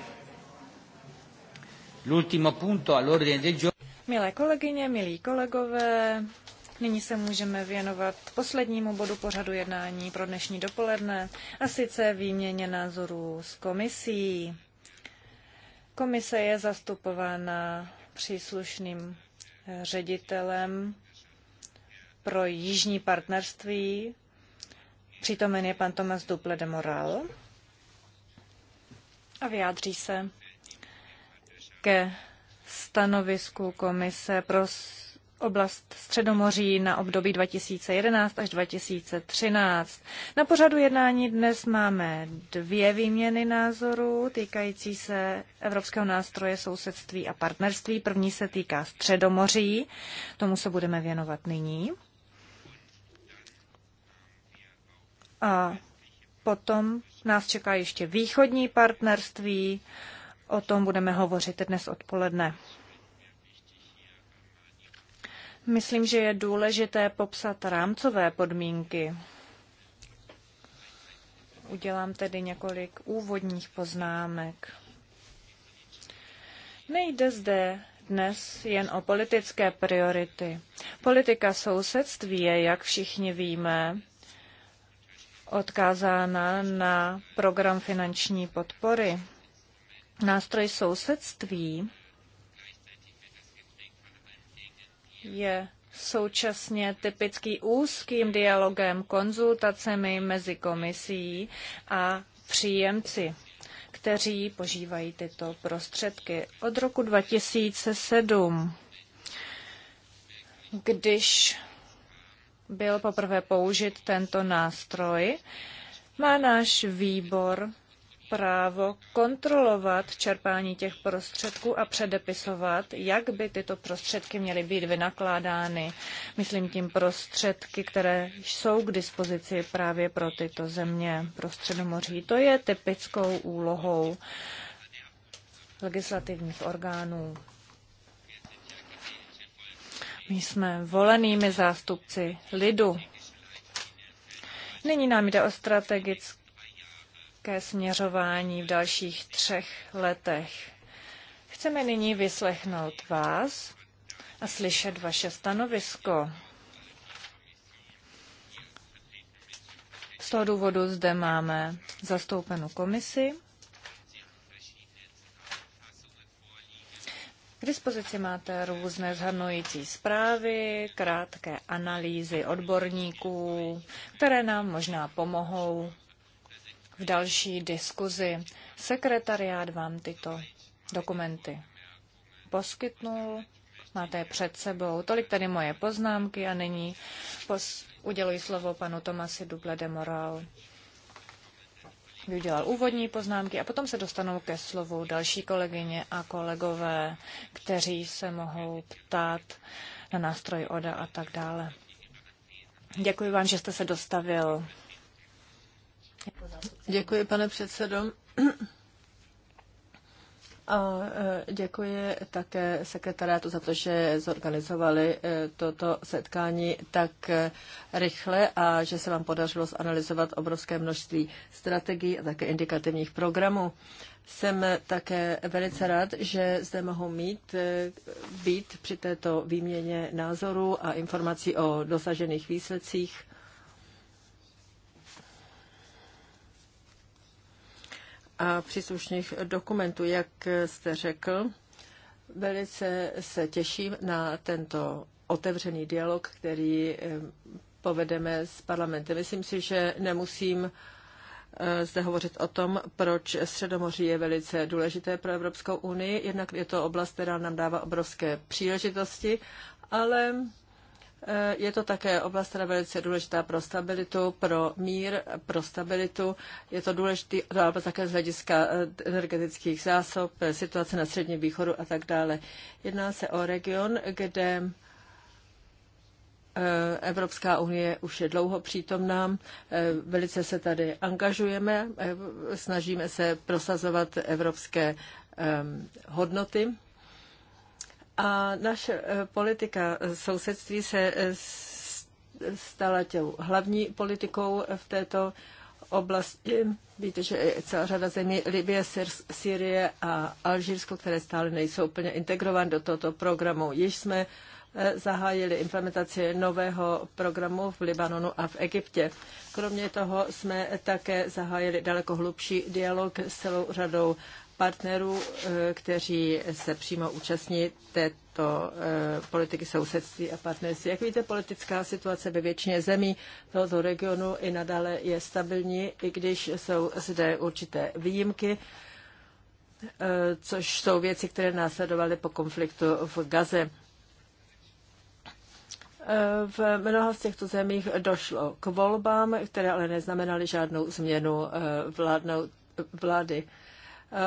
l'ultimo punto all'ordine del giorno. Milé kolegyně, milí kolegové, nyní se můžeme věnovat poslednímu bodu pořadu jednání pro dnešní dopoledne, a sice výměně názorů s komisí. Komise je zastupována příslušným eh, ředitelem pro jižní partnerství. Přítomen je pan Tomas Duple de Moral a vyjádří se ke stanovisku Komise pro oblast Středomoří na období 2011 až 2013. Na pořadu jednání dnes máme dvě výměny názorů týkající se Evropského nástroje sousedství a partnerství. První se týká Středomoří, tomu se budeme věnovat nyní. A Potom nás čeká ještě východní partnerství, o tom budeme hovořit dnes odpoledne. Myslím, že je důležité popsat rámcové podmínky. Udělám tedy několik úvodních poznámek. Nejde zde dnes jen o politické priority. Politika sousedství je, jak všichni víme, odkázána na program finanční podpory. Nástroj sousedství je současně typický úzkým dialogem, konzultacemi mezi komisí a příjemci, kteří požívají tyto prostředky. Od roku 2007, když byl poprvé použit tento nástroj, má náš výbor právo kontrolovat čerpání těch prostředků a předepisovat, jak by tyto prostředky měly být vynakládány. Myslím tím prostředky, které jsou k dispozici právě pro tyto země pro středomoří. To je typickou úlohou legislativních orgánů. My jsme volenými zástupci lidu. Nyní nám jde o strategické směřování v dalších třech letech. Chceme nyní vyslechnout vás a slyšet vaše stanovisko. Z toho důvodu zde máme zastoupenou komisi dispozici máte různé zhrnující zprávy, krátké analýzy odborníků, které nám možná pomohou v další diskuzi. Sekretariát vám tyto dokumenty poskytnul. Máte je před sebou. Tolik tady moje poznámky a nyní pos- uděluji slovo panu Tomasi Duble de Moral by udělal úvodní poznámky a potom se dostanou ke slovu další kolegyně a kolegové, kteří se mohou ptát na nástroj ODA a tak dále. Děkuji vám, že jste se dostavil. Děkuji, pane předsedo. A e, děkuji také sekretariátu za to, že zorganizovali e, toto setkání tak e, rychle a že se vám podařilo zanalizovat obrovské množství strategií a také indikativních programů. Jsem také velice rád, že zde mohu mít, být při této výměně názorů a informací o dosažených výsledcích a příslušných dokumentů, jak jste řekl. Velice se těším na tento otevřený dialog, který eh, povedeme s parlamentem. Myslím si, že nemusím eh, zde hovořit o tom, proč Středomoří je velice důležité pro Evropskou unii. Jednak je to oblast, která nám dává obrovské příležitosti, ale Eh, je to také oblast, která je velice důležitá pro stabilitu, pro mír, pro stabilitu. Je to důležitý oblast také z hlediska eh, energetických zásob, eh, situace na Středním východu a tak dále. Jedná se o region, kde Evropská unie už je dlouho přítomná, velice se tady angažujeme, snažíme se prosazovat evropské hodnoty. A naše e, politika e, sousedství se e, stala těm hlavní politikou v této oblasti. Víte, že je celá řada zemí, Libie, Syrie a Alžírsko, které stále nejsou úplně integrovány do tohoto programu. Již jsme zahájili implementaci nového programu v Libanonu a v Egyptě. Kromě toho jsme také zahájili daleko hlubší dialog s celou řadou partnerů, eh, kteří se přímo účastní této eh, politiky sousedství a partnerství. Jak víte, politická situace ve většině zemí tohoto regionu i nadále je stabilní, i když jsou zde určité výjimky, eh, což jsou věci, které následovaly po konfliktu v Gaze. V mnoha z těchto zemích došlo k volbám, které ale neznamenaly žádnou změnu vládnou, vlády.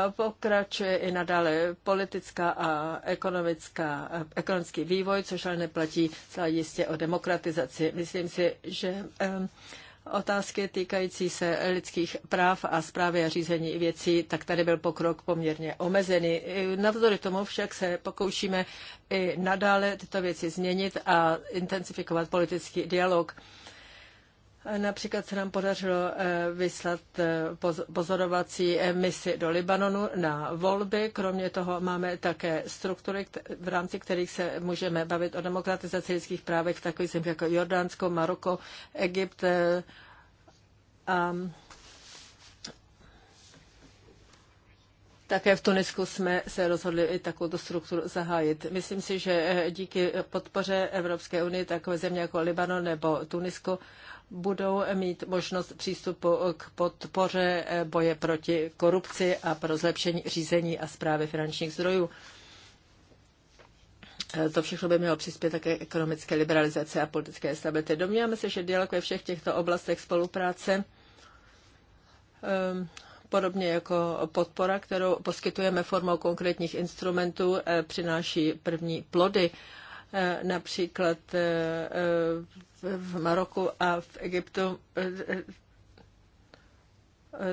Pokračuje i nadále politická a ekonomická, ekonomický vývoj, což ale neplatí celé jistě o demokratizaci. Myslím si, že otázky týkající se lidských práv a zprávy a řízení věcí, tak tady byl pokrok poměrně omezený. Navzdory tomu však se pokoušíme i nadále tyto věci změnit a intenzifikovat politický dialog. Například se nám podařilo eh, vyslat eh, pozorovací eh, misi do Libanonu na volby. Kromě toho máme také struktury, v rámci kterých se můžeme bavit o demokratizaci lidských právech v takových zemích jako Jordánsko, Maroko, Egypt. A Také v Tunisku jsme se rozhodli i takovou strukturu zahájit. Myslím si, že díky podpoře Evropské unie takové země jako Libanon nebo Tunisko budou mít možnost přístupu k podpoře boje proti korupci a pro zlepšení řízení a zprávy finančních zdrojů. To všechno by mělo přispět také ekonomické liberalizace a politické stability. Domníváme se, že dialog ve všech těchto oblastech spolupráce ehm, podobně jako podpora, kterou poskytujeme formou konkrétních instrumentů, eh, přináší první plody. Eh, například eh, v Maroku a v Egyptu.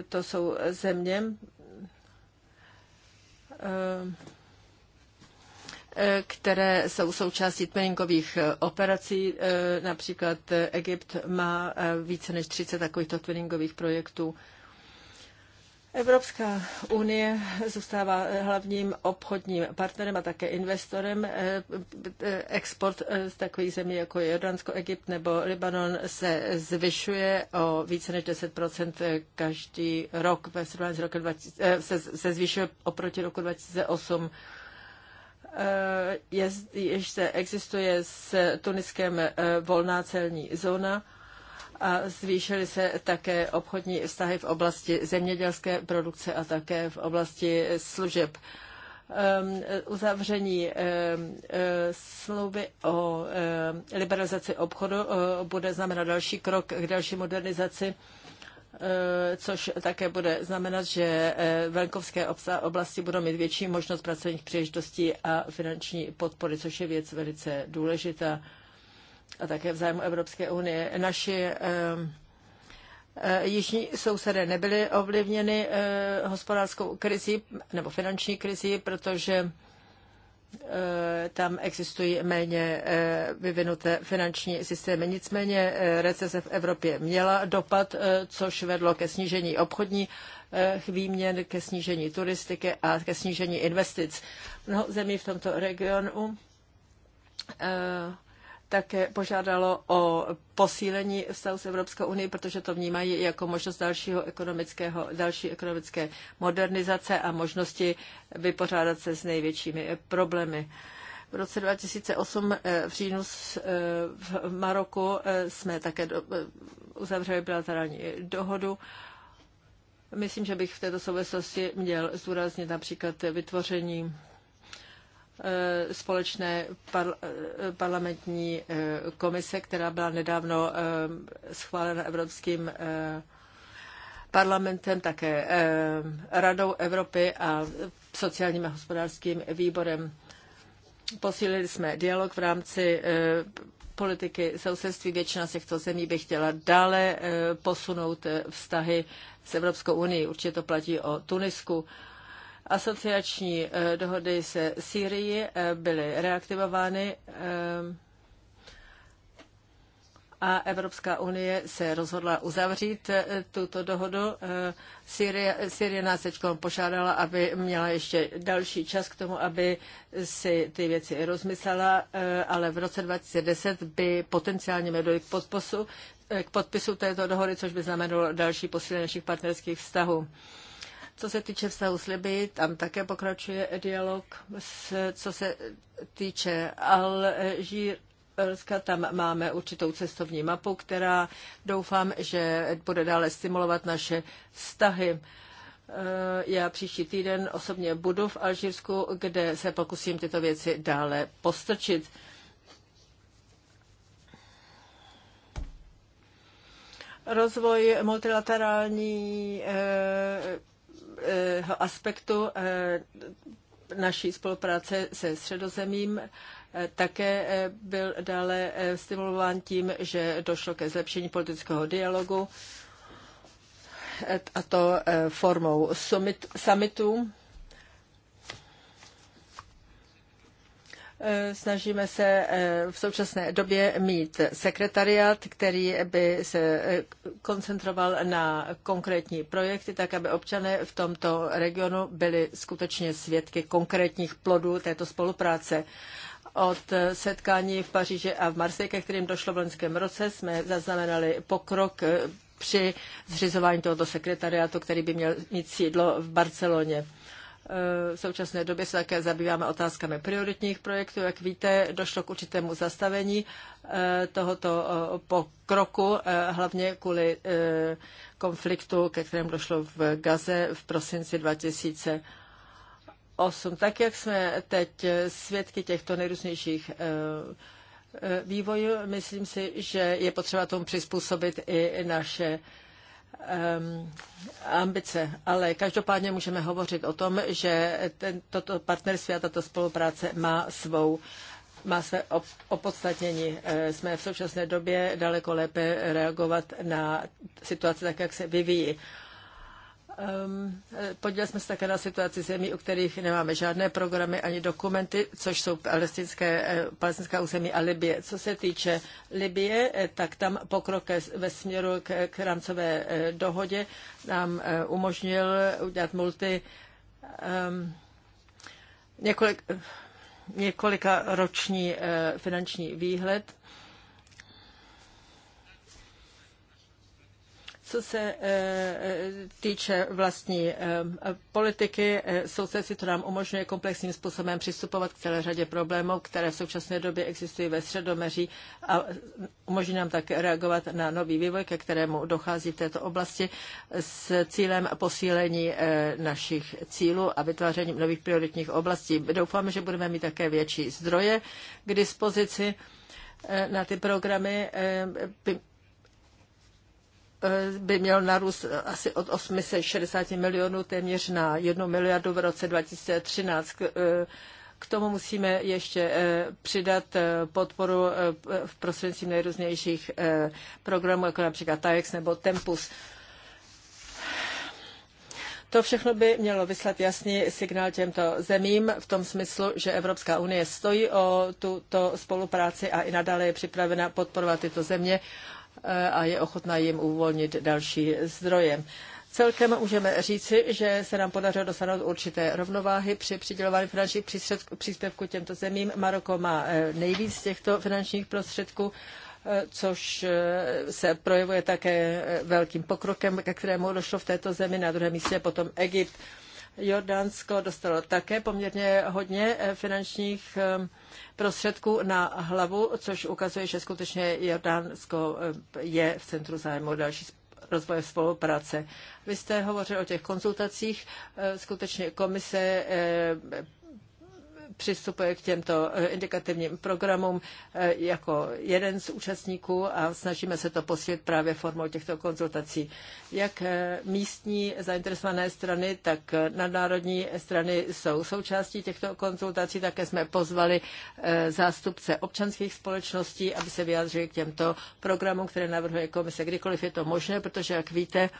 To jsou země, které jsou součástí twinningových operací. Například Egypt má více než 30 takovýchto twinningových projektů. Evropská unie zůstává eh, hlavním obchodním partnerem a také investorem. Eh, eh, export z takových zemí jako Jordánsko, Egypt nebo Libanon se zvyšuje o více než 10 každý rok. Ve srovnání s rokem 20, se, se zvyšuje oproti roku 2008 je, ještě existuje s Tuniskem volná celní zóna a zvýšily se také obchodní vztahy v oblasti zemědělské produkce a také v oblasti služeb. Uzavření eh, smlouvy o eh, liberalizaci obchodu eh, bude znamenat další krok k další modernizaci což také bude znamenat, že venkovské oblasti budou mít větší možnost pracovních příležitostí a finanční podpory, což je věc velice důležitá a také v zájmu Evropské unie. Naši ehm, eh, jižní sousedé nebyly ovlivněny eh, hospodářskou krizí nebo finanční krizí, protože eh, tam existují méně vyvinuté finanční systémy. Nicméně recese v Evropě měla dopad, což vedlo ke snížení obchodní výměn, ke snížení turistiky a ke snížení investic. Mnoho zemí v tomto regionu také požádalo o posílení vztahu s Evropskou unii, protože to vnímají jako možnost dalšího ekonomického, další ekonomické modernizace a možnosti vypořádat se s největšími problémy. V roce 2008 eh, v říjnu eh, v Maroku eh, jsme také uzavřeli bilaterální dohodu. Myslím, že bych v této souvislosti měl zdůraznit například vytvoření Eh, společné eh, parlamentní eh, komise, která byla nedávno schválena Evropským parlamentem, také Radou Evropy a sociálním a hospodářským výborem. Posílili jsme dialog v rámci politiky sousedství. Většina z těchto zemí by chtěla dále posunout vztahy s Evropskou unii. Určitě to platí o Tunisku. Asociační eh, dohody se Sýrií eh, byly reaktivovány eh, a Evropská unie se rozhodla uzavřít tuto dohodu. Syrie, nás teď požádala, aby měla ještě další čas k tomu, aby si ty věci rozmyslela, ale v roce 2010 by potenciálně měly k podpisu, k podpisu této dohody, což by znamenalo další posílení našich partnerských vztahů. Co se týče vztahu s Liby, tam také pokračuje dialog. S, co se týče Alžír, tam máme určitou cestovní mapu, která doufám, že bude dále stimulovat naše vztahy. Eh, já příští týden osobně budu v Alžírsku, kde se pokusím tyto věci dále postrčit. Rozvoj multilaterální eh, Eh, aspektu eh, naší spolupráce se Středozemím eh, také byl dále stimulován tím, že došlo ke zlepšení politického dialogu a to formou summit, Eh, snažíme se eh, v současné době mít sekretariat, který by se eh, koncentroval na konkrétní projekty, tak aby občané v tomto regionu byli skutečně svědky konkrétních plodů této spolupráce. Od setkání v Paříži a v Marseille, ke kterým došlo v loňském roce, jsme zaznamenali pokrok při zřizování tohoto sekretariátu, který by měl mít sídlo v Barceloně. Eh, v současné době se také zabýváme otázkami prioritních projektů. Jak víte, došlo k určitému zastavení eh, tohoto eh, pokroku, hlavně kvůli konfliktu, ke kterému došlo v Gaze v prosinci 2000. Tak jak jsme teď svědky těchto nejrůznějších vývojů, myslím si, že je potřeba tomu přizpůsobit i naše Ehm, ambice, ale každopádně můžeme hovořit o tom, že ten, toto partnerství a tato spolupráce má svou má své opodstatnění. Ehm, jsme v současné době daleko lépe reagovat na situaci tak, jak se vyvíjí um, ehm, eh, podívali jsme se také na situaci zemí, u kterých nemáme žádné programy ani dokumenty, což jsou palestinské, eh, palestinská území a Libie. Co se týče Libie, eh, tak tam pokrok ve směru k, k rámcové dohodě nám umožnil udělat multi um, několik, několika roční finanční výhled Co se eh, eh, týče vlastní eh, politiky, sousedství to nám umožňuje komplexním způsobem přistupovat k celé řadě problémů, které v současné době existují ve Středomeří a umožní nám tak reagovat na nový vývoj, ke kterému dochází v této oblasti s cílem posílení našich cílů a vytváření nových prioritních oblastí. Doufáme, že budeme mít také větší zdroje k dispozici na ty programy. By Eh, by měl narůst asi od 860 milionů téměř na 1 miliardu v roce 2013. Eh, k tomu musíme ještě eh, přidat podporu v prostřednictvím nejrůznějších programů, jako například TAEX nebo Tempus. To všechno by mělo vyslat jasný signál těmto zemím v tom smyslu, že Evropská unie stojí o tuto spolupráci a i nadále je připravena podporovat tyto země a je ochotná jim uvolnit další zdroje. Celkem můžeme říci, že se nám podařilo dosáhnout určité rovnováhy při přidělování finančních příspěvků těmto zemím. Maroko má eh, nejvíc těchto finančních prostředků eh, což eh, se projevuje také velkým pokrokem, ke kterému došlo v této zemi. Na druhém místě potom Egypt. Jordánsko dostalo také poměrně hodně eh, finančních eh, prostředků na hlavu, což ukazuje, že skutečně Jordánsko eh, je v centru zájmu další rozvoje spolupráce. Vy jste hovořil o těch konzultacích. Skutečně komise přistupuje k těmto eh, indikativním programům eh, jako jeden z účastníků a snažíme se to posílit právě formou těchto konzultací. Jak eh, místní zainteresované strany, tak nadnárodní strany jsou součástí těchto konzultací. Také jsme pozvali zástupce občanských společností, aby se vyjádřili k těmto programům, které navrhuje komise, kdykoliv je to možné, protože, jak víte,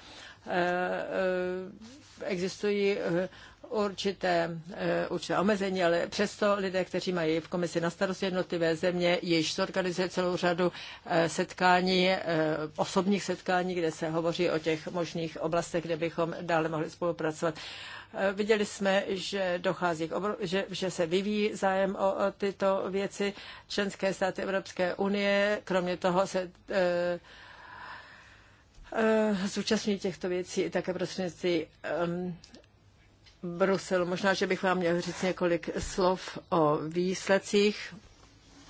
existují určité, eh, určité omezení, ale přesto lidé, kteří mají v komisi na starost jednotlivé země, již zorganizuje celou řadu eh, setkání, eh, osobních setkání, kde se hovoří o těch možných oblastech, kde bychom dále mohli spolupracovat. Viděli jsme, že, dochází k obro- že, že se vyvíjí zájem o, o tyto věci. Členské státy Evropské unie, kromě toho se e, zúčastňují těchto věcí i také prostřednictví Brusel, Možná, že bych vám měl říct několik slov o výsledcích,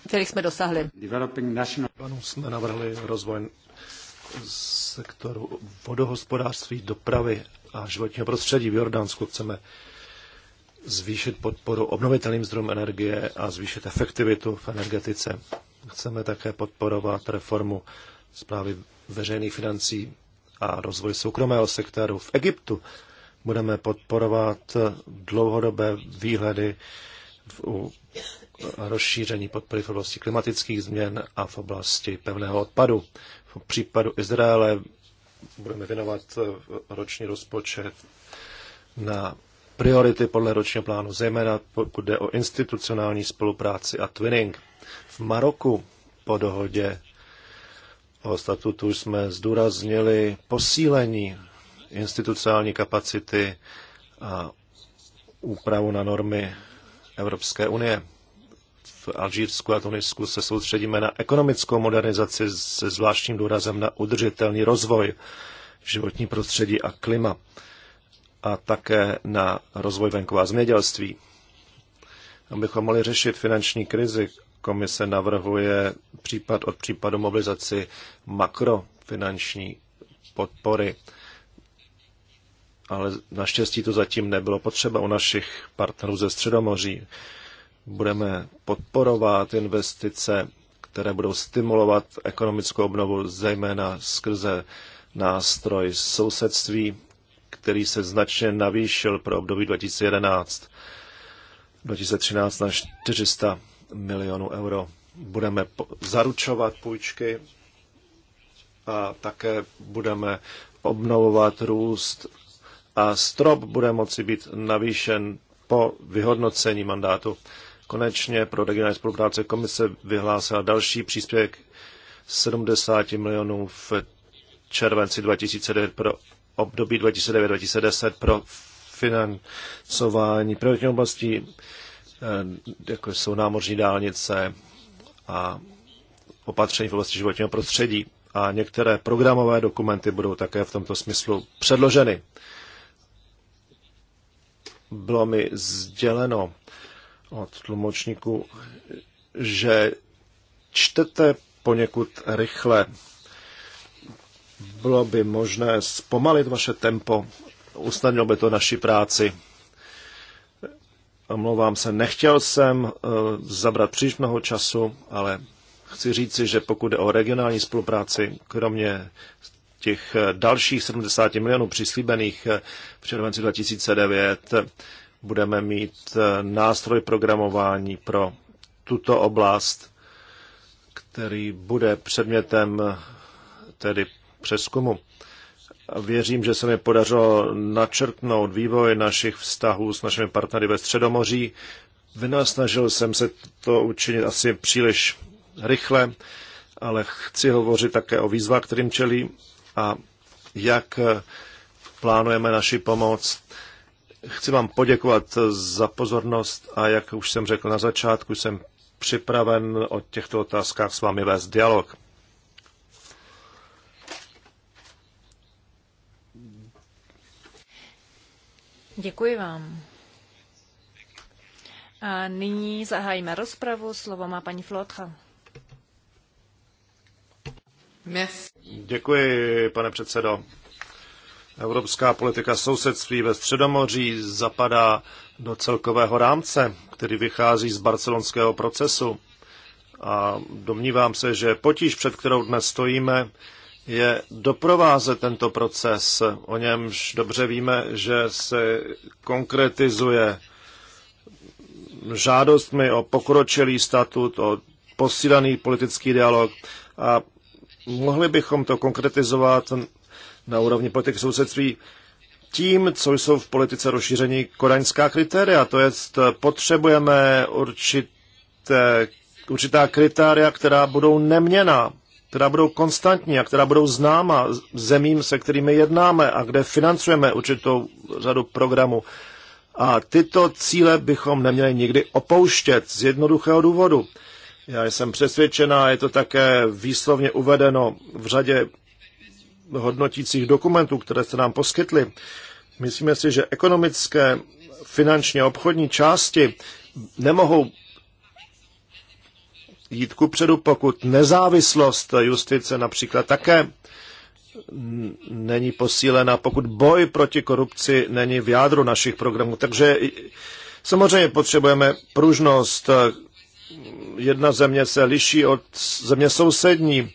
kterých jsme dosáhli. Panu jsme navrhli rozvoj sektoru vodohospodářství, dopravy a životního prostředí v Jordánsku. Chceme zvýšit podporu obnovitelným zdrojům energie a zvýšit efektivitu v energetice. Chceme také podporovat reformu zprávy veřejných financí a rozvoj soukromého sektoru v Egyptu budeme podporovat dlouhodobé výhledy v, rozšíření podpory v oblasti klimatických změn a v oblasti pevného odpadu. V případu Izraele budeme věnovat roční rozpočet na priority podle ročního plánu, zejména pokud jde o institucionální spolupráci a twinning. V Maroku po dohodě o statutu jsme zdůraznili posílení institucionální kapacity a úpravu na normy Evropské unie. V Alžírsku a Tunisku se soustředíme na ekonomickou modernizaci se zvláštním důrazem na udržitelný rozvoj, životní prostředí a klima a také na rozvoj venkova zemědělství. Abychom mohli řešit finanční krizi, komise navrhuje případ od případu mobilizaci makrofinanční podpory ale naštěstí to zatím nebylo potřeba u našich partnerů ze Středomoří. Budeme podporovat investice, které budou stimulovat ekonomickou obnovu, zejména skrze nástroj sousedství, který se značně navýšil pro období 2011, 2013 na 400 milionů euro. Budeme zaručovat půjčky a také budeme obnovovat růst a strop bude moci být navýšen po vyhodnocení mandátu. Konečně pro regionální spolupráce komise vyhlásila další příspěvek 70 milionů v červenci 2009 pro období 2009-2010 pro financování prioritních oblastí, eh, jako jsou námořní dálnice a opatření v oblasti životního prostředí. A některé programové dokumenty budou také v tomto smyslu předloženy. Bylo mi sděleno od tlumočníku, že čtete poněkud rychle. Bylo by možné zpomalit vaše tempo, usnadnilo by to naši práci. Omlouvám se, nechtěl jsem eh, zabrat příliš mnoho času, ale chci říci, že pokud jde o regionální spolupráci, kromě těch eh, dalších 70 milionů přislíbených eh, v červenci 2009 budeme mít eh, nástroj programování pro tuto oblast, který bude předmětem tedy přeskumu. Věřím, že se mi podařilo načrtnout vývoj našich vztahů s našimi partnery ve Středomoří. Vynasnažil jsem se to učinit asi příliš rychle, ale chci hovořit také o výzvách, kterým čelí a jak eh, plánujeme naši pomoc. Chci vám poděkovat za pozornost a jak už jsem řekl na začátku, jsem připraven o těchto otázkách s vámi vést dialog. Děkuji vám. A nyní zahájíme rozpravu. Slovo má paní Flotra. Děkuji, pane předsedo. Evropská politika sousedství ve Středomoří zapadá do celkového rámce, který vychází z barcelonského procesu. A domnívám se, že potíž, před kterou dnes stojíme, je doprovázet tento proces. O němž dobře víme, že se konkretizuje žádostmi o pokročilý statut, o posílený politický dialog a Mohli bychom to konkretizovat na úrovni politiky sousedství tím, co jsou v politice rozšíření koraňská kritéria, to je potřebujeme určité, určitá kritéria, která budou neměná, která budou konstantní a která budou známa zemím, se kterými jednáme a kde financujeme určitou řadu programů. A tyto cíle bychom neměli nikdy opouštět z jednoduchého důvodu. Já jsem přesvědčená, je to také výslovně uvedeno v řadě hodnotících dokumentů, které jste nám poskytli. Myslíme si, že ekonomické, finančně obchodní části nemohou jít ku předu, pokud nezávislost justice například také není posílena, pokud boj proti korupci není v jádru našich programů. Takže samozřejmě potřebujeme pružnost, jedna země se liší od země sousední,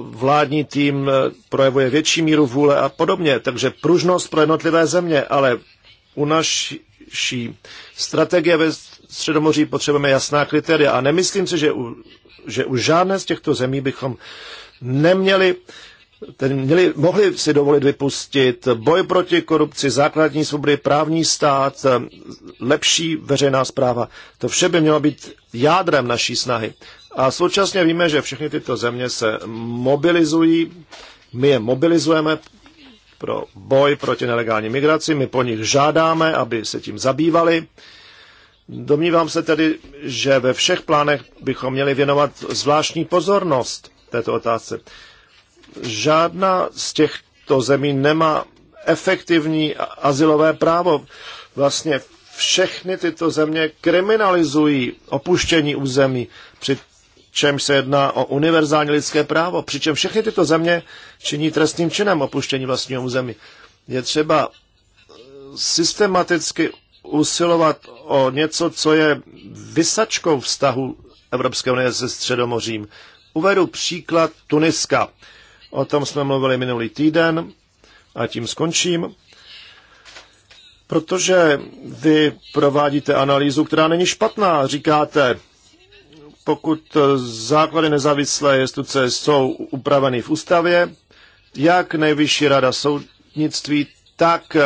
vládní tým eh, projevuje větší míru vůle a podobně. Takže pružnost pro jednotlivé země, ale u naší strategie ve Středomoří potřebujeme jasná kritéria. A nemyslím si, že u, že u žádné z těchto zemí bychom neměli uh, tedy měli, mohli si dovolit vypustit boj proti korupci, základní svobody, právní stát, lepší veřejná zpráva. To vše by mělo být jádrem naší snahy. A současně víme, že všechny tyto země se mobilizují, my je mobilizujeme pro boj proti nelegální migraci, my po nich žádáme, aby se tím zabývali. Domnívám se tedy, že ve všech plánech bychom měli věnovat zvláštní pozornost této otázce. Žádná z těchto zemí nemá efektivní asilové právo. Vlastně všechny tyto země kriminalizují opuštění území, přičemž se jedná o univerzální lidské právo, přičemž všechny tyto země činí trestným činem opuštění vlastního území. Je třeba eh, systematicky usilovat o něco, co je vysačkou vztahu Evropské unie se Středomořím. Uvedu příklad Tuniska. O tom jsme mluvili minulý týden a tím skončím. Protože vy provádíte analýzu, která není špatná. Říkáte, pokud základy nezávislé justice jsou upraveny v ústavě, jak nejvyšší rada soudnictví, tak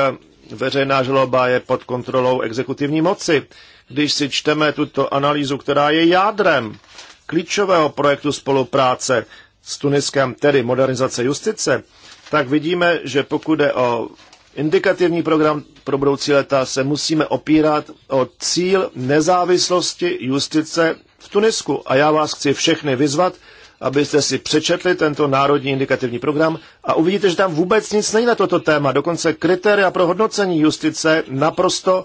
veřejná žloba je pod kontrolou exekutivní moci. Když si čteme tuto analýzu, která je jádrem klíčového projektu spolupráce, s Tuniskem, tedy modernizace justice, tak vidíme, že pokud je o indikativní program pro budoucí leta, se musíme opírat o cíl nezávislosti justice v Tunisku. A já vás chci všechny vyzvat, abyste si přečetli tento národní indikativní program a uvidíte, že tam vůbec nic není na toto téma. Dokonce kritéria pro hodnocení justice naprosto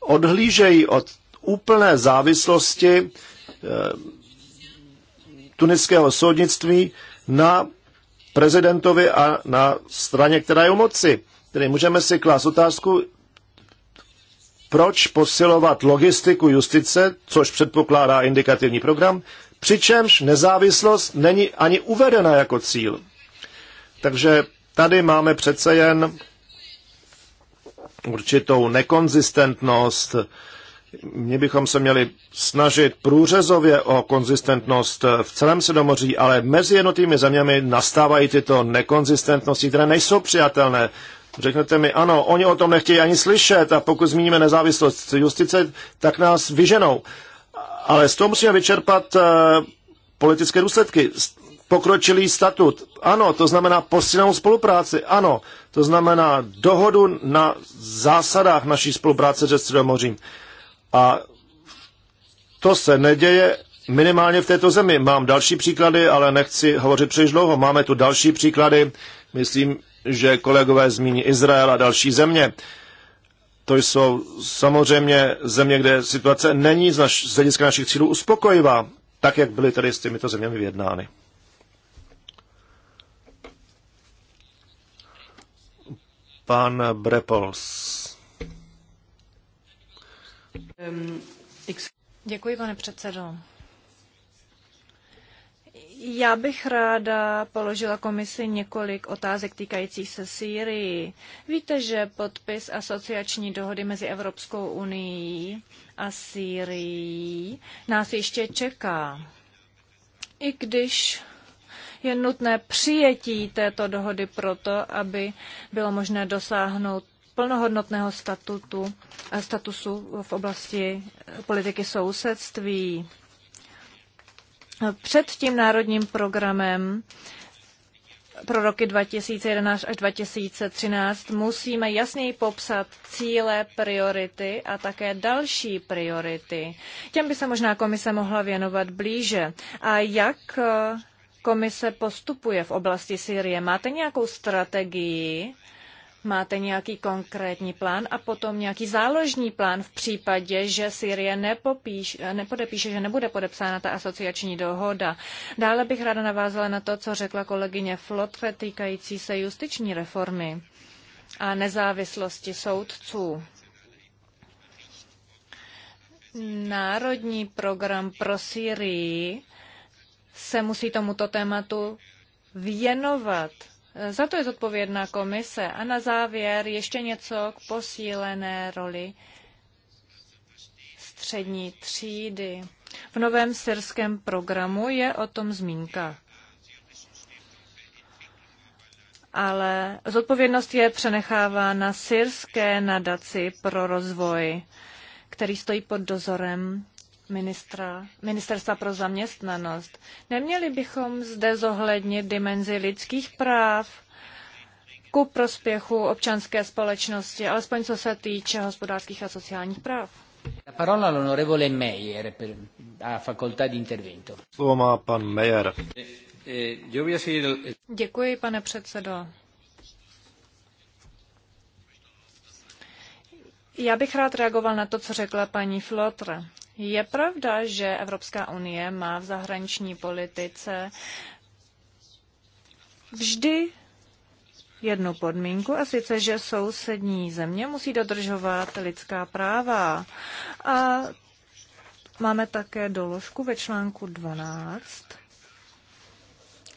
odhlížejí od úplné závislosti eh, tuniského soudnictví na prezidentovi a na straně, která je u moci. Tedy můžeme si klást otázku, proč posilovat logistiku justice, což předpokládá indikativní program, přičemž nezávislost není ani uvedena jako cíl. Takže tady máme přece jen určitou nekonzistentnost, my bychom se měli snažit průřezově o konzistentnost v celém Sedomoří, ale mezi jednotými zeměmi nastávají tyto nekonzistentnosti, které nejsou přijatelné. Řeknete mi, ano, oni o tom nechtějí ani slyšet a pokud zmíníme nezávislost justice, tak nás vyženou. Ale z toho musíme vyčerpat eh, politické důsledky. Pokročilý statut, ano, to znamená posílenou spolupráci, ano, to znamená dohodu na zásadách naší spolupráce se Středomořím. mořím a to se neděje minimálně v této zemi. Mám další příklady, ale nechci hovořit příliš dlouho. Máme tu další příklady. Myslím, že kolegové zmíní Izrael a další země. To jsou samozřejmě země, kde situace není z, naš, z hlediska našich cílů uspokojivá, tak jak byly tady s těmito zeměmi vyjednány. Pan Brepols. Děkuji, pane předsedo. Já bych ráda položila komisi několik otázek týkajících se Sýrii. Víte, že podpis asociační dohody mezi Evropskou unii a Sýrií nás ještě čeká. I když je nutné přijetí této dohody proto, aby bylo možné dosáhnout plnohodnotného statutu, eh, statusu v oblasti eh, politiky sousedství. Před tím národním programem pro roky 2011 až 2013 musíme jasněji popsat cíle, priority a také další priority. Těm by se možná komise mohla věnovat blíže. A jak eh, komise postupuje v oblasti Syrie? Máte nějakou strategii? Máte nějaký konkrétní plán a potom nějaký záložní plán v případě, že Syrie nepopíš, nepodepíše, že nebude podepsána ta asociační dohoda. Dále bych ráda navázala na to, co řekla kolegyně Flotve týkající se justiční reformy a nezávislosti soudců. Národní program pro Syrii se musí tomuto tématu věnovat za to je zodpovědná komise. A na závěr ještě něco k posílené roli střední třídy. V novém syrském programu je o tom zmínka. Ale zodpovědnost je přenechávána syrské nadaci pro rozvoj, který stojí pod dozorem ministra, ministerstva pro zaměstnanost. Neměli bychom zde zohlednit dimenzi lidských práv ku prospěchu občanské společnosti, alespoň co se týče hospodářských a sociálních práv. parola Slovo má pan Meyer. Eh, eh, Děkuji, pane předsedo. Já bych rád reagoval na to, co řekla paní Flotre. Je pravda, že Evropská unie má v zahraniční politice vždy jednu podmínku, a sice, že sousední země musí dodržovat lidská práva. A máme také doložku ve článku 12,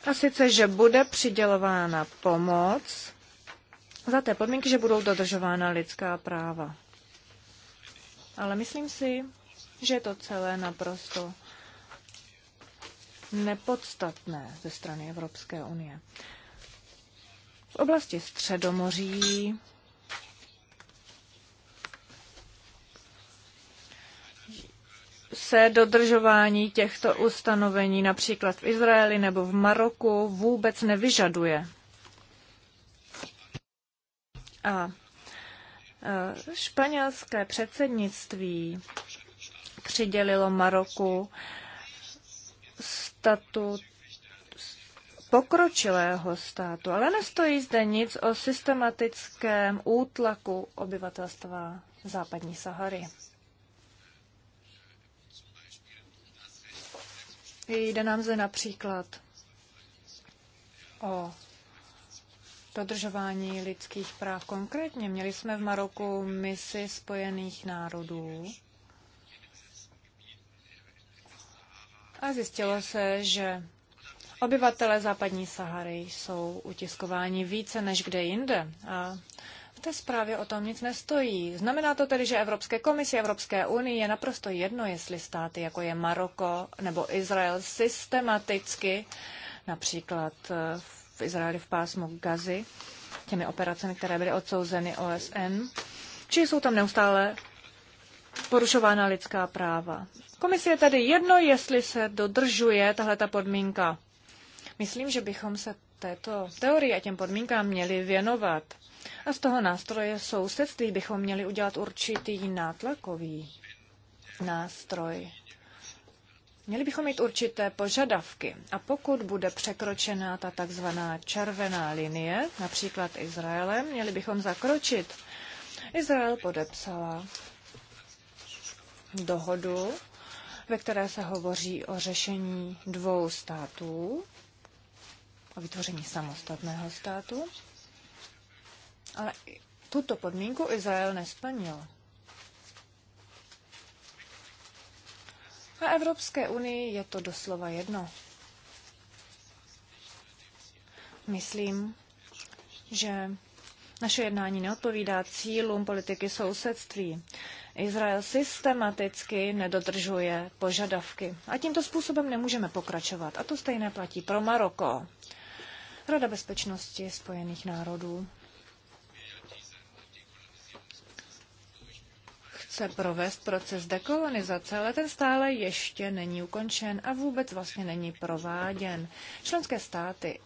a sice, že bude přidělována pomoc za té podmínky, že budou dodržována lidská práva. Ale myslím si, že je to celé naprosto nepodstatné ze strany Evropské unie. V oblasti Středomoří se dodržování těchto ustanovení například v Izraeli nebo v Maroku vůbec nevyžaduje. A e, španělské předsednictví přidělilo Maroku statut pokročilého státu, ale nestojí zde nic o systematickém útlaku obyvatelstva západní Sahary. Jde nám zde například o dodržování lidských práv. Konkrétně měli jsme v Maroku misi Spojených národů a zjistilo se, že obyvatele západní Sahary jsou utiskováni více než kde jinde. A v té zprávě o tom nic nestojí. Znamená to tedy, že Evropské komisi Evropské unii je naprosto jedno, jestli státy jako je Maroko nebo Izrael systematicky, například eh, v Izraeli v pásmu Gazy, těmi operacemi, které byly odsouzeny OSN, či jsou tam neustále porušována lidská práva. Komisi je tady jedno, jestli se dodržuje tahle ta podmínka. Myslím, že bychom se této teorii a těm podmínkám měli věnovat. A z toho nástroje sousedství bychom měli udělat určitý nátlakový nástroj. Měli bychom mít určité požadavky a pokud bude překročena ta takzvaná červená linie, například Izraelem, měli bychom zakročit. Izrael podepsala dohodu, ve které se hovoří o řešení dvou států, o vytvoření samostatného státu, ale tuto podmínku Izrael nesplnil. a Evropské unii je to doslova jedno. Myslím, že naše jednání neodpovídá cílům politiky sousedství. Izrael systematicky nedodržuje požadavky. A tímto způsobem nemůžeme pokračovat. A to stejné platí pro Maroko. Rada bezpečnosti Spojených národů chce provést proces dekolonizace, ale ten stále ještě není ukončen a vůbec vlastně není prováděn. Členské státy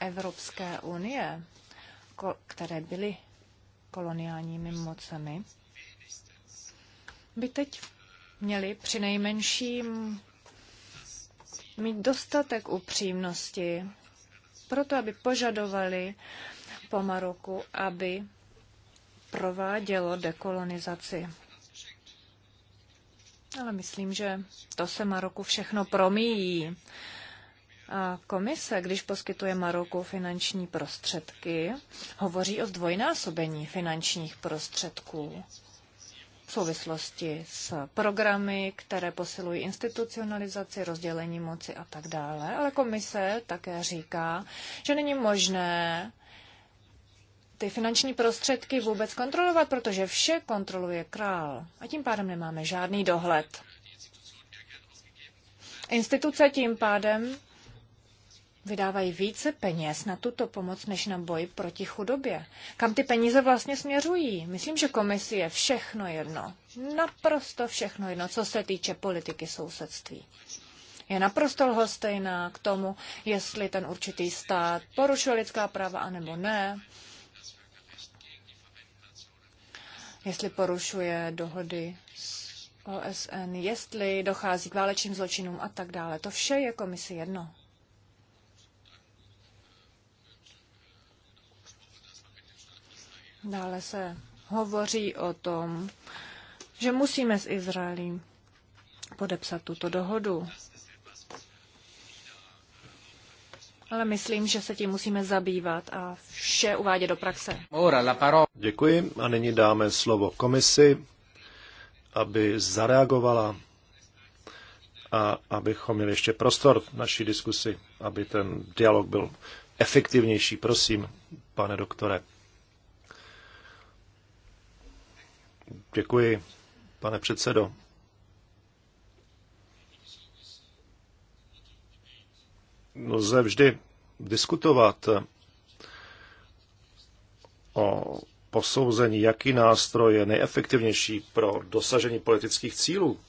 Evropské unie, které byly koloniálními mocemi, by teď měli při nejmenším mít dostatek upřímnosti, proto aby požadovali po Maroku, aby provádělo dekolonizaci. Ale myslím, že to se Maroku všechno promíjí. A komise, když poskytuje Maroku finanční prostředky, hovoří o zdvojnásobení finančních prostředků v souvislosti s programy, které posilují institucionalizaci, rozdělení moci a tak dále. Ale komise také říká, že není možné ty finanční prostředky vůbec kontrolovat, protože vše kontroluje král a tím pádem nemáme žádný dohled. Instituce tím pádem vydávají více peněz na tuto pomoc než na boj proti chudobě. Kam ty peníze vlastně směřují? Myslím, že komisi je všechno jedno. Naprosto všechno jedno, co se týče politiky sousedství. Je naprosto lhostejná k tomu, jestli ten určitý stát porušuje lidská práva anebo ne, jestli porušuje dohody s OSN, jestli dochází k válečným zločinům a tak dále. To vše je komisi jedno. Dále se hovoří o tom, že musíme s Izraelem podepsat tuto dohodu. Ale myslím, že se tím musíme zabývat a vše uvádět do praxe. Děkuji a nyní dáme slovo komisi, aby zareagovala a abychom měli ještě prostor v naší diskusi, aby ten dialog byl efektivnější. Prosím, pane doktore. Děkuji, pane předsedo. Lze vždy diskutovat o posouzení, jaký nástroj je nejefektivnější pro dosažení politických cílů.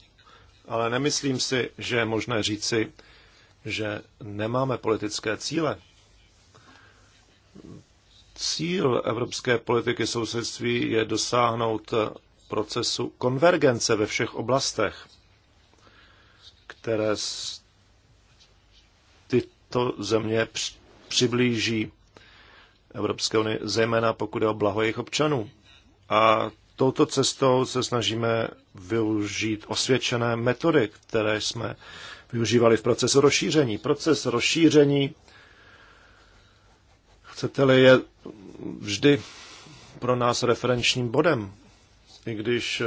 Ale nemyslím si, že je možné říci, že nemáme politické cíle. Cíl evropské politiky sousedství je dosáhnout procesu konvergence ve všech oblastech, které tyto země přiblíží Evropské unii, zejména pokud je o blaho jejich občanů. A touto cestou se snažíme využít osvědčené metody, které jsme využívali v procesu rozšíření. Proces rozšíření, chcete-li, je vždy pro nás referenčním bodem i když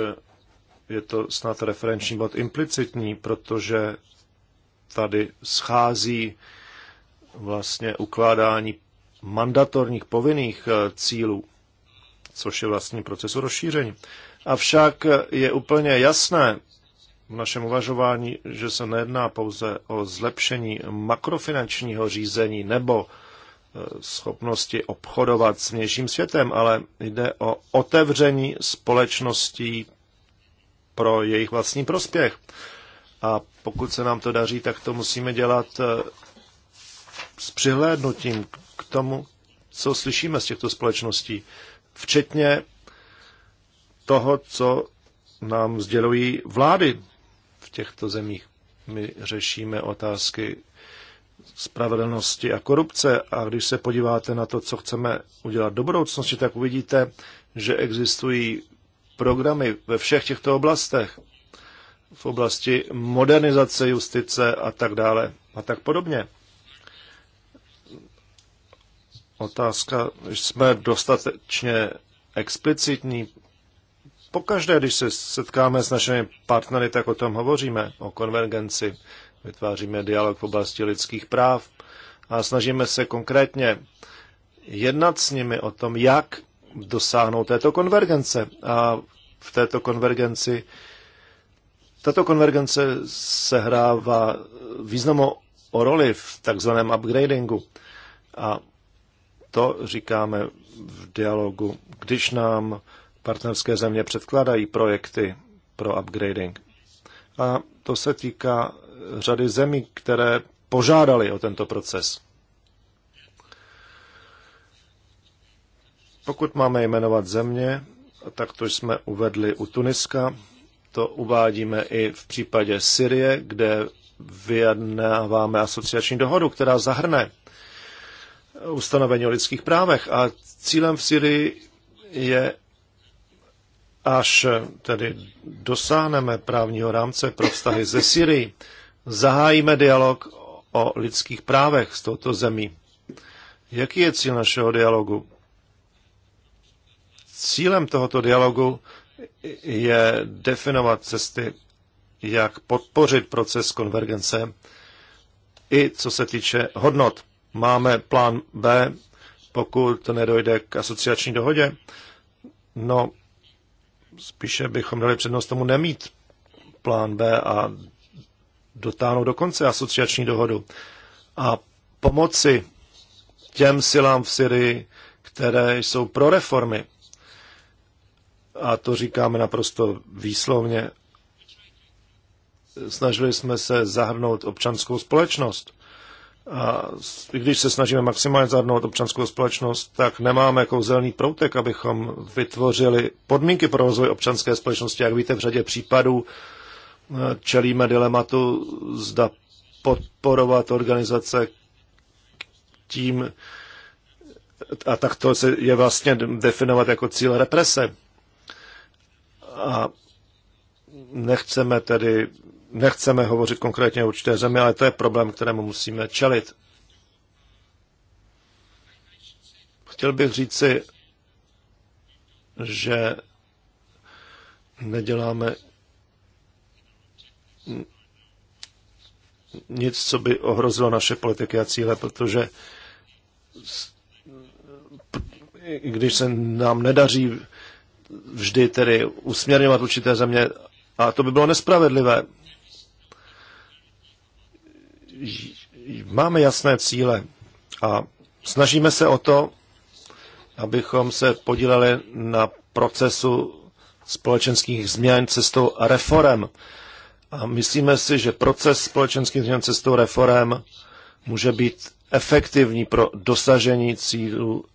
je to snad referenční bod implicitní, protože tady schází vlastně ukládání mandatorních povinných eh, cílů, což je vlastně procesu rozšíření. Avšak je úplně jasné v našem uvažování, že se nejedná pouze o zlepšení makrofinančního řízení nebo schopnosti obchodovat s vnějším světem, ale jde o otevření společností pro jejich vlastní prospěch. A pokud se nám to daří, tak to musíme dělat eh, s přihlédnutím k tomu, co slyšíme z těchto společností, včetně toho, co nám sdělují vlády v těchto zemích. My řešíme otázky spravedlnosti a korupce. A když se podíváte na to, co chceme udělat do budoucnosti, tak uvidíte, že existují programy ve všech těchto oblastech. V oblasti modernizace justice a tak dále a tak podobně. Otázka, jsme dostatečně explicitní. Pokaždé, když se setkáme s našimi partnery, tak o tom hovoříme, o konvergenci vytváříme dialog v oblasti lidských práv a snažíme se konkrétně jednat s nimi o tom, jak dosáhnout této konvergence. A v této konvergenci tato konvergence sehrává významnou o roli v takzvaném upgradingu. A to říkáme v dialogu, když nám partnerské země předkládají projekty pro upgrading. A to se týká řady zemí, které požádali o tento proces. Pokud máme jmenovat země, tak to jsme uvedli u Tuniska, to uvádíme i v případě Syrie, kde vyjednáváme asociační dohodu, která zahrne ustanovení o lidských právech. A cílem v Syrii je, až tedy dosáhneme právního rámce pro vztahy ze Syrii, zahájíme dialog o lidských právech s touto zemí. Jaký je cíl našeho dialogu? Cílem tohoto dialogu je definovat cesty, jak podpořit proces konvergence i co se týče hodnot. Máme plán B, pokud nedojde k asociační dohodě. No, spíše bychom dali přednost tomu nemít plán B a dotáhnout do konce asociační dohodu a pomoci těm silám v Syrii, které jsou pro reformy. A to říkáme naprosto výslovně. Snažili jsme se zahrnout občanskou společnost. A když se snažíme maximálně zahrnout občanskou společnost, tak nemáme kouzelný proutek, abychom vytvořili podmínky pro rozvoj občanské společnosti. Jak víte, v řadě případů čelíme dilematu, zda podporovat organizace tím, a tak to se je vlastně definovat jako cíl represe. A nechceme tedy, nechceme hovořit konkrétně o určité zemi, ale to je problém, kterému musíme čelit. Chtěl bych říci, že neděláme nic, co by ohrozilo naše politiky a cíle, protože i když se nám nedaří vždy tedy usměrňovat určité země, a to by bylo nespravedlivé. Máme jasné cíle a snažíme se o to, abychom se podíleli na procesu společenských změn cestou reform. A myslíme si, že proces společenských změn cestou reform může být efektivní pro dosažení cílů,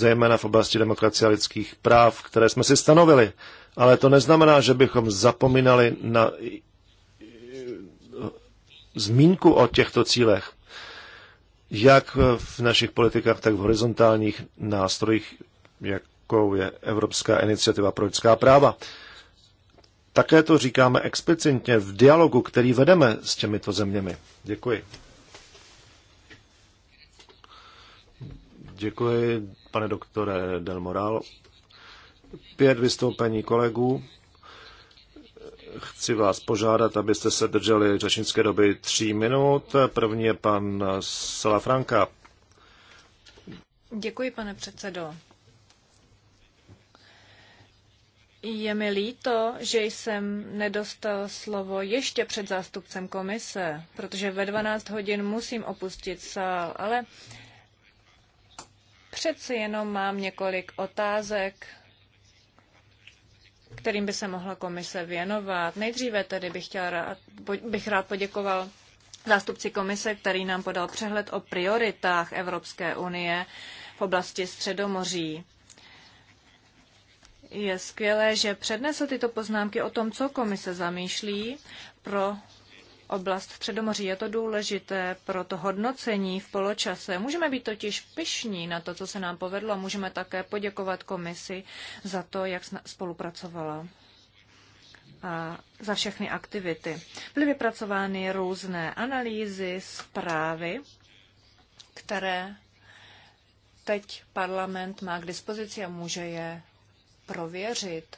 zejména v oblasti demokracie a lidských práv, které jsme si stanovili. Ale to neznamená, že bychom zapomínali na eh, zmínku o těchto cílech, jak v našich politikách, tak v horizontálních nástrojích, jakou je Evropská iniciativa pro lidská práva. Také to říkáme explicitně v dialogu, který vedeme s těmito zeměmi. Děkuji. Děkuji, pane doktore Del Moral. Pět vystoupení kolegů. Chci vás požádat, abyste se drželi řečnické doby tří minut. První je pan Franka. Děkuji, pane předsedo. Je mi líto, že jsem nedostal slovo ještě před zástupcem komise, protože ve 12 hodin musím opustit sál, ale přeci jenom mám několik otázek, kterým by se mohla komise věnovat. Nejdříve tedy bych, chtěl rád, bych rád poděkoval zástupci komise, který nám podal přehled o prioritách Evropské unie v oblasti Středomoří. Je skvělé, že přednesl tyto poznámky o tom, co komise zamýšlí pro oblast Středomoří. Je to důležité pro to hodnocení v poločase. Můžeme být totiž pyšní na to, co se nám povedlo a můžeme také poděkovat komisi za to, jak spolupracovala a za všechny aktivity. Byly vypracovány různé analýzy, zprávy, které teď parlament má k dispozici a může je prověřit.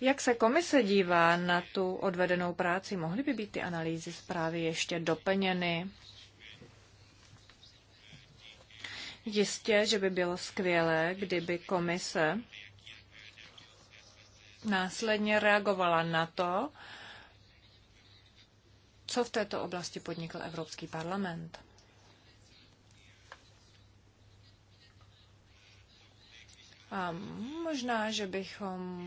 Jak se komise dívá na tu odvedenou práci? Mohly by být ty analýzy zprávy ještě doplněny? Jistě, že by bylo skvělé, kdyby komise následně reagovala na to, co v této oblasti podnikl Evropský parlament. A možná, že bychom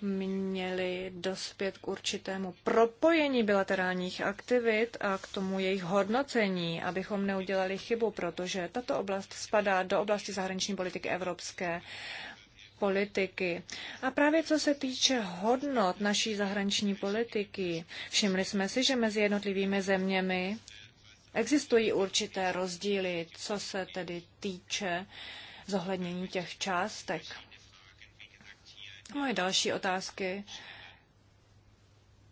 měli dospět k určitému propojení bilaterálních aktivit a k tomu jejich hodnocení, abychom neudělali chybu, protože tato oblast spadá do oblasti zahraniční politiky evropské politiky. A právě co se týče hodnot naší zahraniční politiky, všimli jsme si, že mezi jednotlivými zeměmi existují určité rozdíly, co se tedy týče uh, zohlednění těch částek. Moje další otázky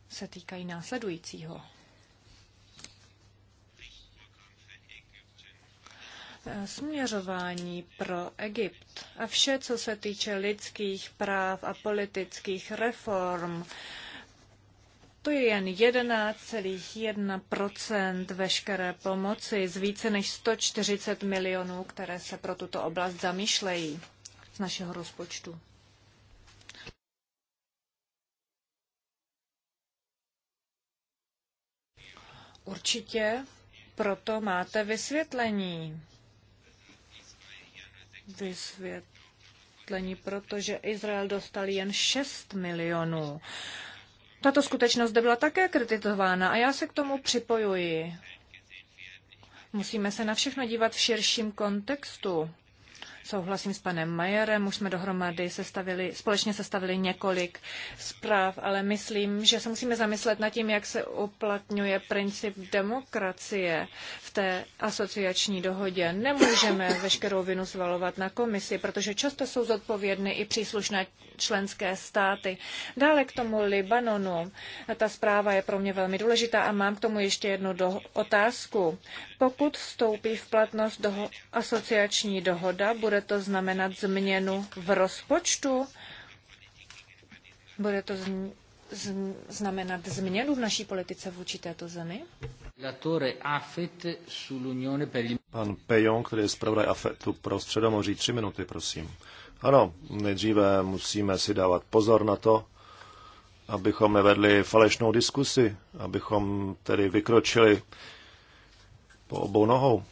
se týkají následujícího. směřování pro Egypt a vše, co se týče lidských práv a politických reform, to je jen 11,1 veškeré pomoci z více než 140 milionů, které se pro tuto oblast zamýšlejí z našeho rozpočtu. Určitě proto máte vysvětlení. Vysvětlení, protože Izrael dostal jen 6 milionů. Tato skutečnost zde byla také kritizována a já se k tomu připojuji. Musíme se na všechno dívat v širším kontextu. Souhlasím s panem Majerem, už jsme dohromady sestavili, společně sestavili několik zpráv, ale myslím, že se musíme zamyslet nad tím, jak se uplatňuje princip demokracie v té asociační dohodě. Nemůžeme veškerou vinu zvalovat na komisi, protože často jsou zodpovědny i příslušné členské státy. Dále k tomu Libanonu. Ta zpráva je pro mě velmi důležitá a mám k tomu ještě jednu do- otázku. Pokud vstoupí v platnost doho- asociační dohoda, bude bude to znamenat změnu v rozpočtu? Bude to znamenat změnu v naší politice vůči této zemi? Pan Pejon, který je zpravodaj AFETu pro Středomoří, tři minuty, prosím. Ano, nejdříve musíme si dávat pozor na to, abychom nevedli falešnou diskusi, abychom tedy vykročili po obou nohou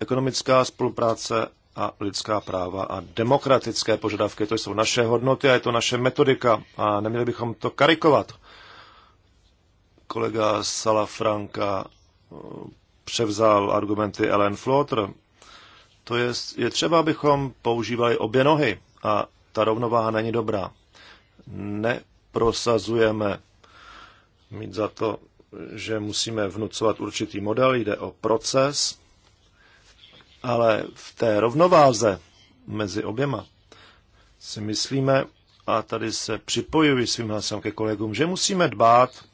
ekonomická spolupráce a lidská práva a demokratické požadavky. To jsou naše hodnoty a je to naše metodika a neměli bychom to karikovat. Kolega Salafranka eh, převzal argumenty Ellen Flotter. To je, je třeba, abychom používali obě nohy a ta rovnováha není dobrá. Neprosazujeme mít za to, že musíme vnucovat určitý model, jde o proces, ale v té rovnováze mezi oběma si myslíme, a tady se připojuji svým hlasem ke kolegům, že musíme dbát,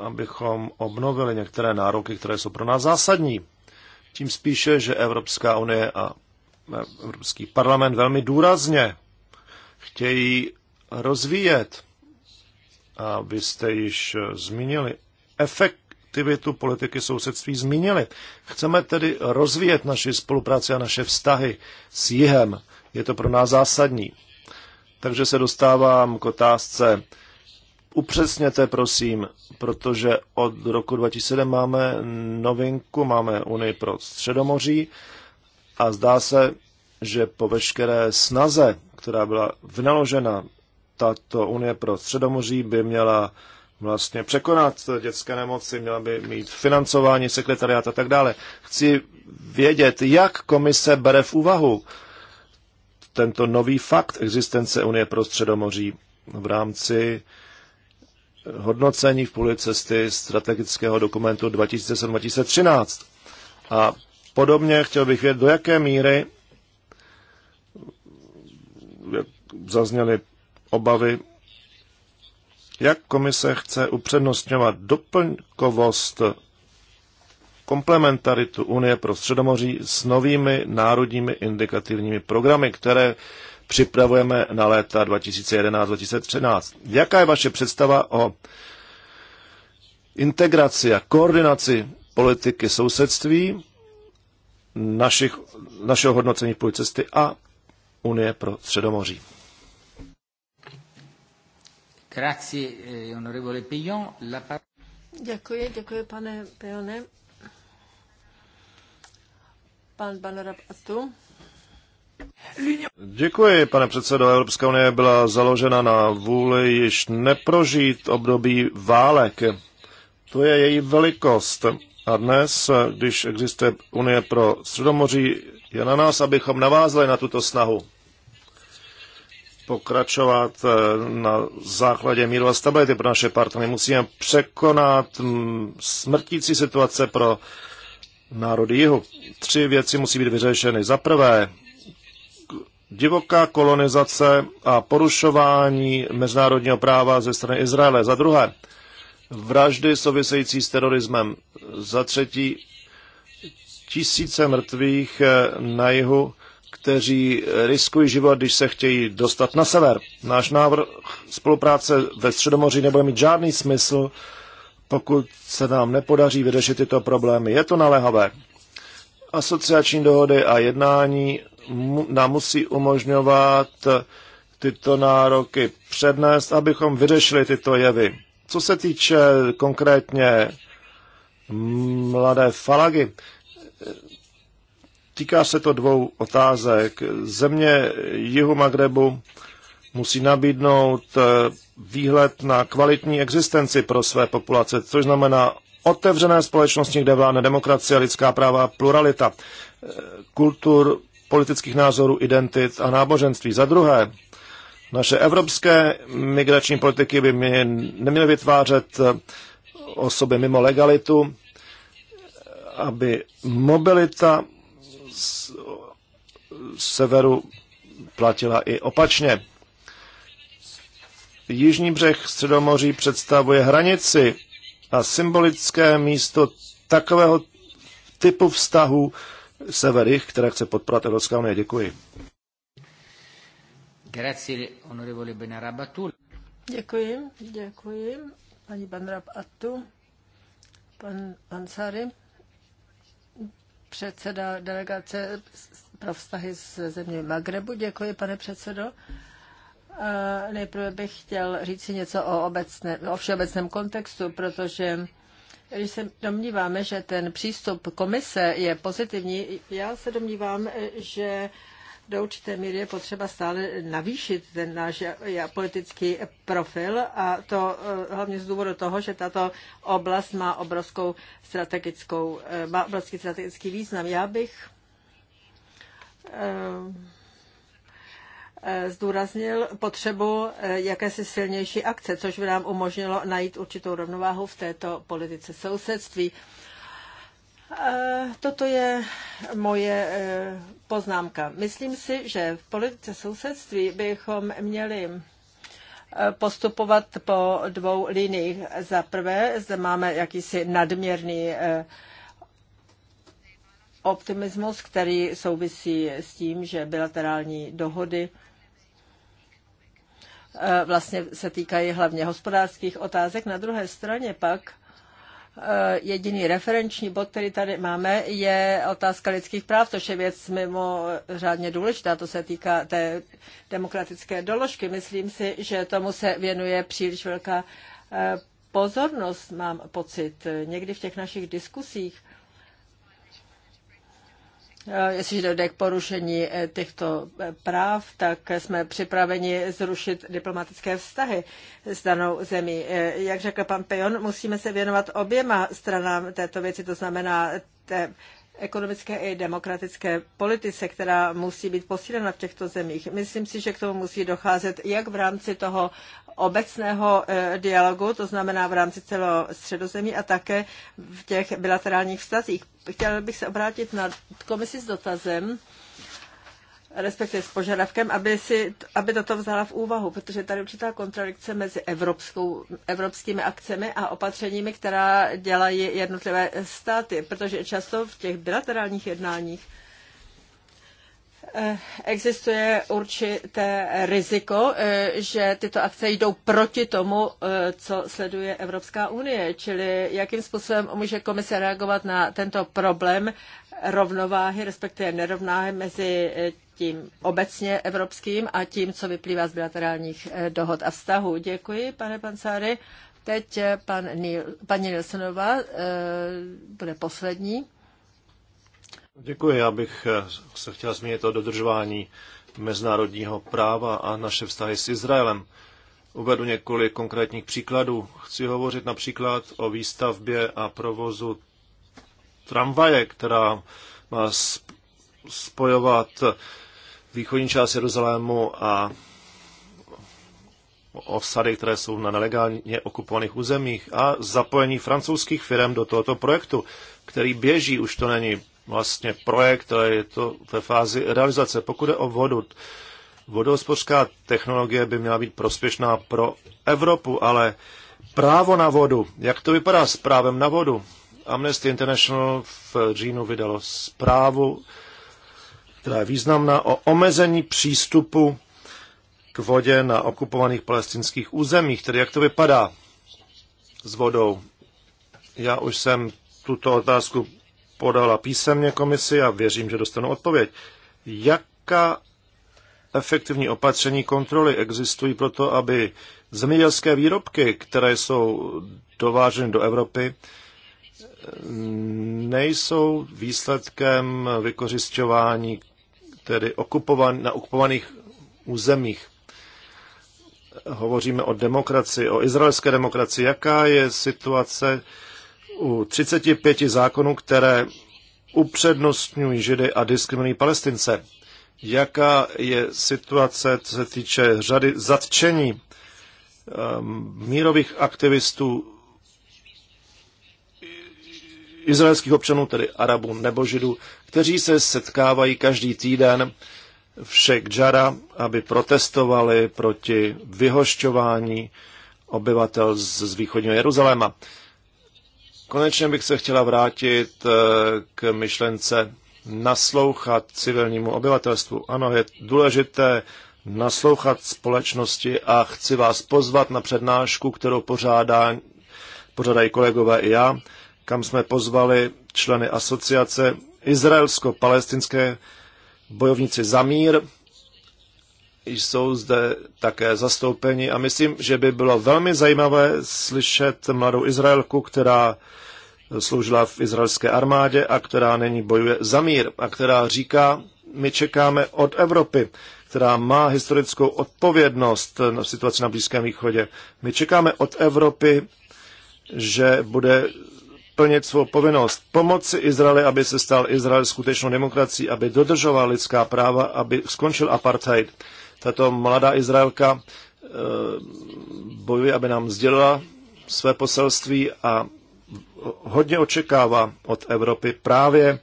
abychom obnovili některé nároky, které jsou pro nás zásadní. Tím spíše, že Evropská unie a Evropský parlament velmi důrazně chtějí rozvíjet, a již zmínili, efekt aktivitu politiky sousedství zmínili. Chceme tedy rozvíjet naši spolupráci a naše vztahy s jihem. Je to pro nás zásadní. Takže se dostávám k otázce. Upřesněte, prosím, protože od roku 2007 máme novinku, máme Unii pro Středomoří a zdá se, že po veškeré snaze, která byla vynaložena, tato Unie pro Středomoří by měla vlastně překonat dětské nemoci, měla by mít financování, sekretariát a tak dále. Chci vědět, jak komise bere v úvahu tento nový fakt existence Unie pro Středomoří v rámci hodnocení v půli cesty strategického dokumentu 2007-2013. A podobně chtěl bych vědět, do jaké míry zazněly obavy jak komise chce upřednostňovat doplňkovost komplementaritu Unie pro Středomoří s novými národními indikativními programy, které připravujeme na léta 2011-2013. Jaká je vaše představa o integraci a koordinaci politiky sousedství, našich, našeho hodnocení půjcesty a Unie pro Středomoří? Grazie, eh, onorevole Pion. La... Děkuji, děkuji, pane Pione. Pan Děkuji, pane předsedo. Evropská unie byla založena na vůli již neprožít období válek. To je její velikost. A dnes, když existuje Unie pro Středomoří, je na nás, abychom navázali na tuto snahu pokračovat eh, na základě míru a stability pro naše partnery. Musíme překonat mm, smrtící situace pro národy jihu. Tři věci musí být vyřešeny. Za prvé, divoká kolonizace a porušování mezinárodního práva ze strany Izraele. Za druhé, vraždy související s terorismem. Za třetí, tisíce mrtvých eh, na jihu kteří riskují život, když se chtějí dostat na sever. Náš návrh spolupráce ve Středomoří nebude mít žádný smysl, pokud se nám nepodaří vyřešit tyto problémy. Je to naléhavé. Asociační dohody a jednání nám musí umožňovat tyto nároky přednést, abychom vyřešili tyto jevy. Co se týče konkrétně mladé falagy, Týká se to dvou otázek. Země jihu Magrebu musí nabídnout eh, výhled na kvalitní existenci pro své populace, což znamená otevřené společnosti, kde vládne demokracie, lidská práva, pluralita, eh, kultur, politických názorů, identit a náboženství. Za druhé, naše evropské migrační politiky by mě neměly vytvářet eh, osoby mimo legalitu, aby mobilita z severu platila i opačně. Jižní břeh Středomoří představuje hranici a symbolické místo takového typu vztahu severy, které chce podporovat Evropská unie. Děkuji. Děkuji, děkuji. Paní Banrab Atu, pan Ansari předseda delegace pro vztahy s země Magrebu. Děkuji, pane předsedo. Nejprve bych chtěl říct si něco o, obecné, o všeobecném kontextu, protože když se domníváme, že ten přístup komise je pozitivní, já se domnívám, že do určité míry je potřeba stále navýšit ten náš politický profil a to eh, hlavně z důvodu toho, že tato oblast má obrovskou strategickou, eh, má obrovský strategický význam. Já bych eh, zdůraznil potřebu jakési silnější akce, což by nám umožnilo najít určitou rovnováhu v této politice sousedství. Toto je moje e, poznámka. Myslím si, že v politice sousedství bychom měli e, postupovat po dvou liniích. Za prvé, zde máme jakýsi nadměrný e, optimismus, který souvisí s tím, že bilaterální dohody vlastně se týkají hlavně hospodářských otázek. Na druhé straně pak Eh, jediný referenční bod, který tady máme, je otázka lidských práv, což je věc mimo řádně důležitá. To se týká té demokratické doložky. Myslím si, že tomu se věnuje příliš velká eh, pozornost, mám pocit, někdy v těch našich diskusích Eh, jestliže dojde k porušení eh, těchto eh, práv, tak jsme připraveni zrušit diplomatické vztahy s danou zemí. Jak řekl pan Pejon, musíme se věnovat oběma stranám této věci, to znamená té ekonomické i demokratické politice, která musí být posílena v těchto zemích. Myslím si, že k tomu musí docházet jak v rámci toho obecného eh, dialogu, to znamená v rámci celého středozemí a také v těch bilaterálních vztazích. Chtěla bych se obrátit na komisi s dotazem, respektive s požadavkem, aby, si, aby toto vzala v úvahu, protože tady je určitá kontradikce mezi evropskou, evropskými akcemi a opatřeními, která dělají jednotlivé státy, protože často v těch bilaterálních jednáních Eh, existuje určité riziko, eh, že tyto akce jdou proti tomu, eh, co sleduje Evropská unie, čili jakým způsobem může komise reagovat na tento problém rovnováhy, respektive nerovnáhy mezi tím obecně evropským a tím, co vyplývá z bilaterálních dohod a vztahů. Děkuji, pane Panzari. Teď pan paní Nilsonová bude poslední. Děkuji, já bych eh, se chtěl zmínit o dodržování mezinárodního práva a naše vztahy s Izraelem. Uvedu několik konkrétních příkladů. Chci hovořit například o výstavbě a provozu tramvaje, která má spojovat východní část Jeruzalému a osady, které jsou na nelegálně okupovaných územích a zapojení francouzských firm do tohoto projektu, který běží, už to není vlastně projekt a je to ve fázi realizace. Pokud je o vodu, vodohospodářská technologie by měla být prospěšná pro Evropu, ale právo na vodu, jak to vypadá s právem na vodu? Amnesty International v říjnu vydalo zprávu, která je významná o omezení přístupu k vodě na okupovaných palestinských územích. Tedy jak to vypadá s vodou? Já už jsem tuto otázku podala písemně komisi a věřím, že dostanu odpověď. Jaká efektivní opatření kontroly existují pro to, aby zemědělské výrobky, které jsou dováženy do Evropy, nejsou výsledkem vykořišťování tedy okupovan, na okupovaných územích. Hovoříme o demokracii, o izraelské demokracii. Jaká je situace u 35 zákonů, které upřednostňují Židy a diskriminují Palestince. Jaká je situace, co se týče řady zatčení ehm, mírových aktivistů, izraelských občanů, tedy Arabů nebo Židů, kteří se setkávají každý týden v Sheikh Jara, aby protestovali proti vyhošťování obyvatel z, z východního Jeruzaléma. Konečně bych se chtěla vrátit eh, k myšlence naslouchat civilnímu obyvatelstvu. Ano, je důležité naslouchat společnosti a chci vás pozvat na přednášku, kterou pořádá, pořádají kolegové i já, kam jsme pozvali členy asociace izraelsko-palestinské bojovníci za mír jsou zde také zastoupeni a myslím, že by bylo velmi zajímavé slyšet mladou Izraelku, která sloužila v izraelské armádě a která není bojuje za mír a která říká, my čekáme od Evropy, která má historickou odpovědnost na situaci na Blízkém východě. My čekáme od Evropy, že bude plnit svou povinnost pomoci Izraeli, aby se stal Izrael skutečnou demokracií, aby dodržoval lidská práva, aby skončil apartheid. Tato mladá Izraelka eh, bojuje, aby nám sdělila své poselství a hodně očekává od Evropy právě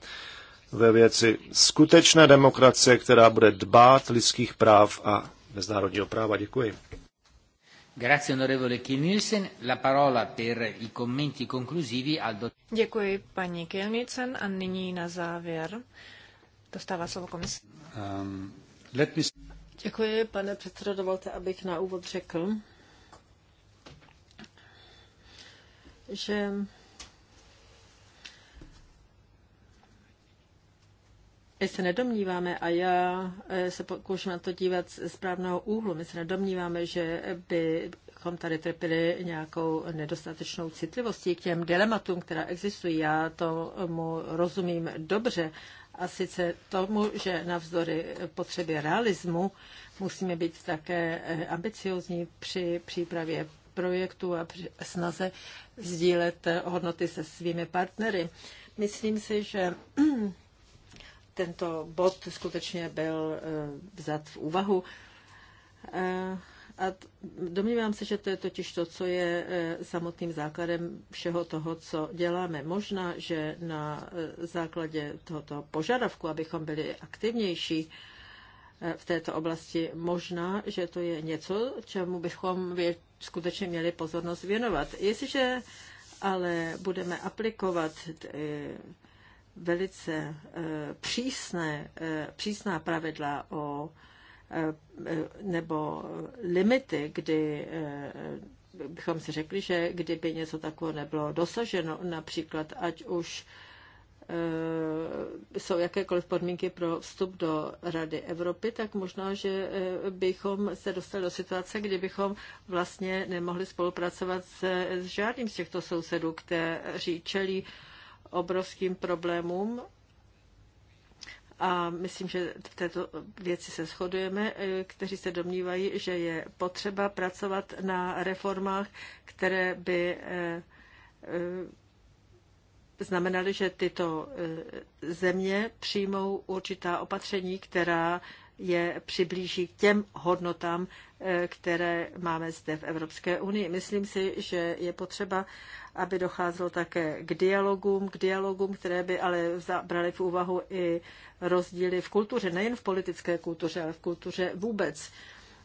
ve věci skutečné demokracie, která bude dbát lidských práv a mezinárodního práva. Děkuji. Děkuji paní Kilnissen a nyní na závěr dostává slovo komise. Um, me... Děkuji, pane předsedo. Dovolte, abych na úvod řekl, že My se nedomníváme, a já eh, se pokouším na to dívat z správného úhlu, my se nedomníváme, že bychom tady trpěli nějakou nedostatečnou citlivostí k těm dilematům, která existují. Já tomu rozumím dobře a sice tomu, že navzdory potřebě realismu musíme být také eh, ambiciozní při přípravě projektu a při snaze sdílet eh, hodnoty se svými partnery. Myslím si, že <clears throat> tento bod skutečně byl eh, vzat v úvahu. A domnívám se, že to je totiž to, co je e, samotným základem všeho toho, co děláme. Možná, že na e, základě tohoto požadavku, abychom byli aktivnější e, v této oblasti, možná, že to je něco, čemu bychom skutečně měli pozornost věnovat. Jestliže ale budeme aplikovat velice přísné, přísná pravidla o Eh, nebo limity, kdy eh, bychom si řekli, že kdyby něco takového nebylo dosaženo, například ať už eh, jsou jakékoliv podmínky pro vstup do Rady Evropy, tak možná, že bychom se dostali do situace, kdy bychom vlastně nemohli spolupracovat s, s žádným z těchto sousedů, kteří čelí obrovským problémům a myslím, že v této věci se shodujeme, e, kteří se domnívají, že je potřeba pracovat na reformách, které by e, e, znamenaly, že tyto země přijmou určitá opatření, která je přiblíží k těm hodnotám, eh, které máme zde v Evropské unii. Myslím si, že je potřeba, aby docházelo také k dialogům, k dialogům, které by ale brali v úvahu i rozdíly v kultuře, nejen v politické kultuře, ale v kultuře vůbec.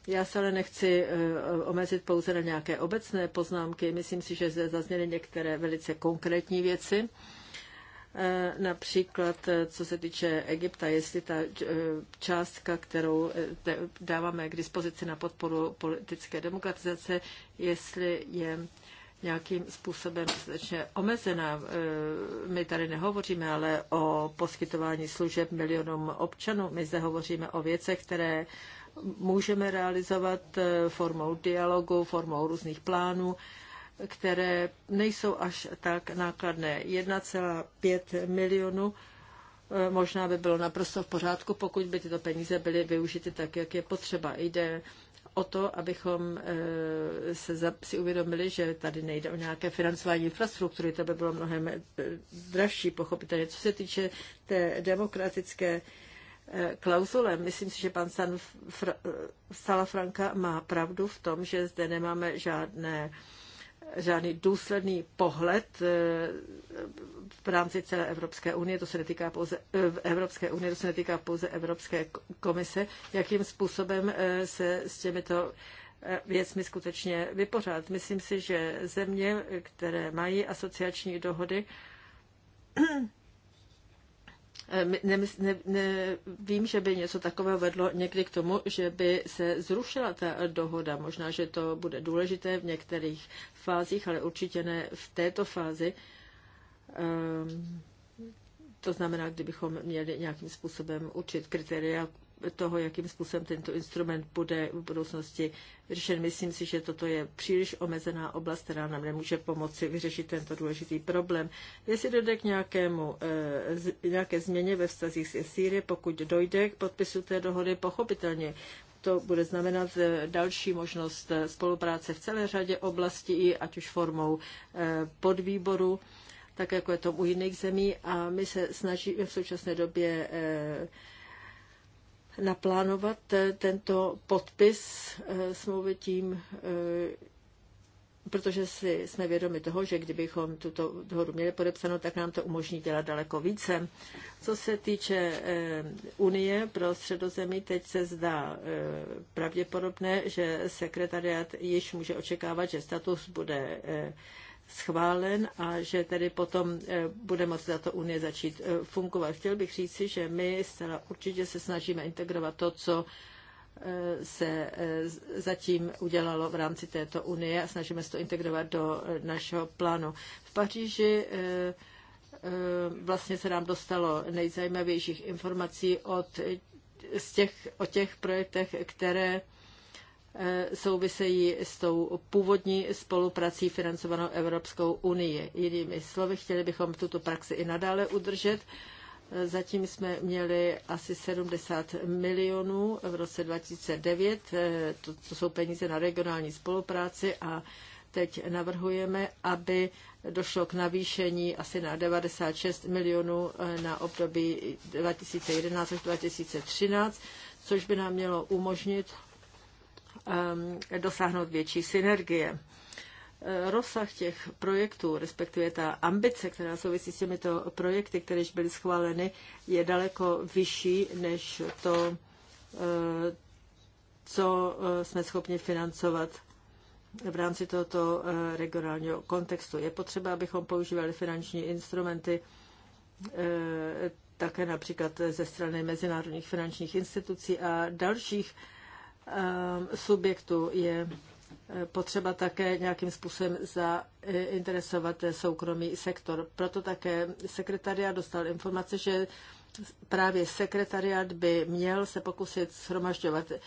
Já se ale nechci eh, omezit pouze na nějaké obecné poznámky. Myslím si, že zde zazněly některé velice konkrétní věci. Eh, například, eh, co se týče Egypta, jestli ta eh, částka, kterou dáváme k dispozici na podporu politické demokratizace, jestli je nějakým způsobem skutečně omezená. My tady nehovoříme ale o poskytování služeb milionům občanů. My zde hovoříme o věcech, které můžeme realizovat formou dialogu, formou různých plánů které nejsou až tak nákladné. 1,5 milionu eh, možná by bylo naprosto v pořádku, pokud by tyto peníze byly využity tak, jak je potřeba. Jde o to, abychom eh, se si uvědomili, že tady nejde o nějaké financování infrastruktury, to by bylo mnohem eh, dražší, pochopitelně. Co se týče té demokratické klauzule, myslím si, že pan San Salafranka má pravdu v tom, že zde nemáme žádné žádný důsledný pohled eh, v rámci celé Evropské unie, to se netýká pouze eh, Evropské unie, to se netýká pouze Evropské komise, jakým způsobem eh, se s těmito věcmi skutečně vypořád. Myslím si, že země, které mají asociační dohody, Eh, ne, ne, ne, vím, že by něco takového vedlo někdy k tomu, že by se zrušila ta dohoda. Možná, že to bude důležité v některých fázích, ale určitě ne v této fázi. Ehm, to znamená, kdybychom měli nějakým způsobem učit kritéria toho, jakým způsobem tento instrument bude v budoucnosti vyřešen. Myslím si, že toto je příliš omezená oblast, která nám nemůže pomoci vyřešit tento důležitý problém. Jestli dojde k nějakému, eh, nějaké změně ve vztazích s Sýrie, pokud dojde k podpisu té dohody, pochopitelně to bude znamenat eh, další možnost eh, spolupráce v celé řadě oblastí, ať už formou podvýboru, tak jako je to u jiných zemí. A my se snažíme v současné době naplánovat eh, tento podpis eh, smlouvy tím, eh, protože si jsme vědomi toho, že kdybychom tuto dohodu měli podepsanou, tak nám to umožní dělat daleko více. Co se týče Unie pro středozemí, teď se zdá pravděpodobné, že sekretariat již může očekávat, že status bude schválen a že tedy potom eh, bude moci tato unie začít eh, fungovat. Chtěl bych říci, že my zcela určitě se snažíme integrovat to, co eh, se zatím udělalo v rámci této unie a snažíme se to integrovat do našeho plánu. V Paříži vlastně se nám dostalo nejzajímavějších informací od z těch, o těch projektech, které Eh, souvisejí s tou původní spoluprací financovanou Evropskou unii. Jinými slovy, chtěli bychom tuto praxi i nadále udržet. Eh, zatím jsme měli asi 70 milionů v roce 2009, eh, to, to jsou peníze na regionální spolupráci a teď navrhujeme, aby došlo k navýšení asi na 96 milionů na období 2011 až 2013, což by nám mělo umožnit Um, dosáhnout větší synergie. Eh, rozsah těch projektů, respektive ta ambice, která souvisí s těmito projekty, které již byly schváleny, je daleko vyšší než to, eh, co eh, jsme schopni financovat v rámci tohoto regionálního kontextu. Je potřeba, abychom používali finanční instrumenty také například ze strany mezinárodních finančních institucí a dalších Eh, subjektu je eh, potřeba také nějakým způsobem zainteresovat soukromý sektor. Proto také sekretariát dostal informace, že právě sekretariát by měl se pokusit shromažďovat eh,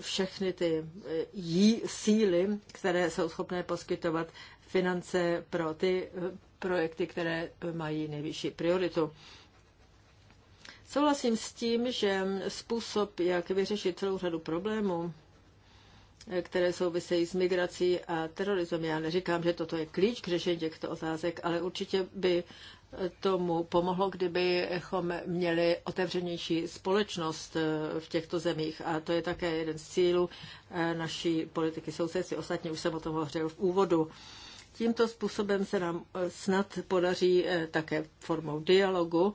všechny ty jí síly, které jsou schopné poskytovat finance pro ty projekty, které mají nejvyšší prioritu. Souhlasím s tím, že způsob, jak vyřešit celou řadu problémů, které souvisejí s migrací a terorismem. Já neříkám, že toto je klíč k řešení těchto otázek, ale určitě by tomu pomohlo, kdybychom měli otevřenější společnost eh, v těchto zemích. A to je také jeden z cílů eh, naší politiky sousedství. Ostatně už jsem o tom hovořil v úvodu. Tímto způsobem se nám eh, snad podaří také formou dialogu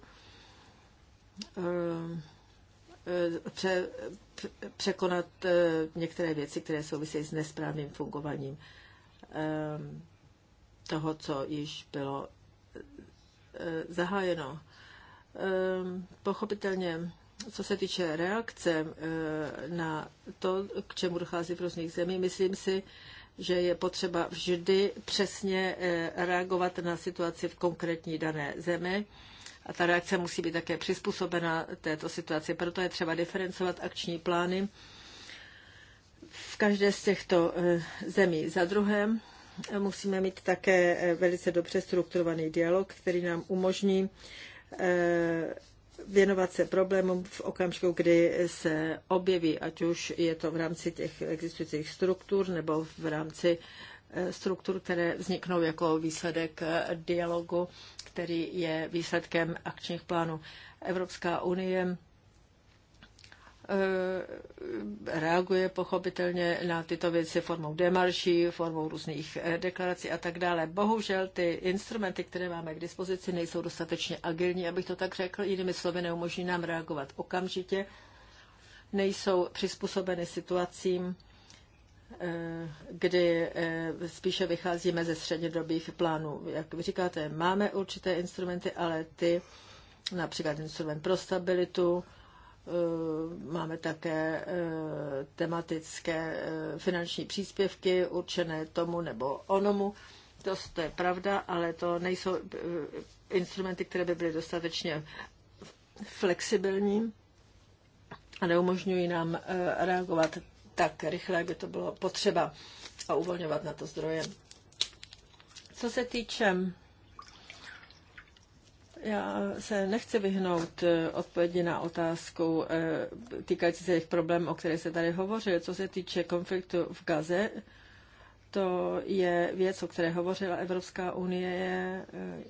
Eh, eh, pře, překonat eh, některé věci, které souvisí s nesprávným fungováním toho, co již bylo zahájeno. Pochopitelně, co se týče reakce na to, k čemu dochází v různých zemích, myslím si, že je potřeba vždy přesně reagovat na situaci v konkrétní dané zemi a ta reakce musí být také přizpůsobena této situaci. Proto je třeba diferencovat akční plány v každé z těchto eh, zemí. Za druhé, musíme mít také eh, velice dobře strukturovaný dialog, který nám umožní eh, věnovat se problémům v okamžiku, kdy se objeví, ať už je to v rámci těch existujících struktur nebo v rámci struktur, které vzniknou jako výsledek dialogu, který je výsledkem akčních plánů. Evropská unie eh, reaguje pochopitelně na tyto věci formou demarší, formou různých eh, deklarací a tak dále. Bohužel ty instrumenty, které máme k dispozici, nejsou dostatečně agilní, abych to tak řekl. Jinými slovy, neumožní nám reagovat okamžitě, nejsou přizpůsobeny situacím, Eh, kdy eh, spíše vycházíme ze střednědobých plánů. Jak vy říkáte, máme určité instrumenty, ale ty, například instrument pro stabilitu, eh, máme také tematické finanční příspěvky určené tomu nebo onomu. To, to je pravda, ale to nejsou instrumenty, které by byly dostatečně flexibilní a neumožňují nám reagovat tak rychle, jak by to bylo potřeba a uvolňovat na to zdroje. Co se týče já se nechci vyhnout eh, odpovědi na otázku eh, týkající se těch problémů, o kterých se tady hovořil. Co se týče konfliktu v Gaze, to je věc, o které hovořila Evropská unie, eh,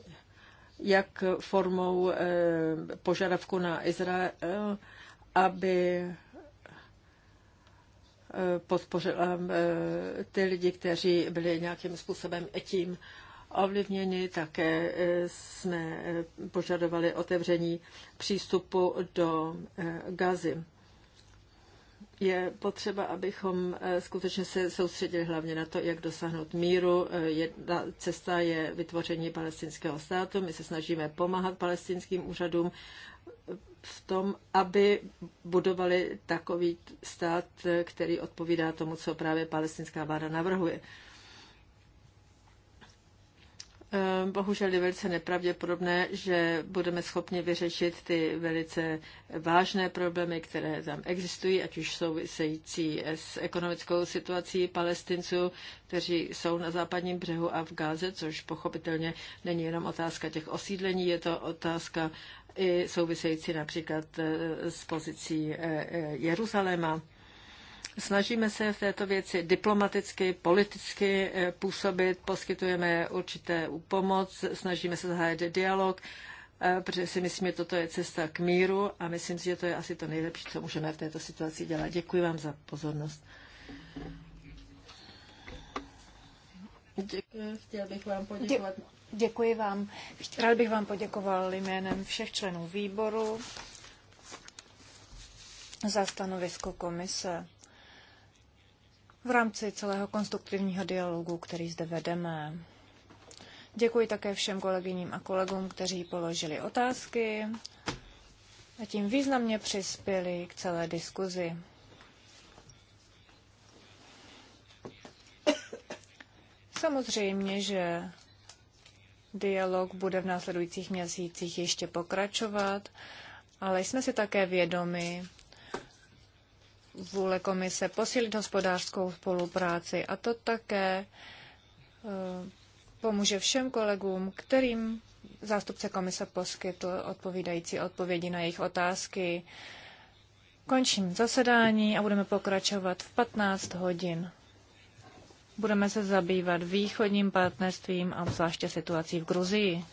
jak formou požadavku na Izrael, aby podpořila eh, ty lidi, kteří byli nějakým způsobem tím ovlivněni. Také eh, jsme eh, požadovali otevření přístupu do gazy. Je potřeba, abychom skutečně se soustředili hlavně na to, jak dosáhnout míru. Jedna cesta je vytvoření palestinského státu. My se snažíme pomáhat palestinským úřadům v tom, aby budovali takový stát, který odpovídá tomu, co právě palestinská vláda navrhuje. Ehm, bohužel je velice nepravděpodobné, že budeme schopni vyřešit ty velice vážné problémy, které tam existují, ať už související s ekonomickou situací palestinců, kteří jsou na západním břehu a v Gáze, což pochopitelně není jenom otázka těch osídlení, je to otázka i související například e, s pozicí e, e, Jeruzaléma. Snažíme se v této věci diplomaticky, politicky působit, poskytujeme určité pomoc, snažíme se zahájit dialog, protože si myslím, že toto je cesta k míru a myslím si, že to je asi to nejlepší, co můžeme v této situaci dělat. Děkuji vám za pozornost. Děkuji, chtěl bych vám poděkovat. Děkuji. Děkuji vám. Rád bych vám poděkoval jménem všech členů výboru za stanovisko komise v rámci celého konstruktivního dialogu, který zde vedeme. Děkuji také všem kolegyním a kolegům, kteří položili otázky a tím významně přispěli k celé diskuzi. Samozřejmě, že Dialog bude v následujících měsících ještě pokračovat, ale jsme si také vědomi vůle komise posílit hospodářskou spolupráci a to také eh, pomůže všem kolegům, kterým zástupce komise poskytl odpovídající odpovědi na jejich otázky. Končím zasedání a budeme pokračovat v 15 hodin. Budeme se zabývat východním partnerstvím a zvláště situací v Gruzii.